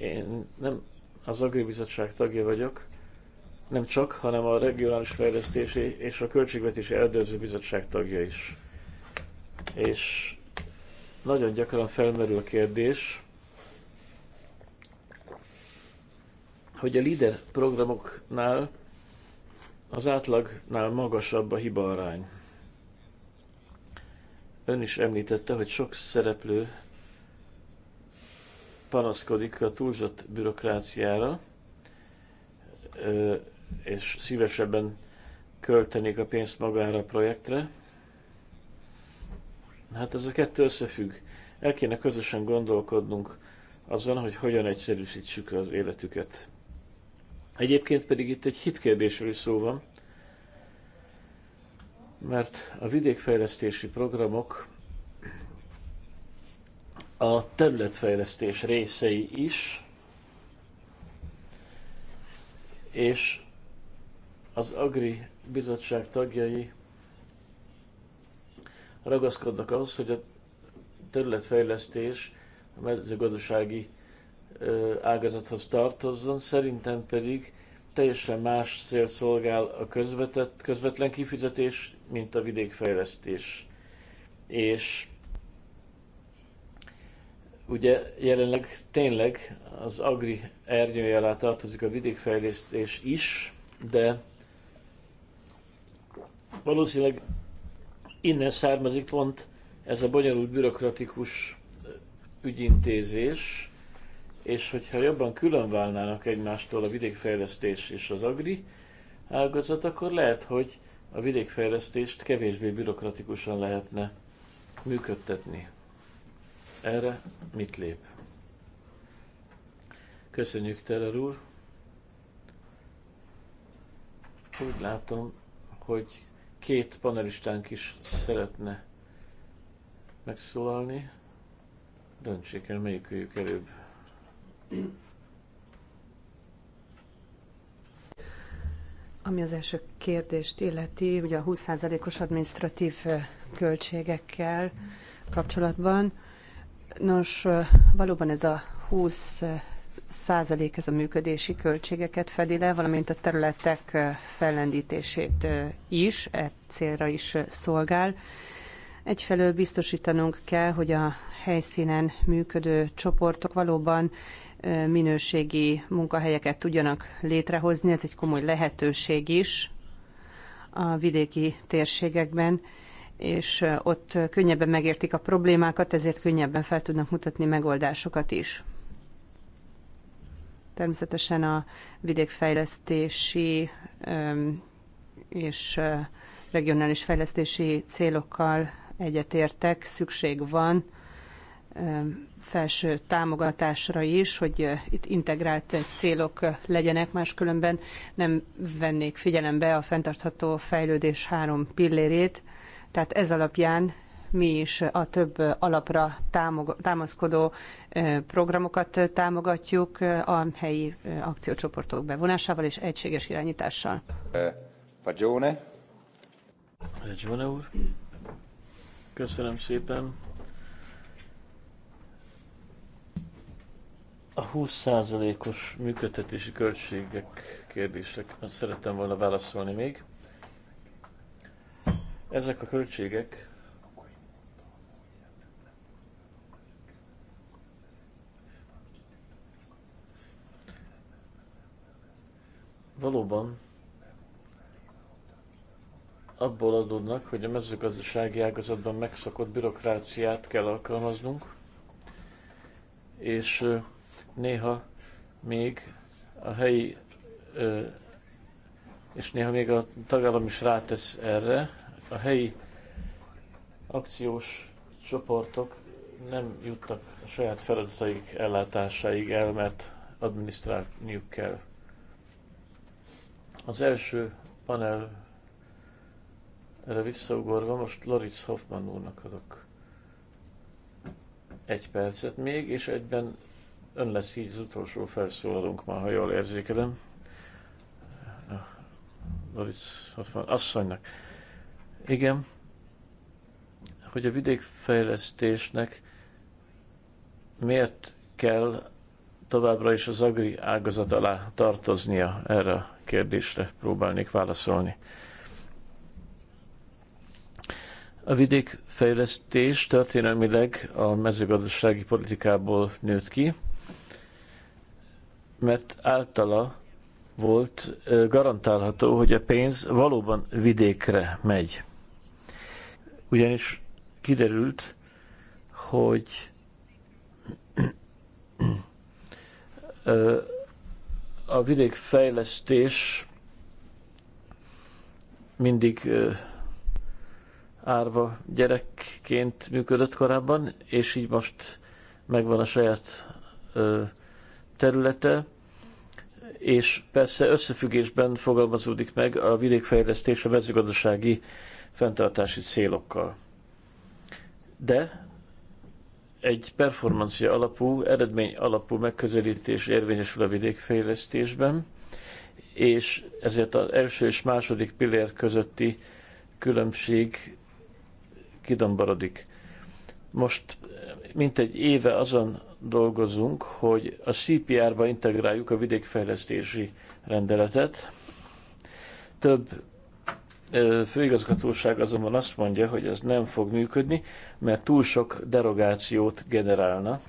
Én nem az Agribizottság tagja vagyok, nem csak, hanem a Regionális Fejlesztési és a Költségvetési Eldőrző Bizottság tagja is. És nagyon gyakran felmerül a kérdés, hogy a LIDER programoknál az átlagnál magasabb a hiba arány. Ön is említette, hogy sok szereplő panaszkodik a túlzott bürokráciára, és szívesebben költenék a pénzt magára a projektre. Hát ez a kettő összefügg. El kéne közösen gondolkodnunk azon, hogy hogyan egyszerűsítsük az életüket. Egyébként pedig itt egy hitkérdésről is szó van, mert a vidékfejlesztési programok a területfejlesztés részei is, és az Agri Bizottság tagjai ragaszkodnak ahhoz, hogy a területfejlesztés a mezőgazdasági ágazathoz tartozzon, szerintem pedig teljesen más cél szolgál a közvetett, közvetlen kifizetés, mint a vidékfejlesztés. És ugye jelenleg tényleg az agri ernyője alá tartozik a vidékfejlesztés is, de valószínűleg innen származik pont ez a bonyolult bürokratikus ügyintézés, és hogyha jobban külön válnának egymástól a vidékfejlesztés és az agri ágazat, akkor lehet, hogy a vidékfejlesztést kevésbé bürokratikusan lehetne működtetni. Erre mit lép? Köszönjük, Teller úr! Úgy látom, hogy két panelistánk is szeretne megszólalni. Döntsék el, melyik előbb. Ami az első kérdést illeti, ugye a 20%-os administratív költségekkel kapcsolatban. Nos, valóban ez a 20 százalék ez a működési költségeket fedi le, valamint a területek fellendítését is, e célra is szolgál. Egyfelől biztosítanunk kell, hogy a helyszínen működő csoportok valóban minőségi munkahelyeket tudjanak létrehozni. Ez egy komoly lehetőség is a vidéki térségekben, és ott könnyebben megértik a problémákat, ezért könnyebben fel tudnak mutatni megoldásokat is. Természetesen a vidékfejlesztési és regionális fejlesztési célokkal egyetértek, szükség van felső támogatásra is, hogy eh, itt integrált célok legyenek, máskülönben nem vennék figyelembe a fenntartható fejlődés három pillérét. Tehát ez alapján mi is a több alapra támaszkodó eh, programokat támogatjuk eh, a helyi akciócsoportok bevonásával és egységes irányítással. Fagione. Fagione úr. Köszönöm szépen. a 20%-os működtetési költségek azt szerettem volna válaszolni még. Ezek a költségek valóban abból adódnak, hogy a mezőgazdasági ágazatban megszokott bürokráciát kell alkalmaznunk, és néha még a helyi és néha még a tagállam is rátesz erre, a helyi akciós csoportok nem juttak a saját feladataik ellátásáig el, mert adminisztrálniuk kell. Az első panel erre visszaugorva most Loritz Hoffman úrnak adok egy percet még, és egyben Ön lesz így az utolsó felszólalunk ma, ha jól érzékelem. Doris van, asszonynak. Igen, hogy a vidékfejlesztésnek miért kell továbbra is az agri ágazat alá tartoznia erre a kérdésre próbálnék válaszolni. A vidékfejlesztés történelmileg a mezőgazdasági politikából nőtt ki, mert általa volt garantálható, hogy a pénz valóban vidékre megy. Ugyanis kiderült, hogy a vidékfejlesztés mindig árva gyerekként működött korábban, és így most megvan a saját területe, és persze összefüggésben fogalmazódik meg a vidékfejlesztés a mezőgazdasági fenntartási célokkal. De egy performancia alapú, eredmény alapú megközelítés érvényesül a vidékfejlesztésben, és ezért az első és második pillér közötti különbség kidomborodik. Most mint egy éve azon dolgozunk, hogy a CPR-ba integráljuk a vidékfejlesztési rendeletet. Több főigazgatóság azonban azt mondja, hogy ez nem fog működni, mert túl sok derogációt generálna.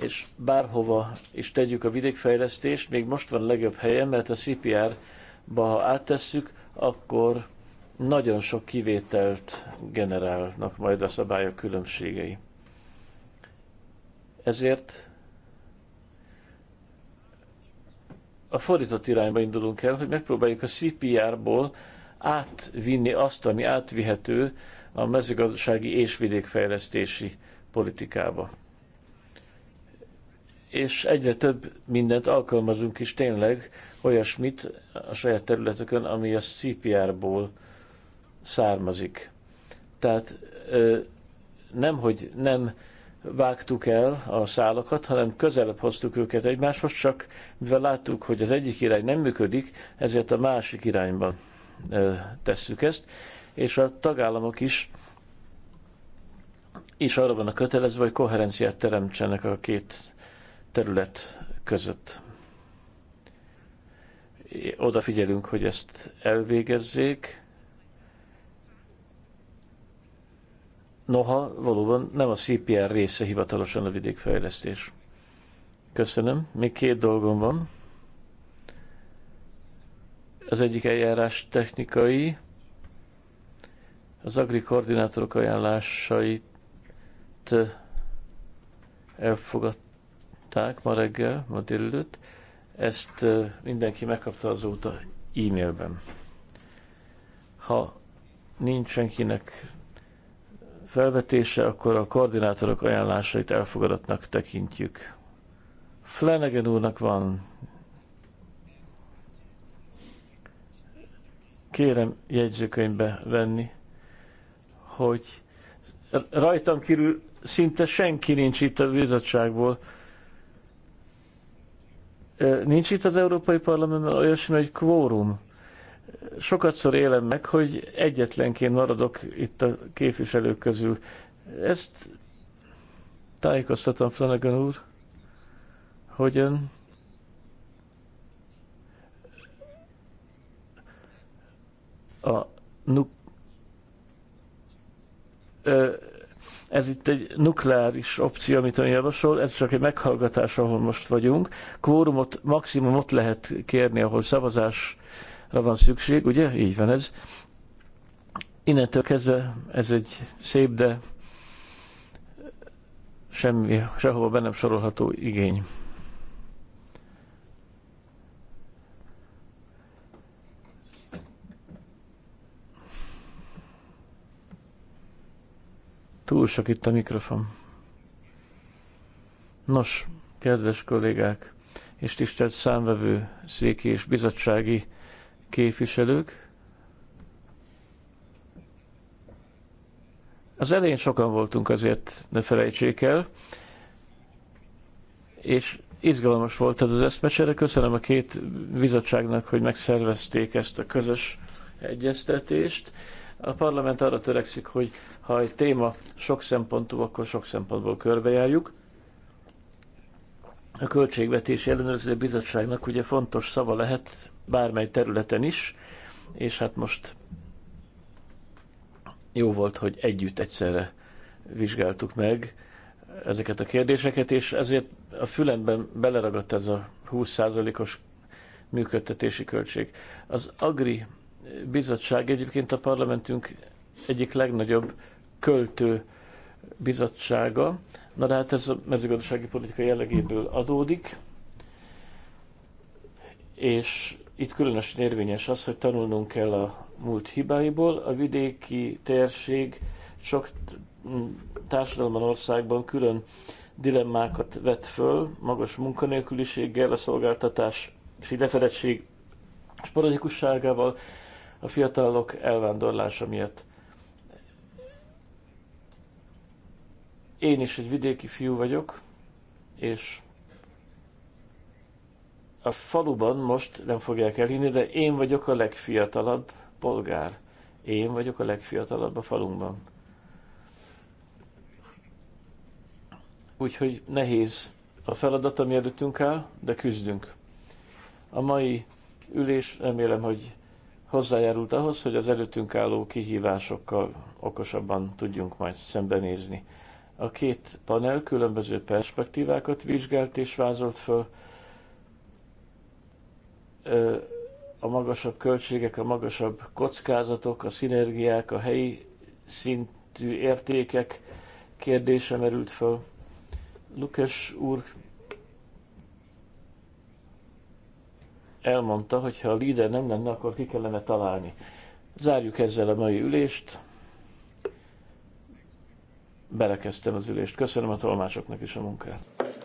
És bárhova is tegyük a vidékfejlesztést, még most van legjobb helyen, mert a CPR-ba, ha áttesszük, akkor nagyon sok kivételt generálnak majd a szabályok különbségei. Ezért a fordított irányba indulunk el, hogy megpróbáljuk a CPR-ból átvinni azt, ami átvihető a mezőgazdasági és vidékfejlesztési politikába. És egyre több mindent alkalmazunk is tényleg, olyasmit a saját területeken, ami a CPR-ból származik. Tehát nem, hogy nem vágtuk el a szálakat, hanem közelebb hoztuk őket egymáshoz, csak mivel láttuk, hogy az egyik irány nem működik, ezért a másik irányban tesszük ezt, és a tagállamok is is arra a kötelezve, hogy koherenciát teremtsenek a két terület között. Odafigyelünk, hogy ezt elvégezzék, Noha valóban nem a CPR része hivatalosan a vidékfejlesztés. Köszönöm. Még két dolgom van. Az egyik eljárás technikai. Az agri koordinátorok ajánlásait eh, elfogadták ma reggel, ma délelőtt. Ezt eh, mindenki megkapta azóta e-mailben. Ha nincs senkinek felvetése, akkor a koordinátorok ajánlásait elfogadatnak tekintjük. Flanagan úrnak van. Kérem jegyzőkönyvbe venni, hogy rajtam kívül szinte senki nincs itt a bizottságból. Nincs itt az Európai Parlamentben olyasmi, hogy kvórum sokatszor élem meg, hogy egyetlenként maradok itt a képviselők közül. Ezt tájékoztatom Flanagan úr, hogy ön a nuk... ez itt egy nukleáris opció, amit ön javasol, ez csak egy meghallgatás, ahol most vagyunk. Kvórumot, maximumot lehet kérni, ahol szavazás van szükség, ugye? Így van ez. Innentől kezdve ez egy szép, de semmi, sehova be nem sorolható igény. Túl sok itt a mikrofon. Nos, kedves kollégák és tisztelt számvevő, széki és bizottsági képviselők. Az elején sokan voltunk, azért ne felejtsék el, és izgalmas volt ez az eszmecsere. Köszönöm a két bizottságnak, hogy megszervezték ezt a közös egyeztetést. A parlament arra törekszik, hogy ha egy téma sok szempontú, akkor sok szempontból körbejárjuk. A Költségvetési Ellenőrző Bizottságnak ugye fontos szava lehet bármely területen is, és hát most jó volt, hogy együtt egyszerre vizsgáltuk meg ezeket a kérdéseket, és ezért a fülemben beleragadt ez a 20%-os működtetési költség. Az Agri Bizottság egyébként a parlamentünk egyik legnagyobb költő bizottsága, na de hát ez a mezőgazdasági politika jellegéből adódik, és itt különösen érvényes az, hogy tanulnunk kell a múlt hibáiból. A vidéki térség sok társadalman országban külön dilemmákat vet föl, magas munkanélküliséggel, a szolgáltatási lefedettség sporadikusságával, a fiatalok elvándorlása miatt. Én is egy vidéki fiú vagyok, és a faluban most nem fogják elhinni, de én vagyok a legfiatalabb polgár. Én vagyok a legfiatalabb a falunkban. Úgyhogy nehéz a feladat, ami előttünk áll, de küzdünk. A mai ülés remélem, hogy hozzájárult ahhoz, hogy az előttünk álló kihívásokkal okosabban tudjunk majd szembenézni. A két panel különböző perspektívákat vizsgált és vázolt föl, a magasabb költségek, a magasabb kockázatok, a szinergiák, a helyi szintű értékek kérdése merült föl. Lukes úr elmondta, hogy ha a líder nem lenne, akkor ki kellene találni. Zárjuk ezzel a mai ülést. Belekezdtem az ülést. Köszönöm a tolmácsoknak is a munkát.